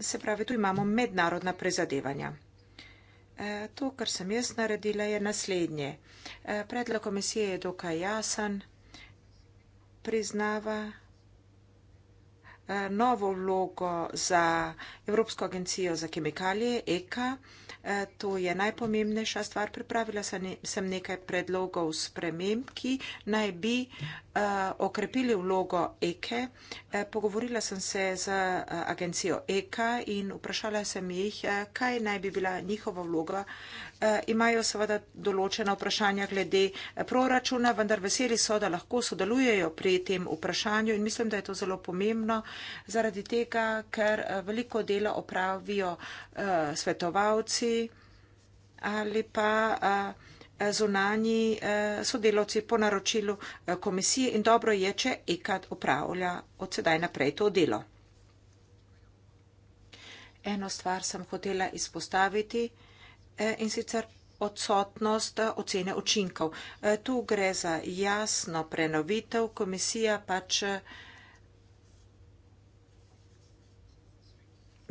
se pravi, tu imamo mednarodna prizadevanja. E, to, kar sem jaz naredila, je naslednje. E, predlog komisije je dokaj jasen, priznava e, novo vlogo za Evropsko agencijo za kemikalije, EKA. To je najpomembnejša stvar. Pripravila sem nekaj predlogov sprememb, ki naj bi uh, Eh, okrepili vlogo Eke. E. Eh, pogovorila sem se z eh, agencijo Eka e in vprašala sem jih, kaj naj bi bila njihova vloga. Imajo seveda določena vprašanja glede proračuna, vendar veseli so, da lahko sodelujejo pri tem vprašanju in mislim, da je to zelo pomembno zaradi tega, ker veliko dela opravijo svetovalci ali pa Eh, zunanji eh, sodelavci po naročilu eh, komisije in dobro je, če ekat upravlja od sedaj naprej to delo. Eno stvar sem hotela izpostaviti in sicer odsotnost ocene učinkov. Tu gre za jasno prenovitev, komisija pač.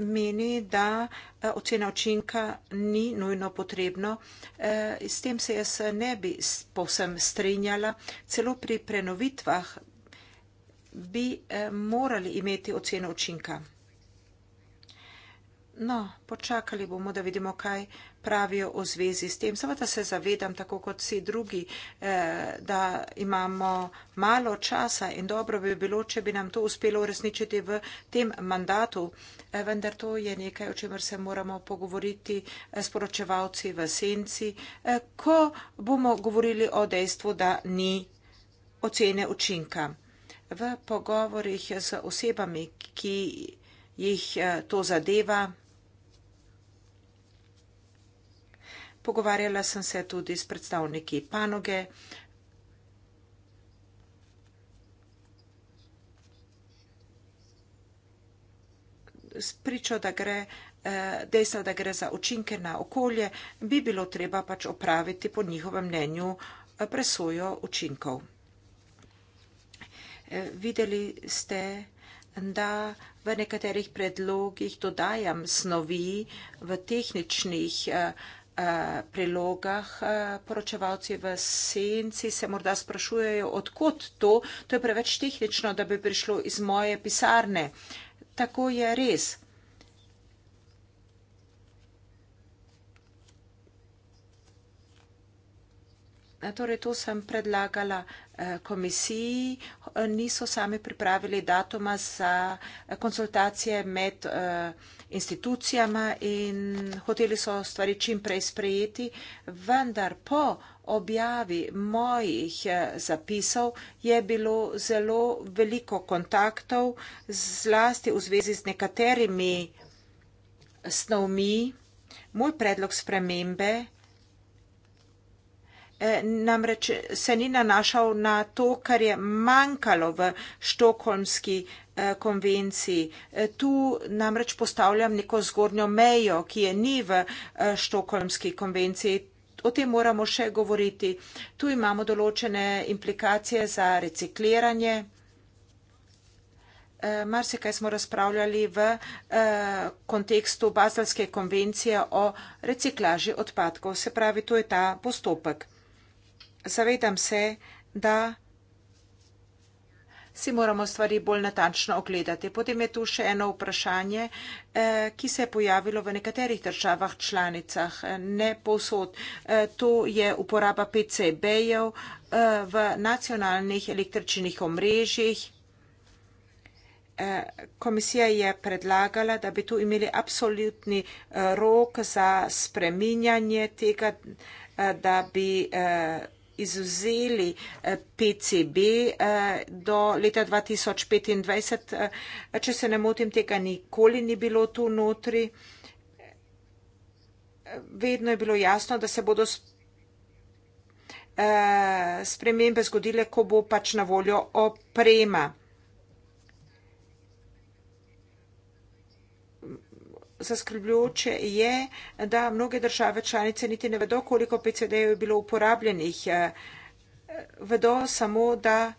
meni, da eh, ocena učinka ni nujno potrebno. Eh, s tem se jaz ne bi povsem strinjala. Celo pri prenovitvah bi eh, morali imeti oceno učinka. No, počakali bomo, da vidimo, kaj pravijo o zvezi s tem. Seveda se zavedam, tako kot vsi drugi, eh, da imamo malo časa in dobro bi bilo, če bi nam to uspelo uresničiti v tem mandatu. Eh, vendar to je nekaj, o čemer se moramo pogovoriti eh, s poročevalci v senci, ko bomo govorili o dejstvu, da ni ocene učinka. V pogovorih z osebami, ki jih to zadeva, Pogovarjala sem se tudi s predstavniki panoge. Pričo, da gre, eh, dejstva, da gre za učinke na okolje, bi bilo treba pač opraviti po njihovem mnenju eh, presojo učinkov. Eh, videli ste, da v nekaterih predlogih dodajam snovi v tehničnih Eh, prilogah eh, poročevalci v senci se morda sprašujejo, odkot to, to je preveč tehnično, da bi prišlo iz moje pisarne. Tako je res. Torej, to sem predlagala Eh, komisiji eh, niso sami pripravili datuma za eh, konsultacije med institucijama in hoteli so stvari čim prej sprejeti, vendar po objavi mojih zapisov je bilo zelo veliko kontaktov zlasti v zvezi z nekaterimi snovmi. Moj predlog spremembe E, namreč se ni nanašal na to, kar je manjkalo v Štokholmski e, konvenciji. E, tu namreč postavljam neko zgornjo mejo, ki je ni v Štokholmski konvenciji. O tem moramo še govoriti. Tu imamo določene implikacije za recikliranje. Mar se kaj smo razpravljali v kontekstu Baselske konvencije o reciklaži odpadkov. Se pravi, to je ta postopek zavedam se, da si moramo stvari bolj natančno ogledati. Potem je tu še eno vprašanje, eh, ki se je pojavilo v nekaterih državah članicah, eh, ne posod. Eh, to je uporaba PCB-jev v nacionalnih električnih omrežjih. Komisija je predlagala, da bi tu imeli absolutni rok za spreminjanje tega, da bi izuzeli eh, PCB eh, do leta 2025. Eh, če se ne motim, tega nikoli ni bilo tu notri. Vedno je bilo jasno, da se bodo spremembe zgodile, ko bo pač na voljo oprema. zaskrbljujoče je, da mnoge države članice niti ne vedo, koliko PCD-jev je bilo uporabljenih. Eh, vedo samo, da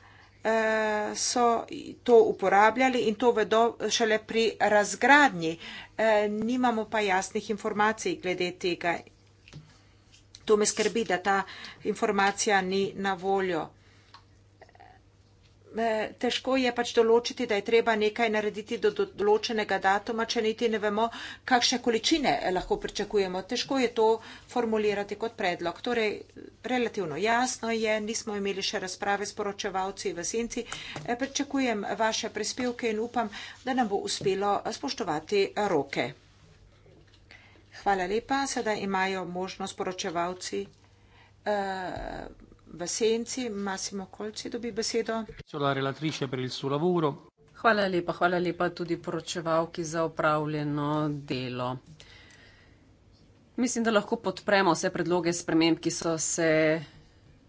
eh, so to uporabljali in to vedo šele pri razgradnji. Eh, nimamo pa jasnih informacij glede tega. To me skrbi, da ta informacija ni na voljo. Eh, težko je pač določiti, da je treba nekaj narediti do, do določenega datuma, če niti ne vemo, kakšne količine lahko pričakujemo. Težko je to formulirati kot predlog. Torej, relativno jasno je, nismo imeli še razprave s poročevalci v senci. Eh, pričakujem vaše prispevke in upam, da nam bo uspelo spoštovati roke. Hvala lepa. Sedaj imajo možnost poročevalci. Uh, v senci. Massimo Kolci dobi besedo. Hvala lepa, hvala lepa tudi poročevalki za upravljeno delo. Mislim, da lahko podpremo vse predloge sprememb, ki so se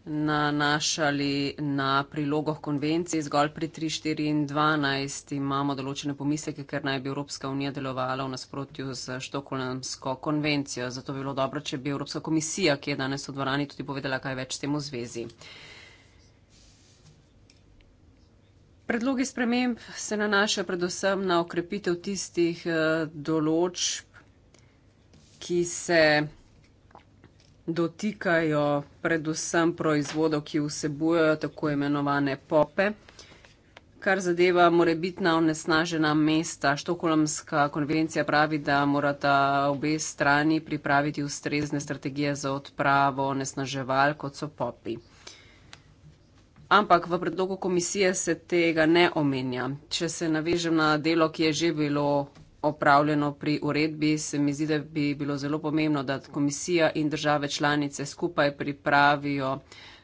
nanašali na prilogoh konvencije. Zgolj pri 3, 4 in 12 imamo določene pomisleke, ker naj bi Evropska unija delovala v nasprotju z Štokolemsko konvencijo. Zato bi bilo dobro, če bi Evropska komisija, ki je danes v dvorani, tudi povedala kaj več temu zvezi. Predlogi sprememb se nanašajo predvsem na okrepitev tistih eh, določb, ki se dotikajo predvsem proizvodov, ki vsebujejo tako imenovane pope, kar zadeva morebitna onesnažena mesta. Štokolamska konvencija pravi, da morata obe strani pripraviti ustrezne strategije za odpravo onesnaževal, kot so popi. Ampak v predlogu komisije se tega ne omenja. Če se navežem na delo, ki je že bilo opravljeno pri uredbi, se mi zdi, da bi bilo zelo pomembno, da komisija in države članice skupaj pripravijo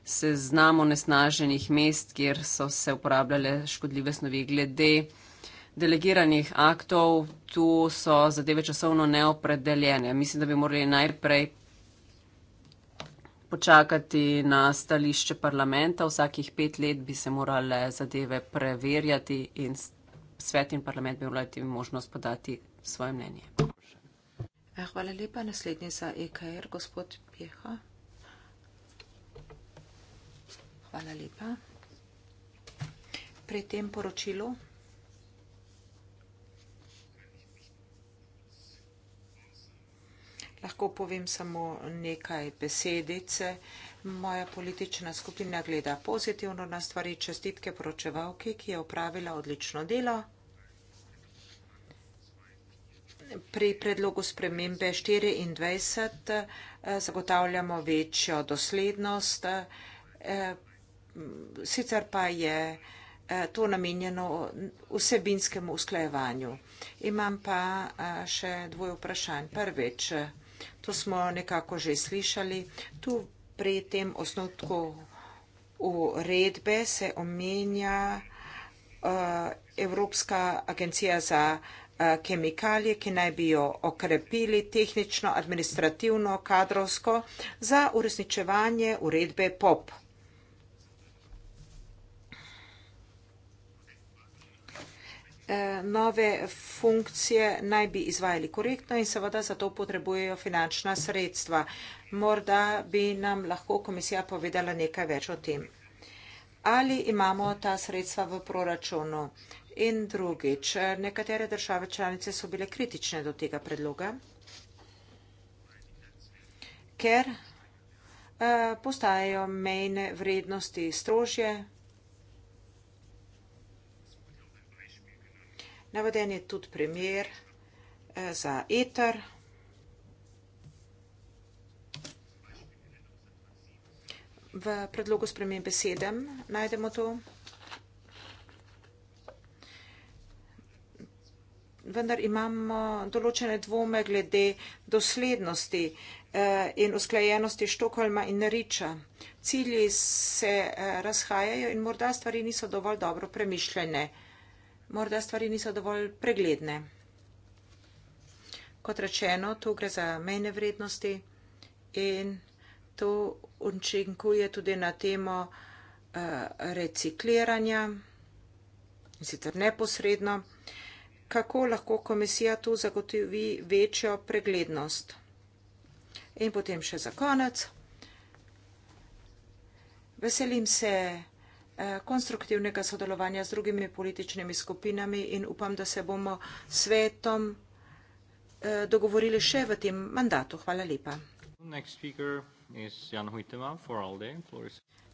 seznam onesnaženih mest, kjer so se uporabljale škodljive snovi glede delegiranih aktov. Tu so zadeve časovno neopredeljene. Mislim, da bi morali najprej počakati na stališče parlamenta. Vsakih pet let bi se morale zadeve preverjati in stališče svet in parlament bi morali imeti možnost podati svoje mnenje. Eh, hvala lepa. Naslednji za EKR, gospod Pjeha. Hvala lepa. Pri tem poročilu. Lahko povem samo nekaj besedice. Moja politična skupina gleda pozitivno na stvari. Čestitke poročevalki, ki je upravila odlično delo. Pri predlogu spremembe 24 eh, zagotavljamo večjo doslednost, eh, sicer pa je eh, to namenjeno vsebinskemu usklajevanju. Imam pa še dvoje vprašanj. Prvič, to smo nekako že slišali, tu pri tem osnutku uredbe se omenja eh, Evropska agencija za eh, kemikalije, ki naj bi jo okrepili tehnično, administrativno, kadrovsko za uresničevanje uredbe POP. Eh, nove funkcije naj bi izvajali korektno in seveda zato potrebujejo finančna sredstva. Morda bi nam lahko komisija povedala nekaj več o tem. Ali imamo ta sredstva v proračunu? In drugič, nekatere države članice so bile kritične do tega predloga, ker eh, postajajo mejne vrednosti strožje, Naveden je tudi primer eh, za Ether. V predlogu spremembe sedem najdemo to. Vendar imamo določene dvome glede doslednosti eh, in usklajenosti Štokolma in Riča. Cilji se eh, razhajajo in morda stvari niso dovolj dobro premišljene morda stvari niso dovolj pregledne. Kot rečeno, tu gre za mejne vrednosti in to učinkuje tudi na temo eh, recikliranja, in sicer neposredno. Kako lahko komisija tu zagotovi večjo preglednost? In potem še za konec. Veselim se konstruktivnega sodelovanja z drugimi političnimi skupinami in upam, da se bomo svetom eh, dogovorili še v tem mandatu. Hvala lepa.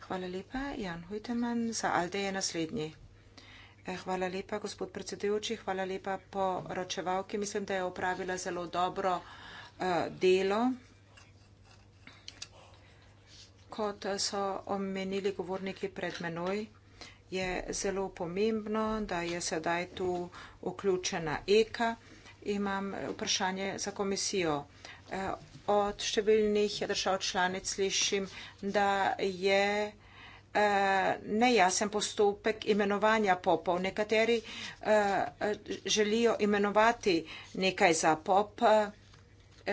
Hvala lepa, Jan Hujteman za Alde je naslednji. Eh, hvala lepa, gospod predsedujoči, hvala lepa poročevalki. Mislim, da je opravila zelo dobro eh, delo kot so omenili govorniki pred menoj, je zelo pomembno, da je sedaj tu vključena EKA. Imam vprašanje za komisijo. Eh, od številnih držav članic slišim, da je eh, nejasen postopek imenovanja popov. Nekateri eh, želijo imenovati nekaj za popa,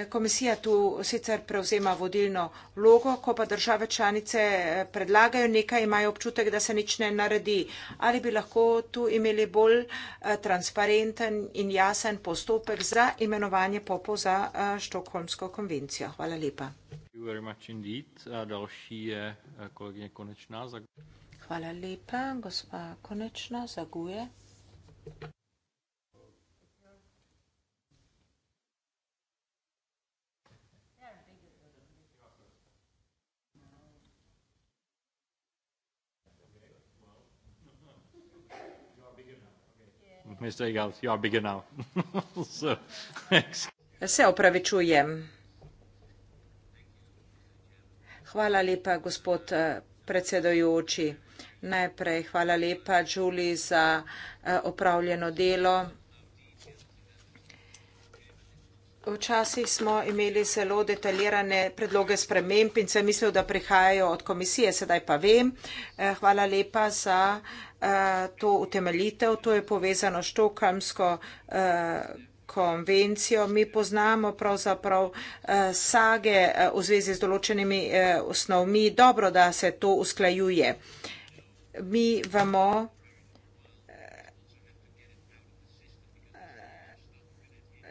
komisija tu sicer prevzema vodilno vlogo, ko pa države članice eh, predlagajo nekaj, imajo občutek, da se nič ne naredi. Ali bi lahko tu imeli bolj eh, transparenten in jasen postopek za imenovanje popov za eh, Štokholmsko konvencijo? Hvala lepa. E. Hvala lepa, gospa Konečna, zaguje. Mr. Eagles, you are bigger now. so, thanks. Se opravičujem. Hvala lepa, gospod eh, predsedojoči. Najprej hvala lepa, Julie, za eh, opravljeno delo. Včasih smo imeli zelo detaljirane predloge sprememb in sem mislil, da prihajajo od komisije, sedaj pa vem. Eh, hvala lepa za eh, to utemeljitev. To je povezano s Štokamsko eh, konvencijo. Mi poznamo pravzaprav sage v zvezi z določenimi osnovmi. Dobro, da se to usklajuje. Mi vemo, da.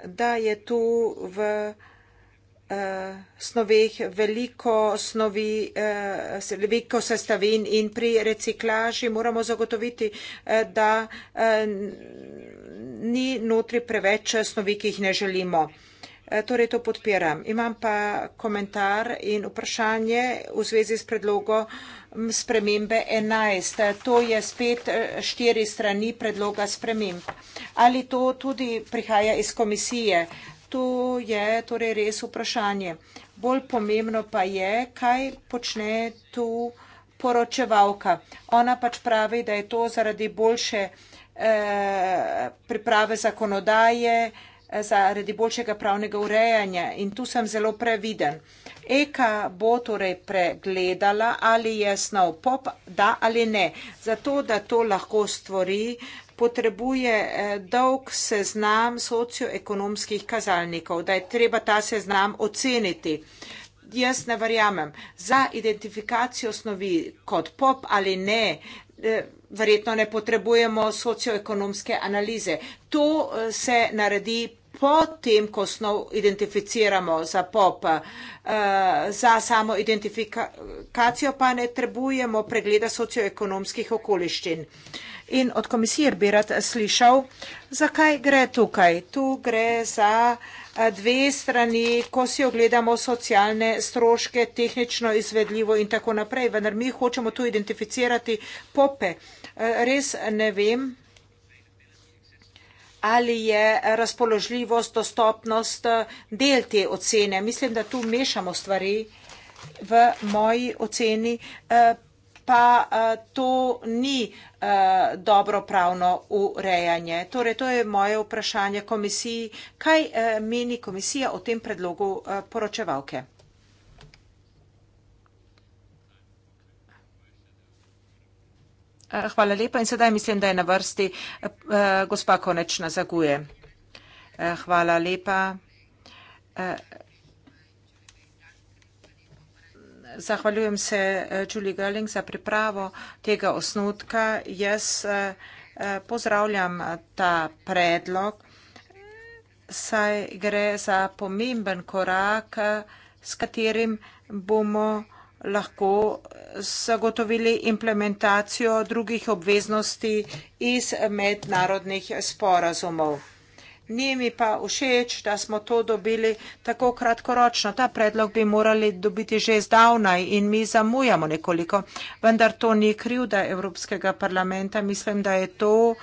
da je tu v eh, snoveh veliko, snovi, eh, veliko sestavin in pri reciklaži moramo zagotoviti, eh, da eh, ni notri preveč snovi, ki jih ne želimo. Eh, torej to podpiram. Imam pa komentar in vprašanje v zvezi s predlogo spremembe 11. Eh, to je spet eh, štiri strani predloga sprememb. Ali to tudi prihaja iz komisije? To je torej res vprašanje. Bolj pomembno pa je, kaj počne tu poročevalka. Ona pač pravi, da je to zaradi boljše eh, priprave zakonodaje, eh, zaradi boljšega pravnega urejanja in tu sem zelo previden. Eka bo torej pregledala, ali je snov pop, da ali ne. Zato, da to lahko stvori, potrebuje eh, dolg seznam socioekonomskih kazalnikov, da je treba ta seznam oceniti. Jaz ne verjamem, za identifikacijo snovi kot pop ali ne, eh, verjetno ne potrebujemo socioekonomske analize. To eh, se naredi potem, ko snov identificiramo za pop, eh, za samo identifikacijo pa ne trebujemo pregleda socioekonomskih okoliščin. In od komisije bi rad slišal, zakaj gre tukaj. Tu gre za eh, dve strani, ko si ogledamo socialne stroške, tehnično izvedljivo in tako naprej, vendar mi hočemo tu identificirati pope. Eh, res ne vem ali je razpoložljivost, dostopnost eh, del te ocene. Mislim, da tu mešamo stvari v moji oceni, eh, pa eh, to ni dobro pravno urejanje. Torej, to je moje vprašanje komisiji. Kaj meni komisija o tem predlogu poročevalke? Eh, hvala lepa in sedaj mislim, da je na vrsti eh, gospa Konečna Zaguje. Eh, hvala lepa. Zahvaljujem se Julie Gerling za pripravo tega osnutka. Jaz pozdravljam ta predlog, saj gre za pomemben korak, s katerim bomo vsega lahko zagotovili implementacijo drugih obveznosti iz mednarodnih sporazumov. Njimi pa všeč, da smo to dobili tako kratkoročno. Ta predlog bi morali dobiti že zdavnaj in mi zamujamo nekoliko, vendar to ni krivda Evropskega parlamenta. Mislim, da je to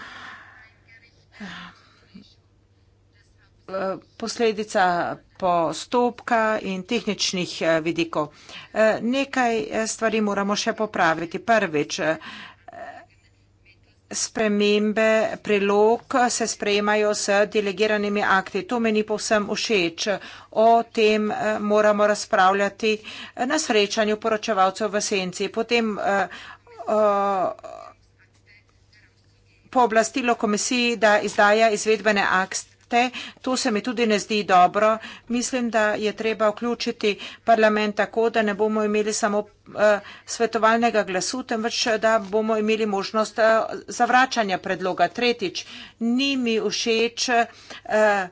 posledica postopka in tehničnih eh, vidikov. Eh, nekaj eh, stvari moramo še popraviti. Prvič, spremembe prilog se sprejemajo s delegiranimi akti. To meni povsem všeč. O tem moramo razpravljati na srečanju poročevalcev v senci. Potem po oblastilo komisiji, da izdaja izvedbene akste, akte. To se mi tudi ne zdi dobro. Mislim, da je treba vključiti parlament tako, da ne bomo imeli samo eh, svetovalnega glasu, temveč da bomo imeli možnost eh, zavračanja predloga. Tretjič, ni mi všeč eh,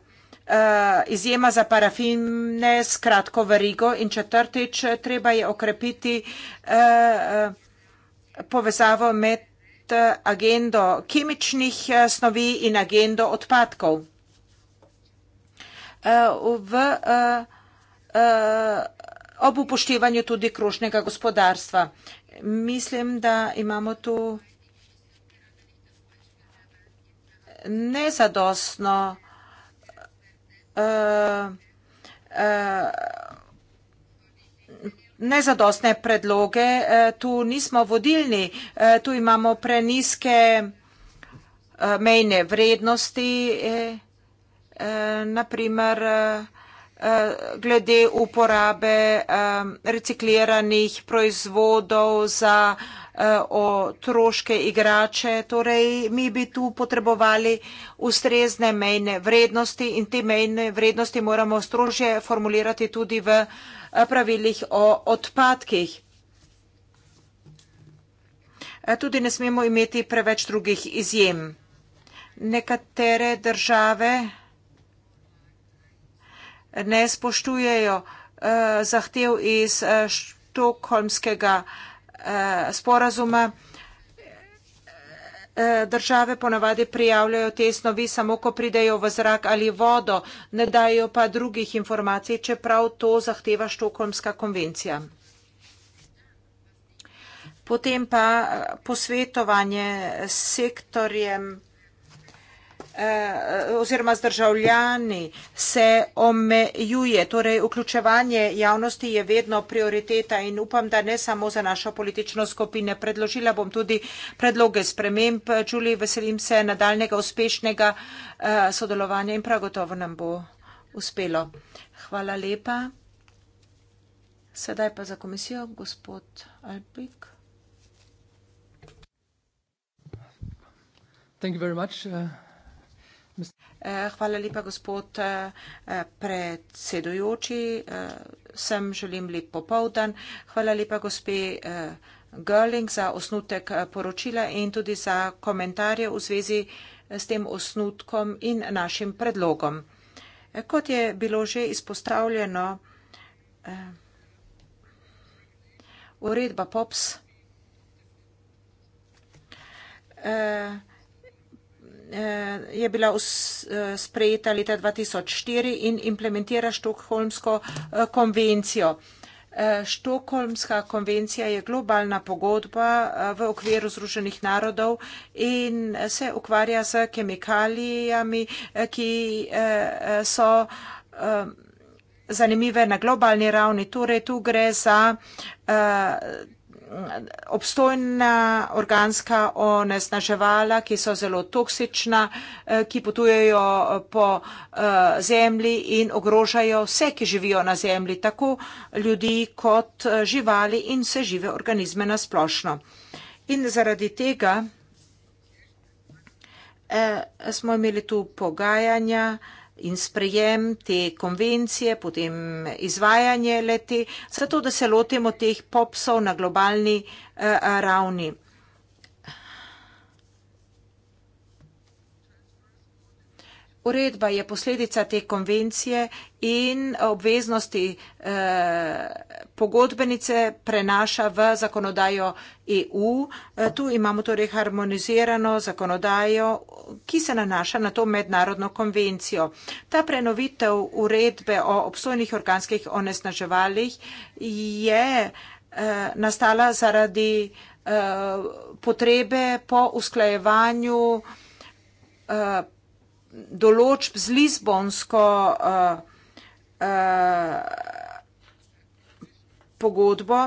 izjema za parafine, skratko verigo. In četrtič, treba je okrepiti povezavo med agendo kemičnih snovi in agendo odpadkov. Eh, v eh, eh, ob upoštevanju tudi krožnega gospodarstva. Mislim, da imamo tu nezadostno nezadostne predloge, tu nismo vodilni, tu imamo preniske mejne vrednosti in Eh, naprimer eh, eh, glede uporabe recikliranih proizvodov za otroške igrače. Torej, mi bi tu potrebovali ustrezne mejne vrednosti in te mejne vrednosti moramo strožje formulirati tudi v pravilih o odpadkih. Tudi ne smemo imeti preveč drugih izjem. Nekatere države ne spoštujejo uh, zahtev iz uh, Štokholmskega uh, sporazuma. Države ponavadi prijavljajo te snovi samo, ko pridejo v zrak ali vodo, ne dajo pa drugih informacij, čeprav to zahteva Štokholmska konvencija. Potem pa posvetovanje sektorjem. Eh, oziroma z državljani se omejuje. Torej, vključevanje javnosti je vedno prioriteta in upam, da ne samo za našo politično skupino. Predložila bom tudi predloge sprememb. Čuli, veselim se nadaljnega uspešnega eh, sodelovanja in prav gotovo nam bo uspelo. Hvala lepa. Sedaj pa za komisijo, gospod Albik. Thank you very much. Uh... Eh, hvala lepa, gospod eh, predsedujoči. Eh, sem želim lep popovdan. Hvala lepa, gospe Görling, za osnutek poročila in tudi za komentarje v zvezi s tem osnutkom in našim predlogom. Kot je bilo že izpostavljeno, uredba POPS. Eh, je bila eh, sprejeta leta 2004 in implementira Štokholmsko eh, konvencijo. Štokholmska konvencija je globalna pogodba v okviru Združenih narodov in se ukvarja z kemikalijami, ki so zanimive na globalni ravni. Torej, tu gre za obstojna organska onesnaževala, ki so zelo toksična, eh, ki potujejo eh, po eh, zemlji in ogrožajo vse, ki živijo na zemlji, tako ljudi kot živali in vse žive organizme na splošno. In zaradi tega smo imeli tu pogajanja, in sprejem te konvencije, potem izvajanje leti, zato da se lotimo teh popsov na globalni uh, ravni. Uredba je posledica te konvencije in obveznosti eh, pogodbenice prenaša v zakonodajo EU. Eh, tu imamo torej harmonizirano zakonodajo, ki se nanaša na to mednarodno konvencijo. Ta prenovitev uredbe o obsojnih organskih onesnaževalih je eh, nastala zaradi potrebe po usklajevanju določb z Lizbonsko uh, uh, pogodbo.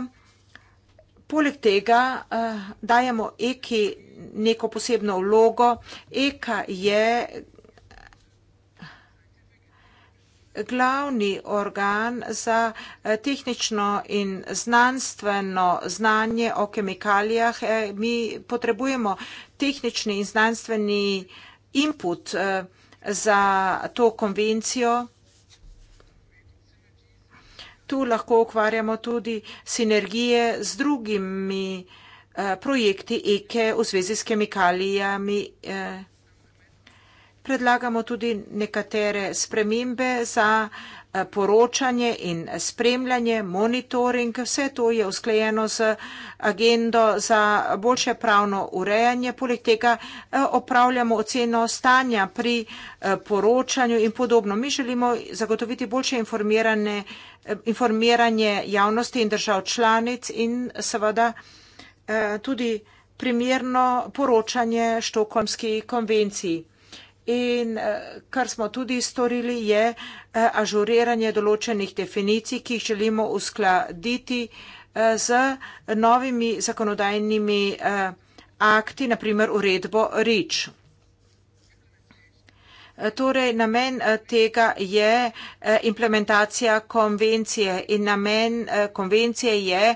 Poleg tega uh, dajemo EKI neko posebno vlogo. EKA je glavni organ za tehnično in znanstveno znanje o kemikalijah. Mi potrebujemo tehnični in znanstveni input. Uh, za to konvencijo. Tu lahko ukvarjamo tudi sinergije z drugimi eh, projekti EKE v zvezi s kemikalijami. Eh, predlagamo tudi nekatere spremembe za eh, poročanje in spremljanje, monitoring. Vse to je usklejeno z agendo za boljše pravno urejanje. Poleg tega eh, opravljamo oceno stanja pri eh, poročanju in podobno. Mi želimo zagotoviti boljše informiranje javnosti in držav članic in seveda tudi primerno poročanje Štokholmski konvenciji in eh, kar smo tudi storili, je eh, ažuriranje določenih definicij, ki jih želimo uskladiti eh, z novimi zakonodajnimi akti, naprimer uredbo REACH. Torej, namen tega je implementacija konvencije in namen konvencije je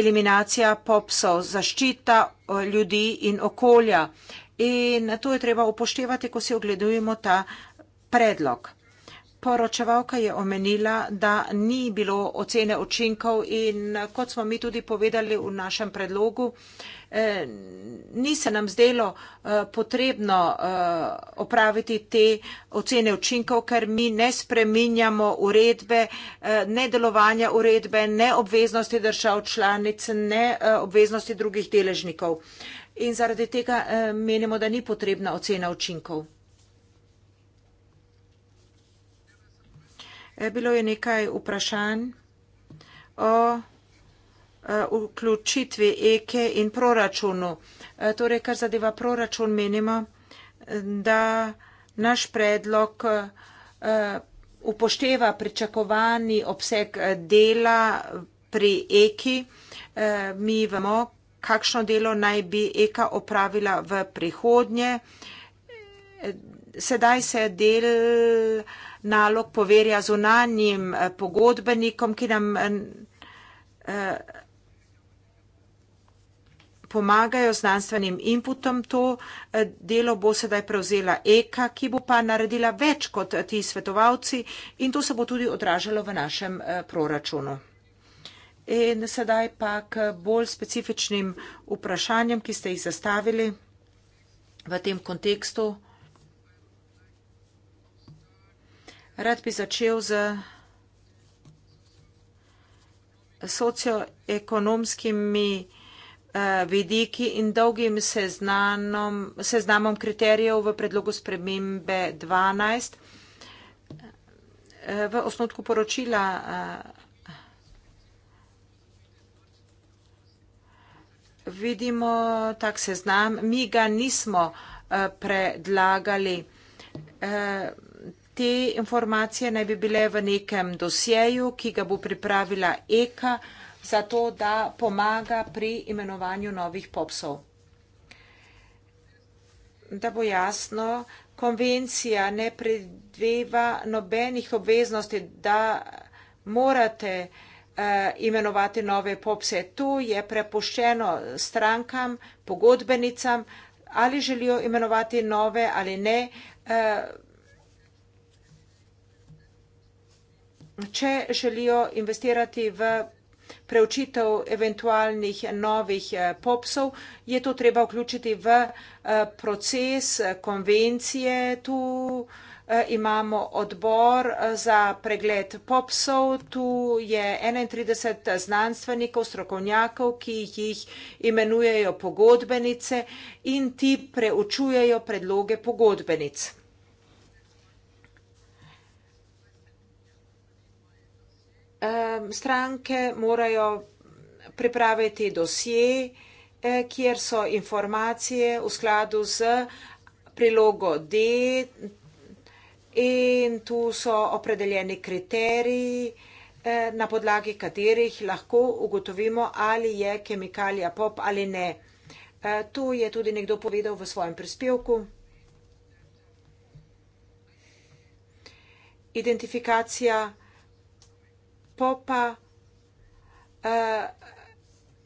eliminacija popsov, zaščita ljudi in okolja. In to je treba upoštevati, ko si ogledujemo ta predlog. Poročevalka je omenila, da ni bilo ocene učinkov in kot smo mi tudi povedali v našem predlogu, eh, ni se nam zdelo eh, potrebno eh, opraviti te ocene učinkov, ker mi ne spreminjamo uredbe, ne delovanja uredbe, ne obveznosti držav članic, ne obveznosti drugih deležnikov in zaradi tega eh, menimo, da ni potrebna ocena učinkov. Eh, bilo je nekaj vprašanj o eh, vključitvi EKE in proračunu. Torej, kar zadeva proračun, menimo, da naš predlog upošteva pričakovani obseg dela pri EKI. Mi vemo, kakšno delo naj bi EKA opravila v prihodnje. Sedaj se del nalog poverja zunanjim eh, pogodbenikom, ki nam eh, eh, pomagajo znanstvenim inputom. To delo bo sedaj prevzela EKA, ki bo pa naredila več kot ti svetovalci in to se bo tudi odražalo v našem proračunu. In sedaj pa k bolj specifičnim vprašanjem, ki ste jih zastavili v tem kontekstu. Rad bi začel z socioekonomskimi eh, vidiki in dolgim seznanom, seznamom kriterijev v predlogu spremembe 12. Eh, v osnotku poročila eh, vidimo tak seznam. Mi ga nismo eh, predlagali. Eh, te informacije naj bi bile v nekem dosjeju, ki ga bo pripravila EKA, zato da pomaga pri imenovanju novih popsov. Da bo jasno, konvencija ne predveva nobenih obveznosti, da morate uh, Eh, imenovati nove popse. Tu je prepuščeno strankam, pogodbenicam, ali želijo imenovati nove ali ne. Eh, če želijo investirati v preučitev eventualnih novih eh, popsov, je to treba vključiti v proces konvencije tu, Eh, imamo odbor eh, za pregled popsov, tu je 31 znanstvenikov, strokovnjakov, ki jih imenujejo pogodbenice in ti preučujejo predloge pogodbenic. Eh, stranke morajo pripraviti dosje, kjer so informacije v skladu z prilogo D, in tu so opredeljeni kriteriji, eh, na podlagi katerih lahko ugotovimo, ali je kemikalija pop ali ne. Eh, tu je tudi nekdo povedal v svojem prispevku. Identifikacija popa eh,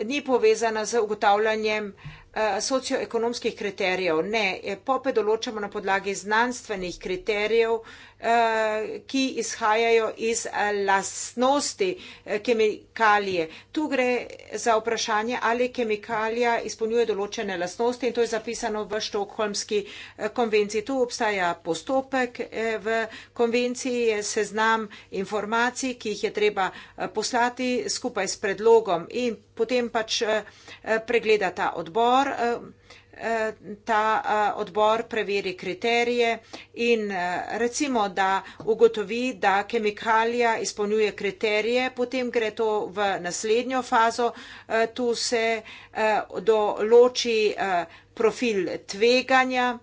ni povezana z ugotavljanjem eh, Eh, socioekonomskih kriterijev. Ne, eh, pope določamo na podlagi znanstvenih kriterijev, Eh, ki izhajajo iz eh, lastnosti eh, kemikalije. Tu gre za vprašanje, ali kemikalija izpolnjuje določene lastnosti in to je zapisano v Štokholmski konvenciji. Tu obstaja postopek v konvenciji, je seznam informacij, ki jih je treba poslati skupaj s predlogom in potem pač pregleda ta odbor ta odbor preveri kriterije in recimo, da ugotovi, da kemikalija izpolnjuje kriterije, potem gre to v naslednjo fazo, tu se določi profil tveganja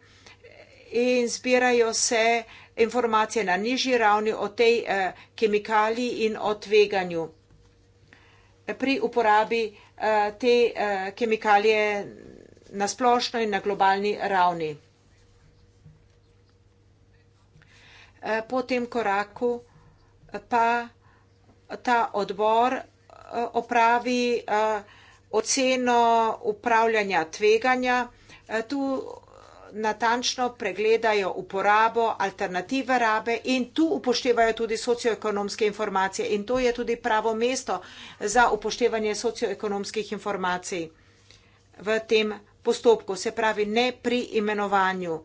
in zbirajo se informacije na nižji ravni o tej kemikaliji in o tveganju. Pri uporabi te kemikalije na splošno in na globalni ravni. E, po tem koraku pa ta odbor e, opravi e, oceno upravljanja tveganja. Tu natančno pregledajo uporabo, alternative rabe in tu upoštevajo tudi socioekonomske informacije in to je tudi pravo mesto za upoštevanje socioekonomskih informacij v tem postopku, se pravi ne pri imenovanju.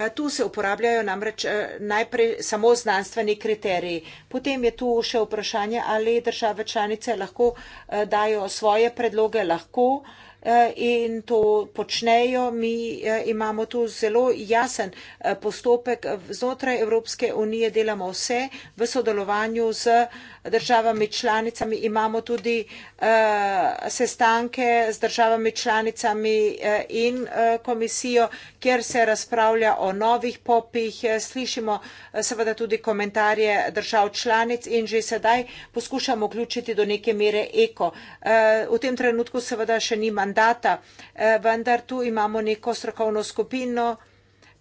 E, tu se uporabljajo namreč e, najprej samo znanstveni kriteriji. Potem je tu še vprašanje, ali države članice lahko e, dajo svoje predloge, lahko Eh, in to počnejo. Mi eh, imamo tu zelo jasen eh, postopek. Znotraj Evropske unije delamo vse v sodelovanju z državami članicami. Imamo tudi sestanke z državami članicami in komisijo, kjer se razpravlja o novih popih. Slišimo seveda tudi komentarje držav članic in že sedaj poskušamo vključiti do neke mere eko. V tem trenutku seveda še nima mandata, eh, vendar tu imamo neko strokovno skupino,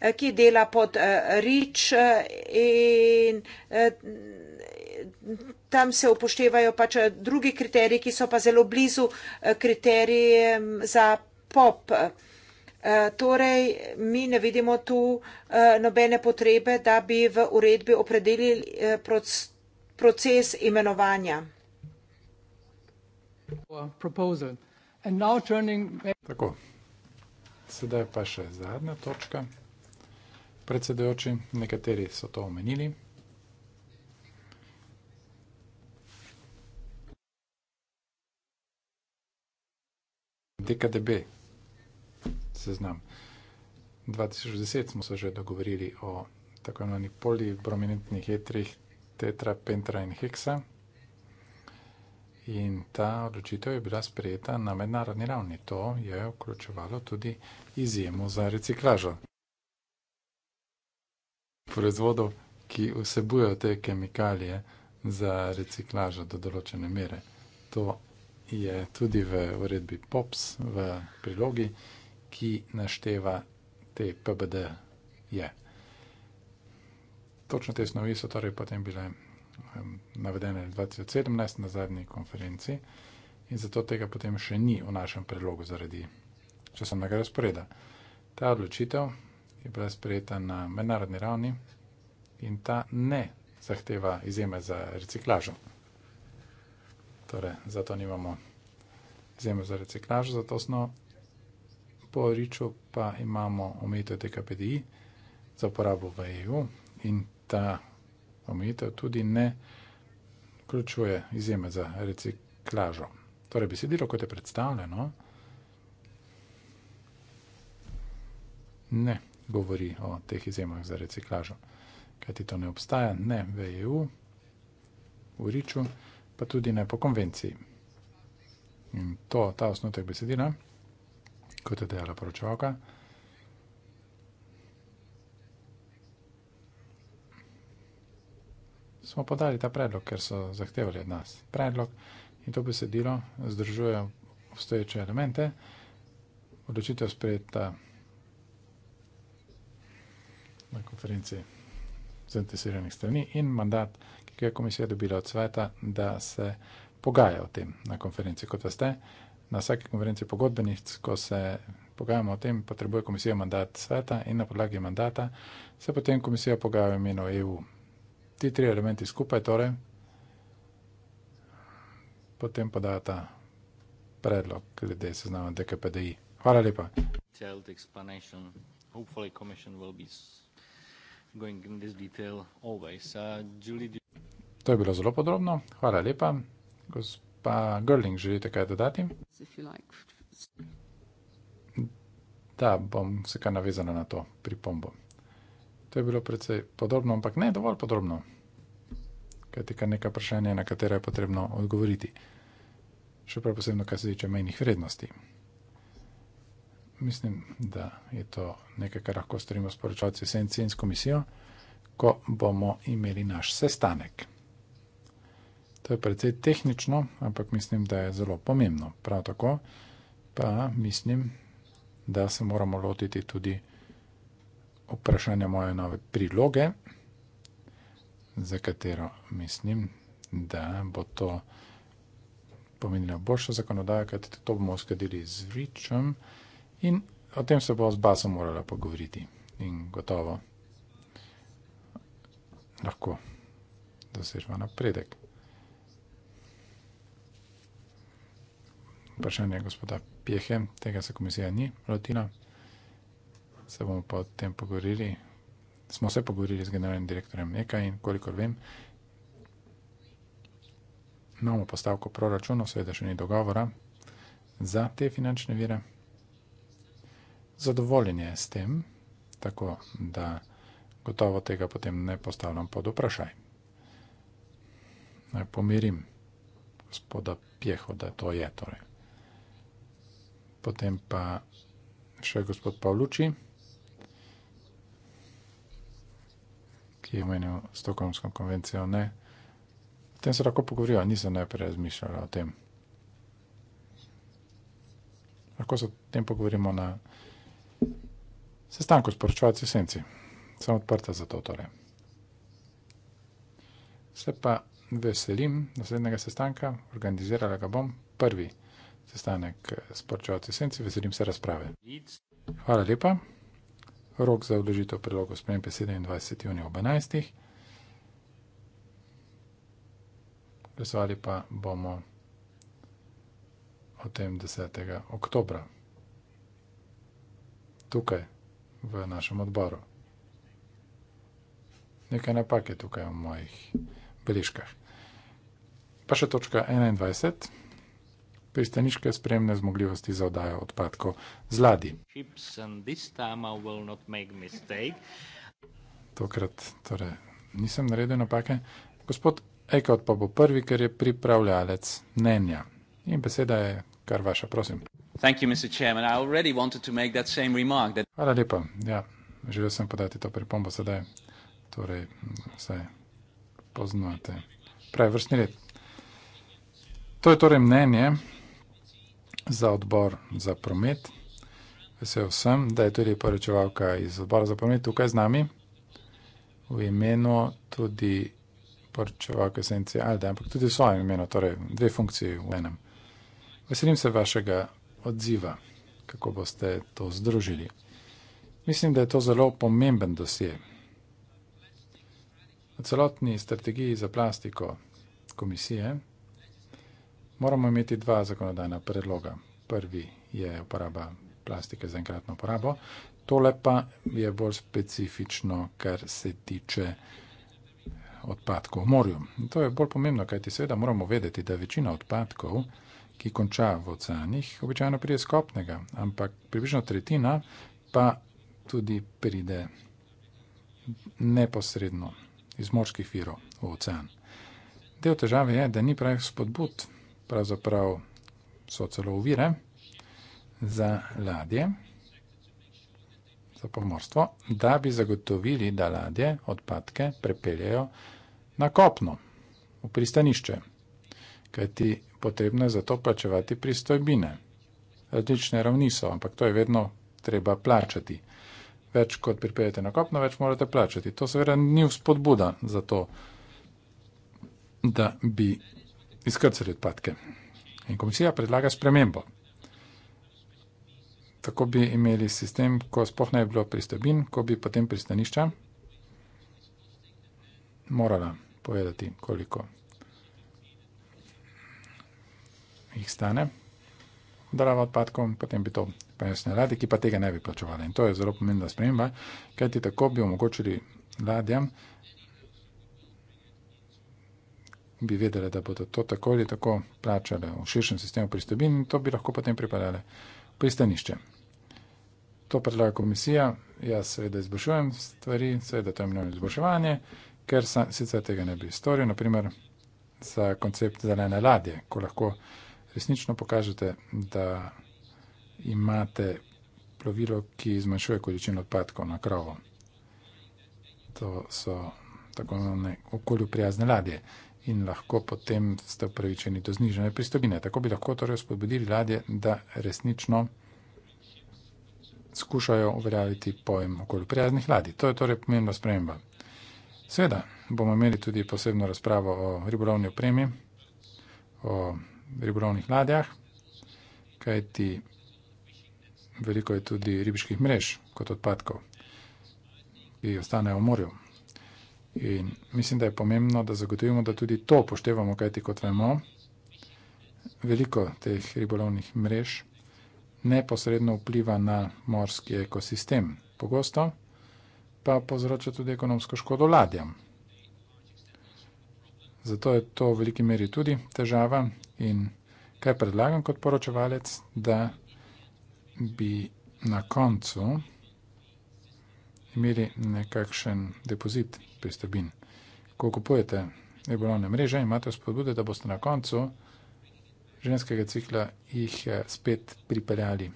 eh, ki dela pod eh, RIČ in tam se upoštevajo pač drugi kriteriji, ki so pa zelo blizu kriterijem za POP. Torej, mi ne vidimo tu nobene potrebe, da bi v uredbi opredelili proces imenovanja. Proposal. Tako. Sedaj pa še zadnja točka. Predsedojoči, nekateri so to omenili. DKDB seznam. 2010 smo se že dogovorili o tako imenovani poliprominentnih etrih tetra, pentra in heksa. In ta odločitev je bila sprejeta na mednarodni ravni. To je vključevalo tudi izjemo za reciklažo. Proizvodov, ki vsebujejo te kemikalije za reciklažo do določene mere. To je tudi v uredbi POPS, v prilogi, ki našteva te PBD-je. Točno te snovi so torej potem bile Ehm, navedene 2017 na zadnji konferenci in zato tega potem še ni v našem predlogu zaradi časovnega razporeda. Ta odločitev je bila sprejeta na mednarodni ravni in ta ne zahteva izjeme za reciklažo. Torej, zato nimamo izjeme za reciklažo, zato smo po Riču pa imamo omejitev DKPDI za uporabo v EU in ta omejitev tudi ne vključuje izjeme za reciklažo. Torej, besedilo, kot je predstavljeno, ne govori o teh izjemah za reciklažo, kajti to ne obstaja, ne v EU, v Riču, pa tudi ne po konvenciji. In to, ta osnutek besedila, kot je dejala poročevalka, smo podali ta predlog, ker so zahtevali od nas predlog in to besedilo združuje obstoječe elemente, odločitev sprejeta na konferenci zainteresiranih strani in mandat, ki je komisija dobila od sveta, da se pogaja o tem na konferenci. Kot veste, na vsaki konferenci pogodbenih, ko se pogajamo o tem, potrebuje komisija mandat sveta in na podlagi mandata se potem komisija pogaja v imenu EU ti tri elementi skupaj, torej, potem podata predlog glede seznama DKPDI. Hvala lepa. Uh, to je bilo zelo podrobno. Hvala lepa. Gospa Görling, želite kaj dodati? Da, bom se kar navezala na to pripombo. To je bilo precej podobno, ampak ne dovolj podobno. Kaj ti kar nekaj vprašanja, na katera je potrebno odgovoriti. Še prav posebno, kar se tiče mejnih vrednosti. Mislim, da je to nekaj, kar lahko storimo s poročalci Senci in s komisijo, ko bomo imeli naš sestanek. To je precej tehnično, ampak mislim, da je zelo pomembno. Prav tako pa mislim, da se moramo lotiti tudi vprašanja moje nove priloge, za katero mislim, da bo to pomenila boljša zakonodaja, kajte to bomo uskladili z Richom in o tem se bo z Basom morala pogovoriti. In gotovo lahko dosežva napredek. Vprašanje gospoda Pjehe, tega se komisija ni lotila se bomo pa o tem pogovorili. Smo se pogovorili z generalnim direktorjem nekaj in kolikor vem, imamo postavko proračuna, seveda še ni dogovora za te finančne vire. Zadovoljen je s tem, tako da gotovo tega potem ne postavljam pod vprašaj. Naj pomirim gospoda Pjeho, da to je torej. Potem pa še gospod Pavluči. ki je imel Stokholmsko konvencijo. Ne. O tem se lahko pogovorijo, nisem najprej razmišljala o tem. Lahko se o tem pogovorimo na sestanku s poročevalci Senci. Sem odprta za to torej. Se pa veselim naslednjega sestanka, organizirala ga bom prvi sestanek eh, s poročevalci Senci. Veselim se razprave. Hvala lepa rok za odložitev predlogov sprememb je 27. junija ob 11. Glasovali pa bomo o tem 10. oktobra, tukaj v našem odboru. Nekaj napak je tukaj v mojih beležkah. Pa še točka 21 pristaniške spremne zmogljivosti za odajo odpadkov z ladi. Tokrat torej nisem naredil napake. Gospod Ekot pa bo prvi, ker je pripravljalec mnenja. In beseda je kar vaša, prosim. You, remark, that... Hvala lepa. Ja, želel sem podati to pripombo sedaj. Torej, vse poznate. Pravi vrstni red. To je torej mnenje za odbor za promet. Vesel sem, da je tudi poročevalka iz odbora za promet tukaj z nami. V imenu tudi poročevalke Senci Alde, ampak tudi v svojem imenu, torej dve funkciji v enem. Veselim se vašega odziva, kako boste to združili. Mislim, da je to zelo pomemben dosje. V celotni strategiji za plastiko komisije, moramo imeti dva zakonodajna predloga. Prvi je uporaba plastike za enkratno uporabo, tole pa je bolj specifično, kar se tiče odpadkov v morju. In to je bolj pomembno, kajti seveda moramo vedeti, da večina odpadkov, ki konča v oceanih, običajno pride skopnega, ampak približno tretjina pa tudi pride neposredno iz morskih virov v ocean. Del težave je, da ni pravih spodbud pravzaprav so celo uvire za ladje, za pomorstvo, da bi zagotovili, da ladje odpadke prepeljejo na kopno, v pristanišče. Kajti potrebno je zato plačevati pristojbine. Različne ravni so, ampak to je vedno treba plačati. Več kot pripeljete na kopno, več morate plačati. To seveda ni vzpodbuda za to, da bi izkrcali odpadke. In komisija predlaga spremembo. Tako bi imeli sistem, ko spoh ne bi bilo pristobin, ko bi potem pristanišča morala povedati, koliko jih stane darava odpadkov, potem bi to prenesli ladje, ki pa tega ne bi plačevali. In to je zelo pomembna sprememba, kajti tako bi omogočili ladjam, bi vedele, da bodo to tako ali tako plačale v širšem sistemu pristojbin in to bi lahko potem pripeljale pristanišče. To predlaga komisija, jaz seveda izboljšujem stvari, seveda to je mnenje izboljševanje, ker sam, sicer tega ne bi storil, naprimer za koncept zelene ladje, ko lahko resnično pokažete, da imate plovilo, ki zmanjšuje količino odpadkov na krovo. To so tako imenovane okolju prijazne ladje in lahko potem ste upravičeni do znižene pristojbine. Tako bi lahko torej spodbudili ladje, da resnično skušajo uveljaviti pojem okolju prijaznih ladij. To je torej pomembna sprememba. Sveda bomo imeli tudi posebno razpravo o ribolovni opremi, o ribolovnih ladjah, kajti veliko je tudi ribiških mrež kot odpadkov, ki ostanejo v morju. In mislim, da je pomembno, da zagotovimo, da tudi to poštevamo, kajti kot vemo, veliko teh ribolovnih mrež neposredno vpliva na morski ekosistem. Pogosto pa povzroča tudi ekonomsko škodo ladjam. Zato je to v veliki meri tudi težava in kaj predlagam kot poročevalec, da bi na koncu meri nekakšen depozit pristojbin. Ko kupujete ebolovne mreže, imate spodbude, da boste na koncu ženskega cikla jih eh, spet pripeljali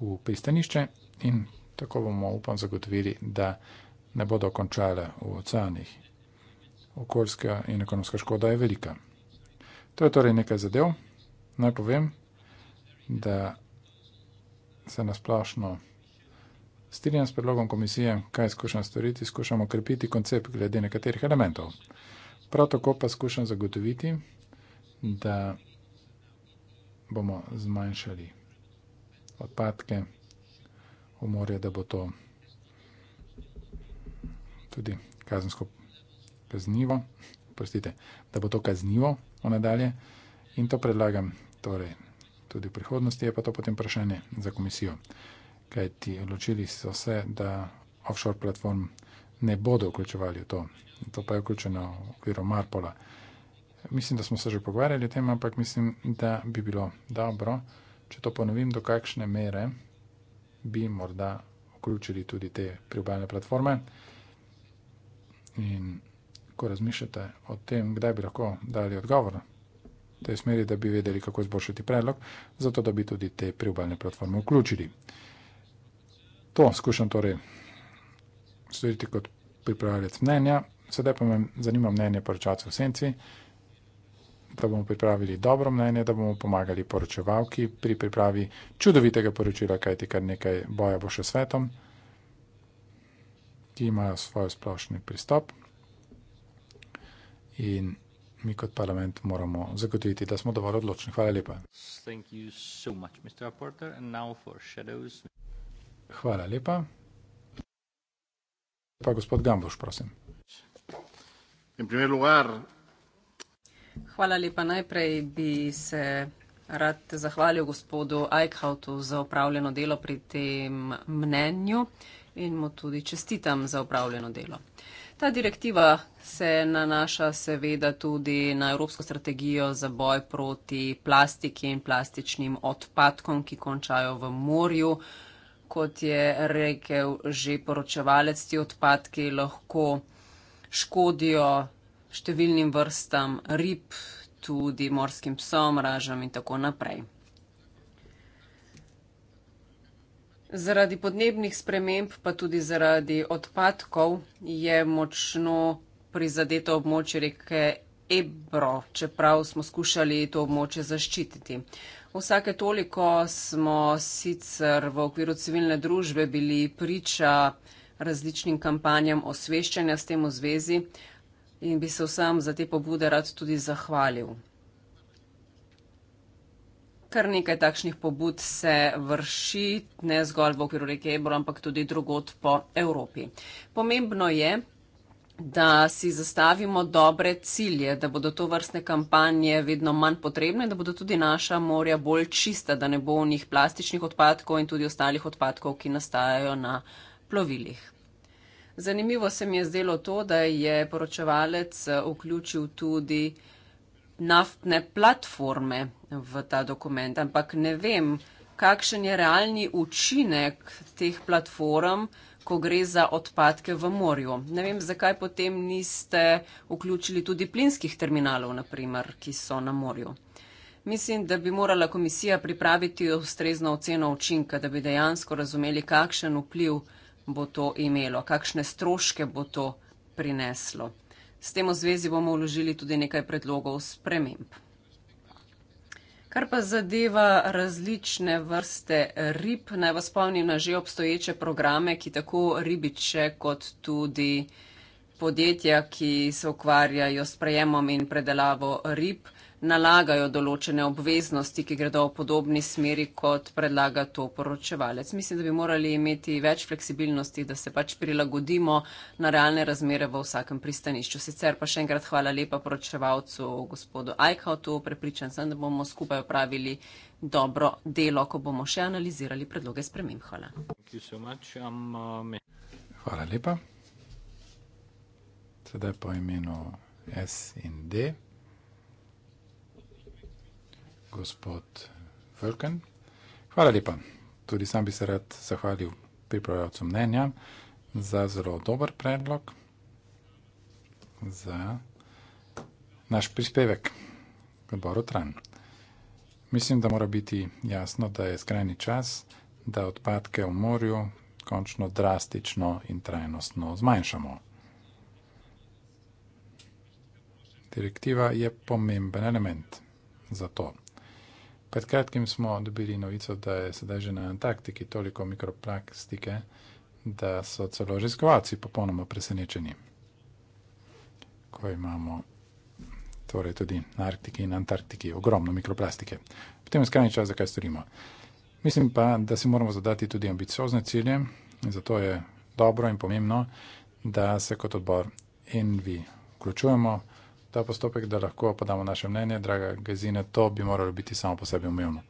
v pristanišče in tako bomo upam zagotovili, da ne bodo končale v oceanih. Okoljska in ekonomska škoda je velika. To je torej nekaj zadev. Naj povem, da se nasplošno. splošno Strinjam s predlogom komisije, kaj skušam storiti, skušam okrepiti koncept glede nekaterih elementov. Prav tako pa skušam zagotoviti, da bomo zmanjšali odpadke v morje, da bo to tudi kazensko kaznivo, prostite, da bo to kaznivo v nadalje in to predlagam torej tudi v prihodnosti, je pa to potem vprašanje za komisijo kajti odločili so se, da offshore platform ne bodo vključevali v to. To pa je vključeno v okviru Marpola. Mislim, da smo se že pogovarjali o tem, ampak mislim, da bi bilo dobro, če to ponovim, do kakšne mere bi morda vključili tudi te priobalne platforme. In ko razmišljate o tem, kdaj bi lahko dali odgovor v tej smeri, da bi vedeli, kako izboljšati predlog, zato da bi tudi te priobalne platforme vključili. To skušam torej storiti kot pripravljalec mnenja, sedaj pa me zanima mnenje poročavcev v senci, da bomo pripravili dobro mnenje, da bomo pomagali poročevalki pri pripravi čudovitega poročila, kajti kar nekaj boja bo še svetom, ki imajo svoj splošni pristop. In mi kot parlament moramo zagotoviti, da smo dovolj odločni. Hvala lepa. Thank you so much, Mr. Hvala lepa. Pa gospod Gamboš, prosim. In primer lugar. Hvala lepa. Najprej bi se rad zahvalil gospodu Eichhautu za upravljeno delo pri tem mnenju in mu tudi čestitam za upravljeno delo. Ta direktiva se nanaša seveda tudi na Evropsko strategijo za boj proti plastiki in plastičnim odpadkom, ki končajo v morju. Uh, kot je rekel že poročevalec, ti odpadki lahko škodijo številnim vrstam rib, tudi morskim psom, ražam in tako naprej. Zaradi podnebnih sprememb, pa tudi zaradi odpadkov, je močno prizadeto območje reke Ebro, čeprav smo skušali to območje zaščititi. Vsake toliko smo sicer v okviru civilne družbe bili priča različnim kampanjam osveščanja s tem v zvezi in bi se vsem za te pobude rad tudi zahvalil. Kar nekaj takšnih pobud se vrši, ne zgolj v okviru reke Ebro, ampak tudi drugot po Evropi. Pomembno je, da si zastavimo dobre cilje, da bodo to vrstne kampanje vedno manj potrebne, da bodo tudi naša morja bolj čista, da ne bo v njih plastičnih odpadkov in tudi ostalih odpadkov, ki nastajajo na plovilih. Zanimivo se mi je zdelo to, da je poročevalec eh, vključil tudi naftne platforme v ta dokument, ampak ne vem, kakšen je realni učinek teh platform, ko gre za odpadke v morju. Ne vem, zakaj potem niste vključili tudi plinskih terminalov, naprimer, ki so na morju. Mislim, da bi morala komisija pripraviti ustrezno oceno učinka, da bi dejansko razumeli, kakšen vpliv bo to imelo, kakšne stroške bo to prineslo. S tem v zvezi bomo vložili tudi nekaj predlogov sprememb. Kar pa zadeva različne vrste rib, naj vas spomnim na že obstoječe programe, ki tako ribiče kot tudi podjetja, ki se ukvarjajo s prejemom in predelavo rib, nalagajo določene obveznosti, ki gredo v podobni smeri, kot predlaga to poročevalec. Mislim, da bi morali imeti več fleksibilnosti, da se pač prilagodimo na realne razmere v vsakem pristanišču. Sicer pa še enkrat hvala lepa poročevalcu gospodu Eichautu. Prepričan sem, da bomo skupaj upravili dobro delo, ko bomo še analizirali predloge sprememb. Hvala. Um, uh, hvala lepa. Sedaj po imenu S in D gospod Vrken. Hvala lepa. Tudi sam bi se rad zahvalil pripravljalcu mnenja za zelo dober predlog za naš prispevek v odboru Tran. Mislim, da mora biti jasno, da je skrajni čas, da odpadke v morju končno drastično in trajnostno zmanjšamo. Direktiva je pomemben element za to. Pred kratkim smo dobili novico, da je sedaj že na Antarktiki toliko mikroplastike, da so celo raziskovalci popolnoma presenečeni. Ko imamo torej tudi na Arktiki in Antarktiki ogromno mikroplastike. Potem je skrajni čas, zakaj storimo. Mislim pa, da si moramo zadati tudi ambiciozne cilje in zato je dobro in pomembno, da se kot odbor Envi vključujemo ta postopek, da lahko podamo naše mnenje, draga Gazina, to bi moralo biti samo po sebi umevno.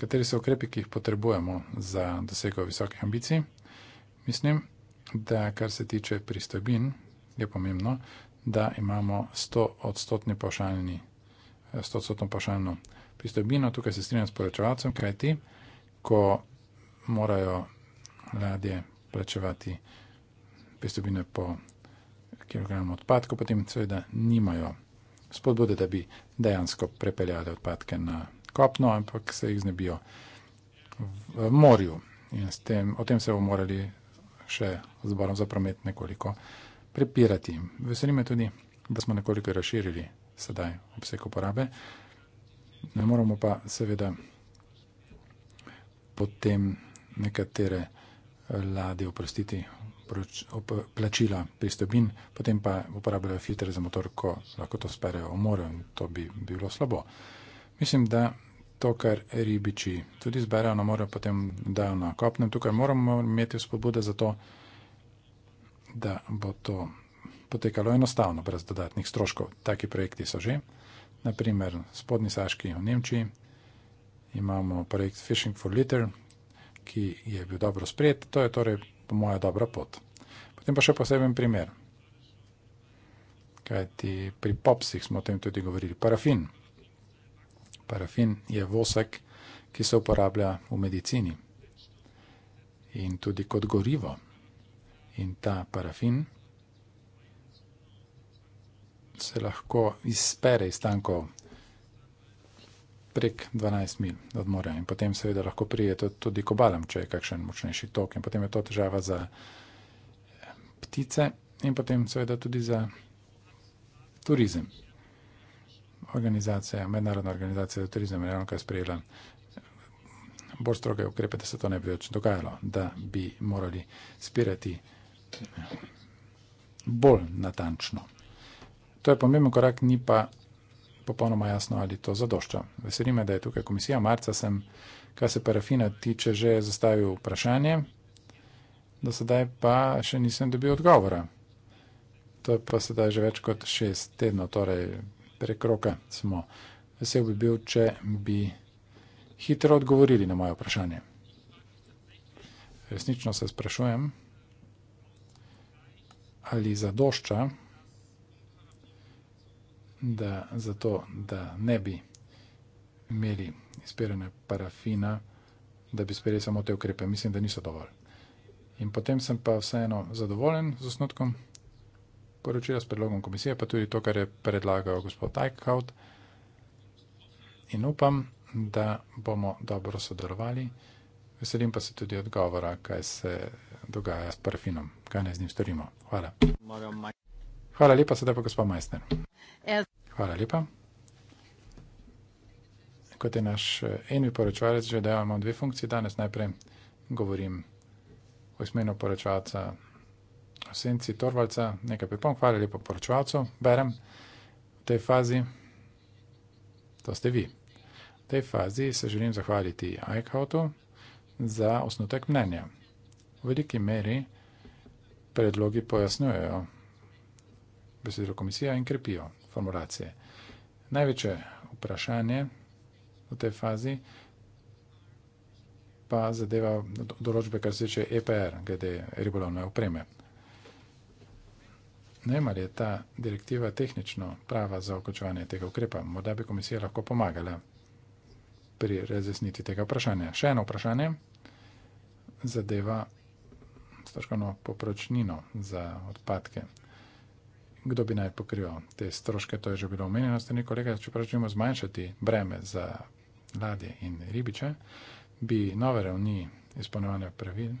Kateri so ukrepi, ki jih potrebujemo za dosego visokih ambicij? Mislim, da kar se tiče pristojbin, je pomembno, da imamo 100-odstotno pašalno pristojbino. Tukaj se strinjam s poročevalcem, kajti, ko morajo ladje plačevati pristojbine po pristojbini, kg odpadkov, potem seveda nimajo spodbude, da bi dejansko prepeljali odpadke na kopno, ampak se jih znebijo v morju. In tem, o tem se bomo morali še z borom za promet nekoliko prepirati. Veseli me tudi, da smo nekoliko razširili sedaj obseg uporabe. Ne moramo pa seveda potem nekatere ladje oprostiti plačila pristopin, potem pa uporabljajo filtre za motor, ko lahko to sperejo v morju in to bi bilo slabo. Mislim, da to, kar ribiči tudi zberajo na morju, potem dajo na kopnem. Tukaj moramo imeti spodbude za to, da bo to potekalo enostavno, brez dodatnih stroškov. Taki projekti so že, naprimer spodnji Saški v Nemčiji, imamo projekt Fishing for Litter, ki je bil dobro sprejet. To je torej po mojem, dobra pot. Potem pa še poseben primer. Kaj ti pri popsih smo o tem tudi govorili? Parafin. Parafin je vosek, ki se uporablja v medicini in tudi kot gorivo. In ta parafin se lahko izpere iz tankov prek 12 mil od morja. In potem seveda lahko prije tudi kobalam, če je kakšen močnejši tok. In potem je to težava za eh, ptice in potem seveda tudi za turizem. Organizacija, mednarodna organizacija za turizem je ravno kaj sprejela eh, bolj stroge ukrepe, da se to ne bi več dogajalo, da bi morali spirati eh, bolj natančno. To je pomemben korak, ni pa popolnoma jasno, ali to zadošča. Veseli me, da je tukaj komisija. Marca sem, kar se parafina tiče, že zastavil vprašanje, do sedaj pa še nisem dobil odgovora. To je pa sedaj že več kot šest tednov, torej prek roka smo. Vesel bi bil, če bi hitro odgovorili na moje vprašanje. Resnično se sprašujem, ali zadošča da zato, da ne bi imeli izpiranja parafina, da bi sprejeli samo te ukrepe. Mislim, da niso dovolj. In potem sem pa vseeno zadovoljen z osnutkom poročila, s predlogom komisije, pa tudi to, kar je predlagal gospod Eichhout. In upam, da bomo dobro sodelovali. Veselim pa se tudi odgovora, kaj se dogaja s parafinom, kaj naj z njim storimo. Hvala. Hvala lepa, sedaj pa gospod Majster. Hvala lepa. Kot je naš eh, eni poročevalec že dejal, imamo dve funkciji danes. Najprej govorim o smenu poročevalca o senci Torvalca, nekaj pripom, hvala lepa poročevalcu, berem v tej fazi, to ste vi. V tej fazi se želim zahvaliti Eichhautu za osnutek mnenja. V veliki meri predlogi pojasnjujejo besedilo komisija in krepijo formulacije. Največje vprašanje v tej fazi pa zadeva določbe, kar se tiče EPR, glede ribolovne opreme. Ne vem, ali je ta direktiva tehnično prava za okočevanje tega ukrepa. Morda bi komisija lahko pomagala pri razjasniti tega vprašanja. Še eno vprašanje zadeva stroškovno poprečnino za odpadke kdo bi naj pokrival te stroške, to je že bilo omenjeno, ste neko rekli, če pravčujemo zmanjšati breme za ladje in ribiče, bi nove ravni izpolnjevanja pravil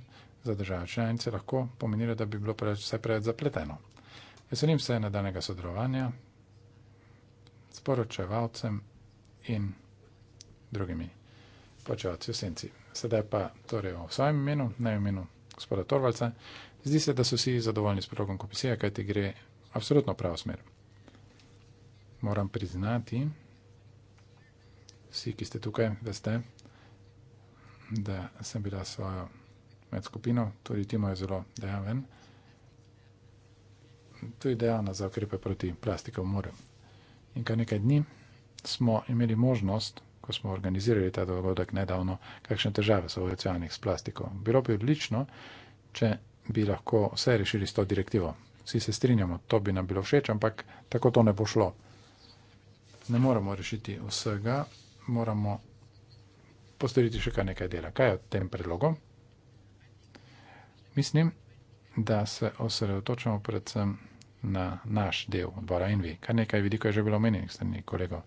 za države članice lahko pomenilo, da bi bilo preveč, vse preveč zapleteno. Veselim se nadaljnega sodelovanja s poročevalcem in drugimi počevalci v senci. Sedaj pa torej o svojem imenu, ne imenu gospoda Torvalca. Zdi se, da so vsi zadovoljni s prologom komisije, kajti gre absolutno pravo smer. Moram priznati, vsi, ki ste tukaj, veste, da sem bila svojo medskupino, tudi Timo je zelo dejaven, tudi dejavna za okrepe proti plastika v morju. In kar nekaj dni smo imeli možnost, ko smo organizirali ta dogodek nedavno, kakšne težave so v oceanih s plastiko. Bilo bi odlično, če bi lahko vse rešili s to direktivo vsi se strinjamo, to bi nam bilo všeč, ampak tako to ne bo šlo. Ne moramo rešiti vsega, moramo postoriti še kar nekaj dela. Kaj je v tem predlogu? Mislim, da se osredotočamo predvsem na naš del odbora Envi. Kar nekaj vidikov je že bilo omenjenih strani kolegov.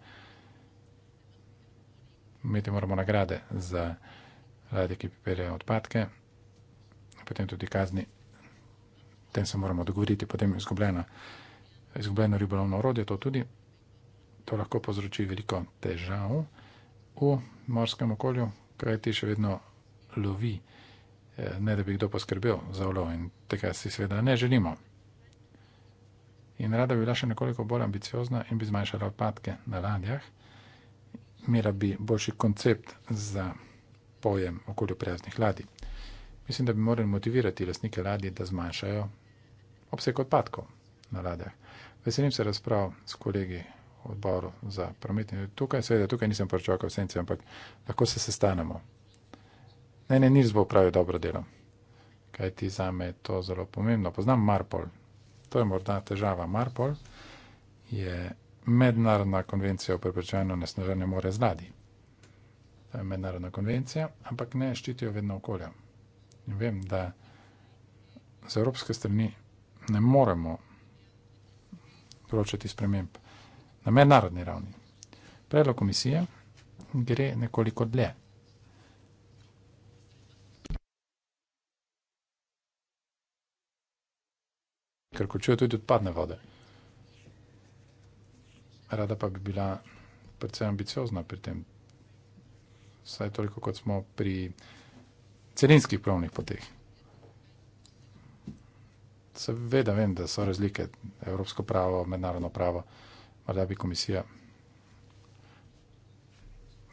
Imeti moramo nagrade za ljudi, ki pripeljejo odpadke, potem tudi kazni tem se moramo dogovoriti, potem izgubljena, izgubljeno ribolovno orodje, to tudi, to lahko povzroči veliko težav v morskem okolju, kaj ti še vedno lovi, eh, ne da bi kdo poskrbel za ulov in tega si seveda ne želimo. In rada bi bila še nekoliko bolj ambiciozna in bi zmanjšala odpadke na ladjah, imela bi boljši koncept za pojem okolju prijaznih ladij. Mislim, da bi morali motivirati lastnike ladje, da zmanjšajo obseg odpadkov na ladjah. Veselim se razprav s kolegi v odboru za promet. Tukaj, seveda, tukaj nisem pričakal vsem, ampak lahko se sestanemo. Ne, ne, nič bo pravi dobro delo, kaj ti za me je to zelo pomembno. Poznam Marpol, to je morda težava. Marpol je mednarodna konvencija o preprečevanju nesnaženja more z ladji. To je mednarodna konvencija, ampak ne ščitijo vedno okolja vem, da z evropske strani ne moremo poročati sprememb na mednarodni ravni. Predlog komisije gre nekoliko dlje. Ker kočuje tudi odpadne vode. Rada pa bi bila predvsem ambiciozna pri tem. Saj toliko, kot smo pri uh, celinskih plovnih poteh. Seveda vem, da so razlike evropsko pravo, mednarodno pravo, morda bi komisija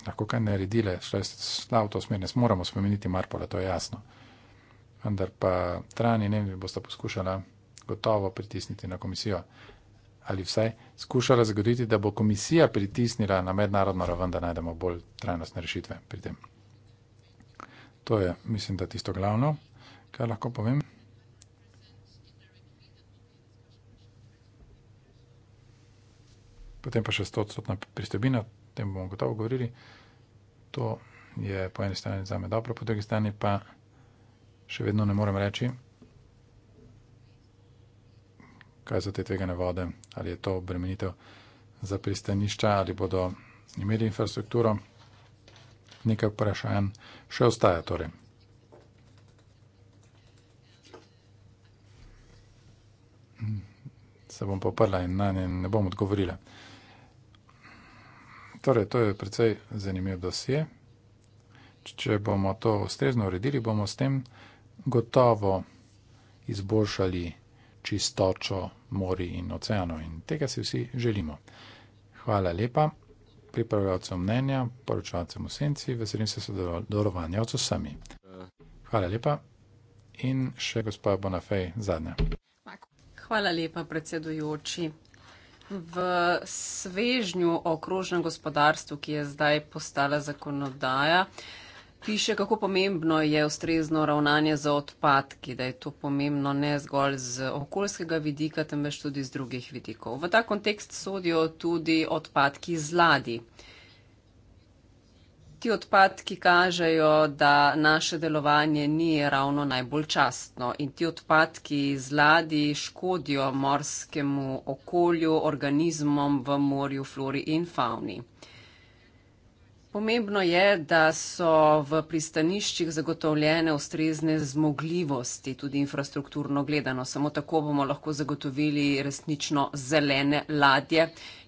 lahko kaj naredila, šla je šla v to smer, ne moramo spremeniti Marpola, to je jasno. Vendar pa trajni ne bi bosta poskušala gotovo pritisniti na komisijo ali vsaj skušala zagoditi, da bo komisija pritisnila na mednarodno raven, da najdemo bolj trajnostne rešitve pri tem. To je, mislim, da tisto glavno, kar lahko povem. Potem pa še 100-odstotna pristojbina, o tem bomo gotovo govorili. To je po eni strani za me dobro, po drugi strani pa še vedno ne morem reči, kaj so te tvegane vode, ali je to obremenitev za pristanišča, ali bodo imeli infrastrukturo nekaj vprašanj še ostaja. Torej. Se bom poprla in na nje ne bom odgovorila. Torej, to je precej zanimiv dosje. Če bomo to ustrezno uredili, bomo s tem gotovo izboljšali čistočo mori in oceanov in tega si vsi želimo. Hvala lepa pripravljalca mnenja, poročalcem v senci, veselim se sodelovanja od vsemi. Hvala lepa. In še gospod Bonafej, zadnja. Hvala lepa, predsedujoči. V svežnju o okrožnem gospodarstvu, ki je zdaj postala zakonodaja, piše, kako pomembno je ustrezno ravnanje za odpadki, da je to pomembno ne zgolj z okoljskega vidika, temveč tudi z drugih vidikov. V ta kontekst sodijo tudi odpadki z ladi. Ti odpadki kažejo, da naše delovanje ni ravno najbolj častno in ti odpadki z ladi škodijo morskemu okolju, organizmom v morju, flori in fauni. Pomembno je, da so v pristaniščih zagotovljene ustrezne zmogljivosti, tudi infrastrukturno gledano. Samo tako bomo lahko zagotovili resnično zelene ladje,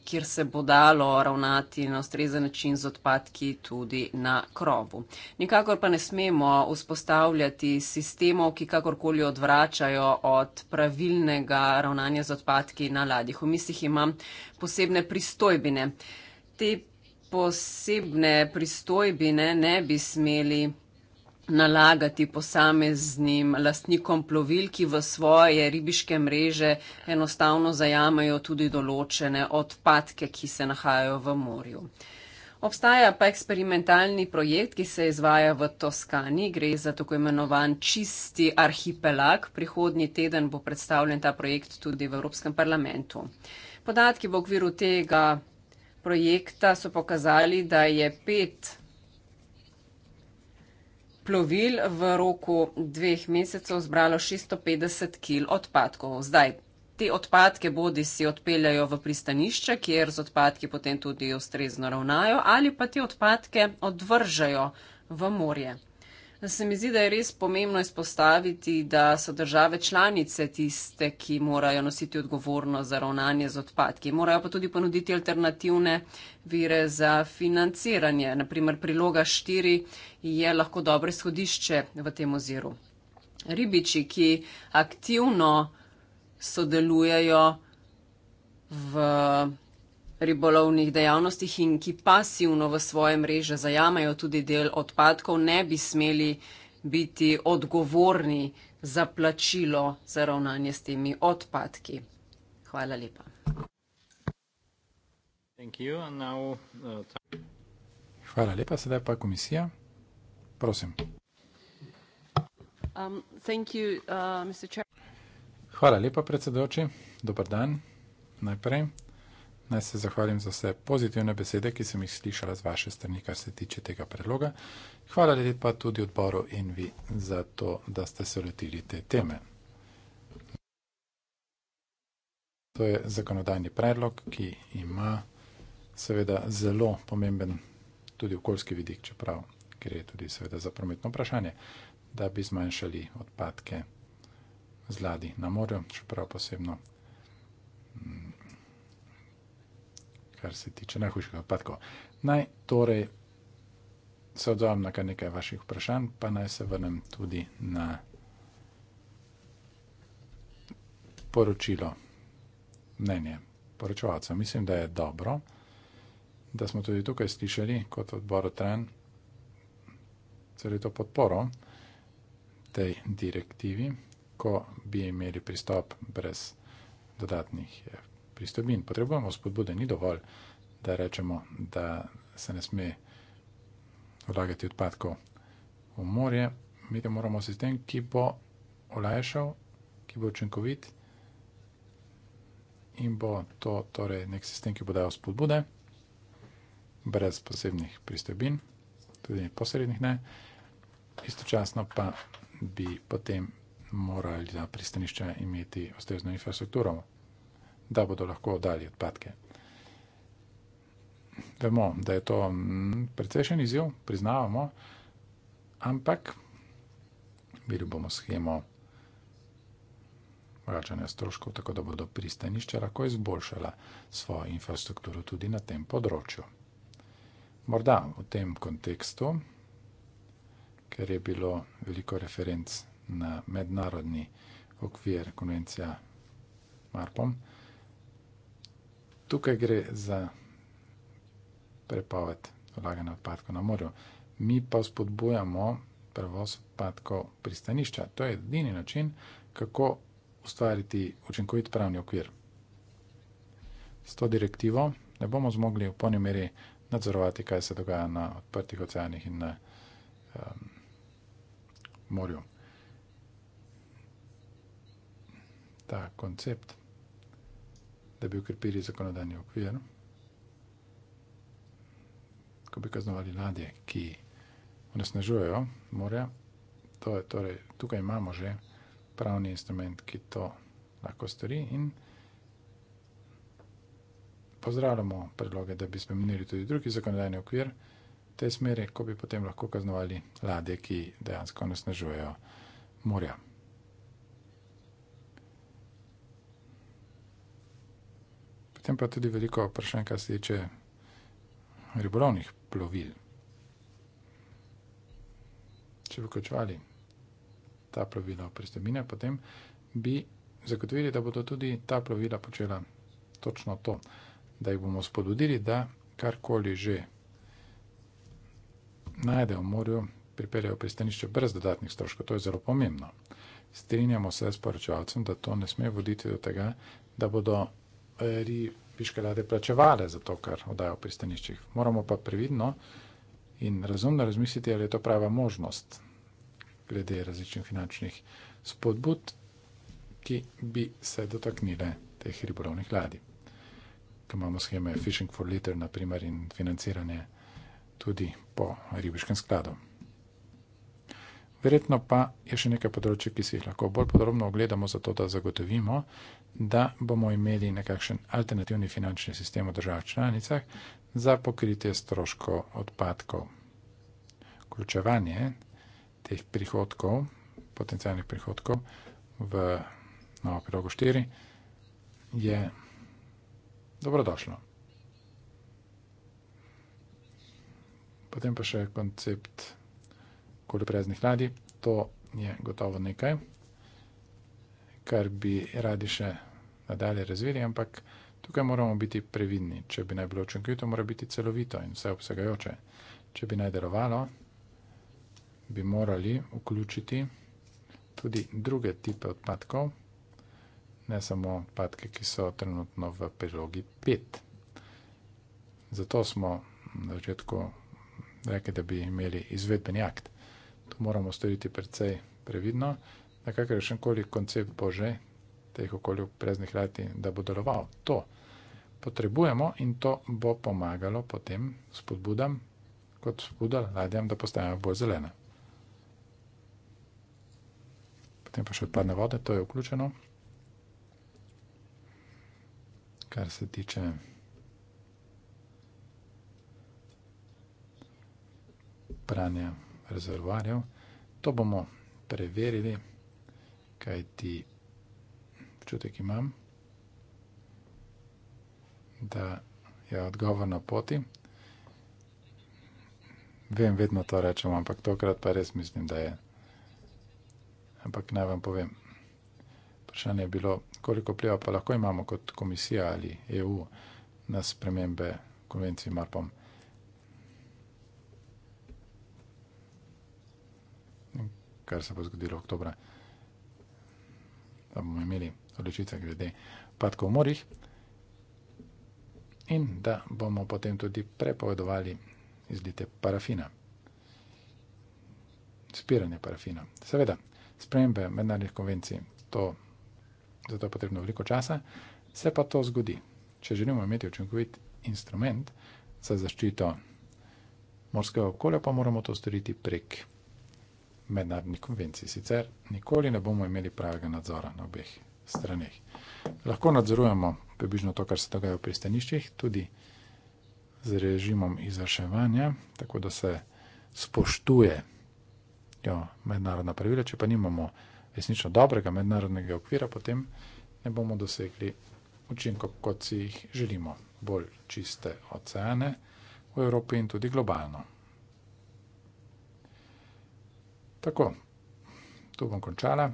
kjer se bo dalo ravnati na ustrezen način z odpadki tudi na krovu. Nikakor pa ne smemo vzpostavljati sistemov, ki kakorkoli odvračajo od pravilnega ravnanja z odpadki na ladjih. V mislih imam posebne pristojbine. Te posebne pristojbine ne bi smeli nalagati posameznim lastnikom plovil, ki v svoje ribiške mreže enostavno zajamajo tudi določene odpadke, ki se nahajajo v morju. Obstaja pa eksperimentalni projekt, ki se izvaja v Toskani, gre za tako imenovan čisti arhipelag. Prihodnji teden bo predstavljen ta projekt tudi v Evropskem parlamentu. Podatki v okviru tega projekta so pokazali, da je pet plovil v roku dveh mesecev zbralo 650 kil odpadkov. Zdaj, te odpadke bodi si odpeljajo v pristanišče, kjer z odpadki potem tudi ustrezno ravnajo, ali pa te odpadke odvržajo v morje. Se mi zdi, da je res pomembno izpostaviti, da so države članice tiste, ki morajo nositi odgovornost za ravnanje z odpadki. Morajo pa tudi ponuditi alternativne vire za financiranje. Naprimer, priloga 4 je lahko dobro izhodišče v tem oziru. Ribiči, ki aktivno sodelujejo v ribolovnih dejavnostih in ki pasivno v svoje mreže zajamajo tudi del odpadkov, ne bi smeli biti odgovorni za plačilo za ravnanje s temi odpadki. Hvala lepa. Uh, Hvala lepa, sedaj pa komisija. Prosim. Um, uh, Hvala lepa, predsedoči. Dobar dan najprej. Naj se zahvalim za vse pozitivne besede, ki sem jih slišala z vaše strani, kar se tiče tega predloga. Hvala lepa tudi odboru in vi za to, da ste se lotili te teme. To je zakonodajni predlog, ki ima seveda zelo pomemben tudi okoljski vidik, čeprav gre tudi seveda za prometno vprašanje, da bi zmanjšali odpadke z ladi na morju, čeprav posebno. Mm, kar se tiče najhujšega odpadka. Naj torej se odzovem na kar nekaj vaših vprašanj, pa naj se vrnem tudi na poročilo, mnenje poročevalca. Mislim, da je dobro, da smo tudi tukaj slišali kot odbor Tren celito podporo tej direktivi, ko bi imeli pristop brez dodatnih pristojbin. Potrebujemo spodbude, ni dovolj, da rečemo, da se ne sme vlagati odpadkov v morje. Mi ga moramo sistem, ki bo olajšal, ki bo učinkovit in bo to torej nek sistem, ki bo dajal spodbude, brez posebnih pristojbin, tudi posrednih ne. Istočasno pa bi potem morali za pristanišče imeti ustrezno infrastrukturo, da bodo lahko dali odpadke. Vemo, da je to mm, precejšen izjiv, priznavamo, ampak bili bomo schemo vračanja stroškov, tako da bodo pristanišče lahko izboljšala svojo infrastrukturo tudi na tem področju. Morda v tem kontekstu, ker je bilo veliko referenc na mednarodni okvir konvencija Marpom, Tukaj gre za prepoved odlaganja odpadkov na morju. Mi pa spodbujamo prevoz odpadkov pristanišča. To je edini način, kako ustvariti učinkovit pravni okvir. S to direktivo ne bomo zmogli v polni meri nadzorovati, kaj se dogaja na odprtih oceanih in na um, morju. Ta koncept da bi ukrepili zakonodajni okvir, ko bi kaznovali ladje, ki onesnažujejo morja. To je, torej, tukaj imamo že pravni instrument, ki to lahko stori in pozdravljamo predloge, da bi spremenili tudi drugi zakonodajni okvir te smere, ko bi potem lahko kaznovali ladje, ki dejansko onesnažujejo morja. potem pa tudi veliko vprašanj, kar se tiče ribolovnih plovil. Če bi kočvali ta plovila v pristemine, potem bi zagotovili, da bodo tudi ta plovila počela točno to, da jih bomo spodbudili, da karkoli že najde v morju, pripeljejo pristanišče brez dodatnih stroškov. To je zelo pomembno. Strinjamo se s poročevalcem, da to ne sme voditi do tega, da bodo reji piške lade plačevale za to, kar oddajo v pristaniščih. Moramo pa previdno in razumno razmisliti, ali je to prava možnost glede različnih finančnih spodbud, ki bi se dotaknile teh ribolovnih ladij. Ko imamo scheme Fishing for Litter, naprimer, in financiranje tudi po ribiškem skladu. Verjetno pa je še nekaj področje, ki si jih lahko bolj podrobno ogledamo, zato da zagotovimo, da bomo imeli nekakšen alternativni finančni sistem v državah članicah za pokritje stroškov odpadkov. Vključevanje teh prihodkov, potencijalnih prihodkov v novo prilogo 4 je dobrodošlo. Potem pa še koncept odpadkov koloprijaznih ladij. To je gotovo nekaj, kar bi radi še nadalje razvili, ampak tukaj moramo biti previdni. Če bi naj bilo učinkovito, mora biti celovito in vseobsegajoče. Če bi naj delovalo, bi morali vključiti tudi druge tipe odpadkov, ne samo odpadke, ki so trenutno v prilogi 5. Zato smo na začetku rekli, da bi imeli izvedbeni akt to moramo storiti precej previdno, da kakršen koli koncept bo že teh okolju preznih rati, da bo deloval. To potrebujemo in to bo pomagalo potem spodbudam, kot spodbuda ladjam, da postajajo bolj zelene. Potem pa še odpadne vode, to je vključeno. Kar se tiče pranja vode, rezervarjev. To bomo preverili, kaj ti čutek imam, da je odgovor na poti. Vem, vedno to rečem, ampak tokrat pa res mislim, da je. Ampak naj vam povem, vprašanje je bilo, koliko pliva pa lahko imamo kot komisija ali EU na spremembe konvencij Marpom. kar se bo zgodilo v oktobra. Da bomo imeli odločitve glede padkov v morjih in da bomo potem tudi prepovedovali izlite parafina. Spiranje parafina. Seveda, spremembe mednarodnih konvencij, to, zato je potrebno veliko časa, se pa to zgodi. Če želimo imeti učinkovit instrument za zaščito morskega okolja, pa moramo to storiti prek mednarodni konvenciji. Sicer nikoli ne bomo imeli pravega nadzora na obeh straneh. Lahko nadzorujemo približno to, kar se dogaja v pristaniščih, tudi z režimom izraševanja, tako da se spoštuje jo, mednarodna pravila. Če pa nimamo resnično dobrega mednarodnega okvira, potem ne bomo dosegli učinkov, kot si jih želimo. Bolj čiste oceane v Evropi in tudi globalno. Tako, tu bom končala.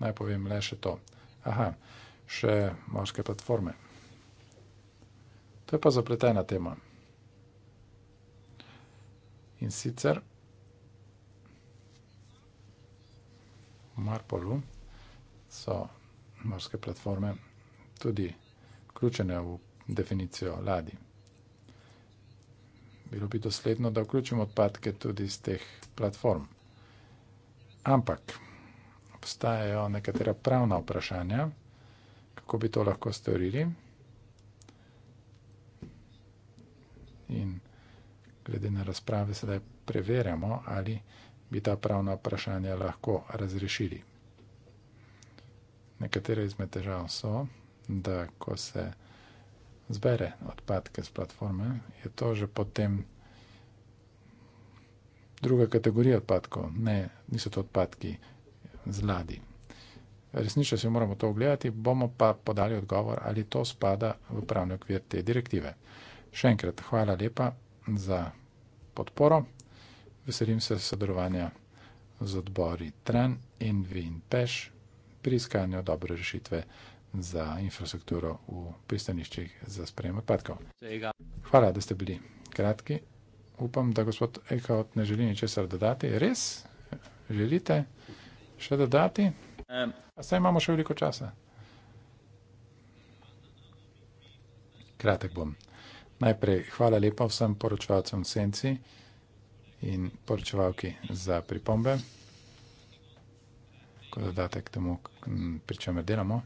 Naj povem le še to. Aha, še moške platforme. To je pa zapletena tema. In sicer v Marpolu so morske platforme tudi vključene v definicijo ladi. Bilo bi dosledno, da vključimo odpadke tudi iz teh platform. Ampak obstajajo nekatera pravna vprašanja, kako bi to lahko storili. In glede na razprave, sedaj preverjamo, ali bi ta pravna vprašanja lahko razrešili. Nekatere izmed težav so, da ko se zbere odpadke z platforme, je to že potem druga kategorija odpadkov, ne, niso to odpadki z ladi. Resnično se moramo to ogledati, bomo pa podali odgovor, ali to spada v pravni okvir te direktive. Še enkrat hvala lepa za podporo. Veselim se sodelovanja z odbori Tran, Envi in Peš pri iskanju dobre rešitve za infrastrukturo v pristaniščih za sprejem odpadkov. Hvala, da ste bili kratki upam, da gospod Ekaot ne želi ničesar dodati. Res? Želite še dodati? A saj imamo še veliko časa. Kratek bom. Najprej hvala lepa vsem poročevalcem Senci in poročevalki za pripombe. Kot dodatek temu, pri čemer delamo,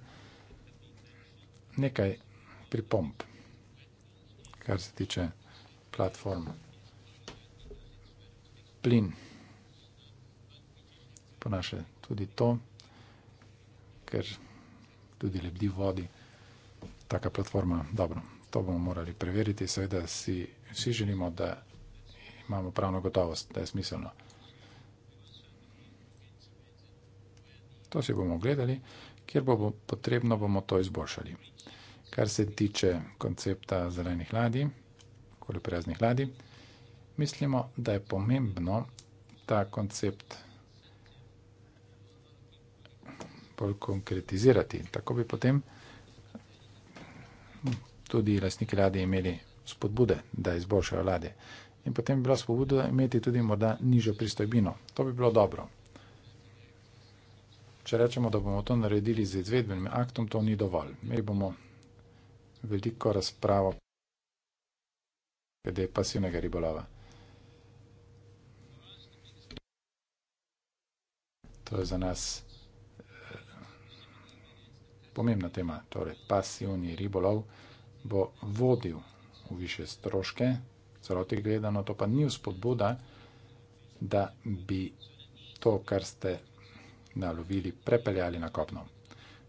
nekaj pripomb, kar se tiče platforme plin. Po naše tudi to, ker tudi lebdi v vodi. Taka platforma, dobro, to bomo morali preveriti. Seveda si vsi želimo, da imamo pravno gotovost, da je smiselno. To si bomo ogledali, kjer bo potrebno, bomo to izboljšali. Kar se tiče koncepta zelenih ladij, koliko raznih ladij, mislimo, da je pomembno ta koncept bolj konkretizirati. Tako bi potem tudi lasniki ladje imeli spodbude, da izboljšajo ladje. In potem bi bila spodbuda imeti tudi morda nižjo pristojbino. To bi bilo dobro. Če rečemo, da bomo to naredili z izvedbenim aktom, to ni dovolj. Mi bomo veliko razpravo glede pasivnega ribolova. To je za nas eh, pomembna tema. Torej, pasivni ribolov bo vodil v više stroške, celoti gledano, to pa ni vzpodbuda, da bi to, kar ste nalovili, prepeljali na kopno.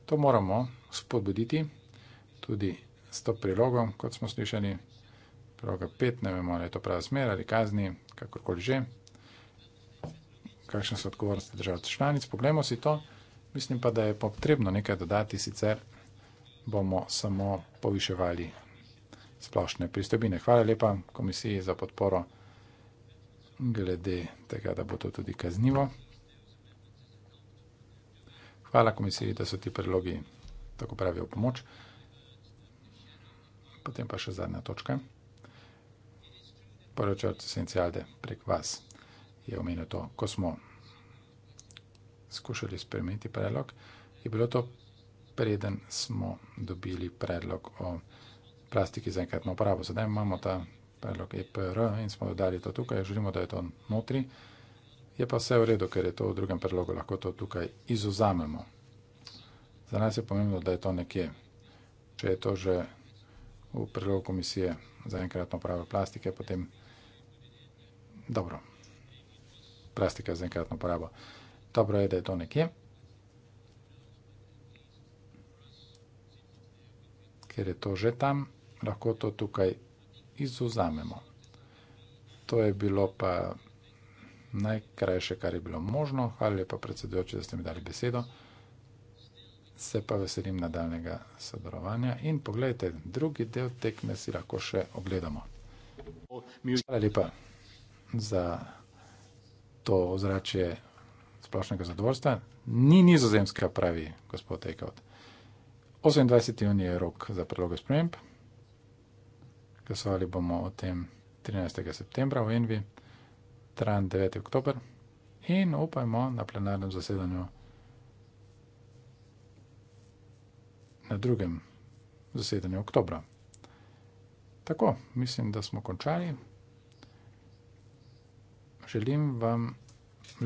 To moramo spodbuditi tudi s to prilogom, kot smo slišali, priloga pet, ne vemo, ali je to prava smer ali kazni, kakorkoli že kakšne so odgovornosti držav članic. Poglejmo si to. Mislim pa, da je potrebno nekaj dodati, sicer bomo samo poviševali splošne pristojbine. Hvala lepa komisiji za podporo glede tega, da bo to tudi kaznivo. Hvala komisiji, da so ti predlogi tako pravi v pomoč. Potem pa še zadnja točka. Poročajo se inicialde prek vas je omenil to, ko smo skušali spremeniti predlog, je bilo to preden smo dobili predlog o plastiki za enkratno uporabo. Sedaj imamo ta predlog EPR in smo dodali to tukaj, želimo, da je to notri. Je pa vse v redu, ker je to v drugem predlogu, lahko to tukaj izuzamemo. Za nas je pomembno, da je to nekje. Če je to že v predlogu komisije za enkratno uporabo plastike, potem dobro, plastika za enkratno uporabo. Dobro je, da je to nekje. Ker je to že tam, lahko to tukaj izuzamemo. To je bilo pa najkrajše, kar je bilo možno. Hvala lepa predsedujoči, da ste mi dali besedo. Se pa veselim nadaljnega sodelovanja in pogledajte, drugi del tekme si lahko še ogledamo. Hvala lepa za pozornost to ozračje splošnega zadovoljstva. Ni nizozemska, pravi gospod Ekaut. 28. juni je rok za predloge sprememb. Glasovali bomo o tem 13. septembra v Envi, tran 9. oktober in upajmo na plenarnem zasedanju na drugem zasedanju oktobra. Tako, mislim, da smo končali. Želim vam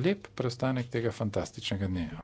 lep preostanek tega fantastičnega dneva.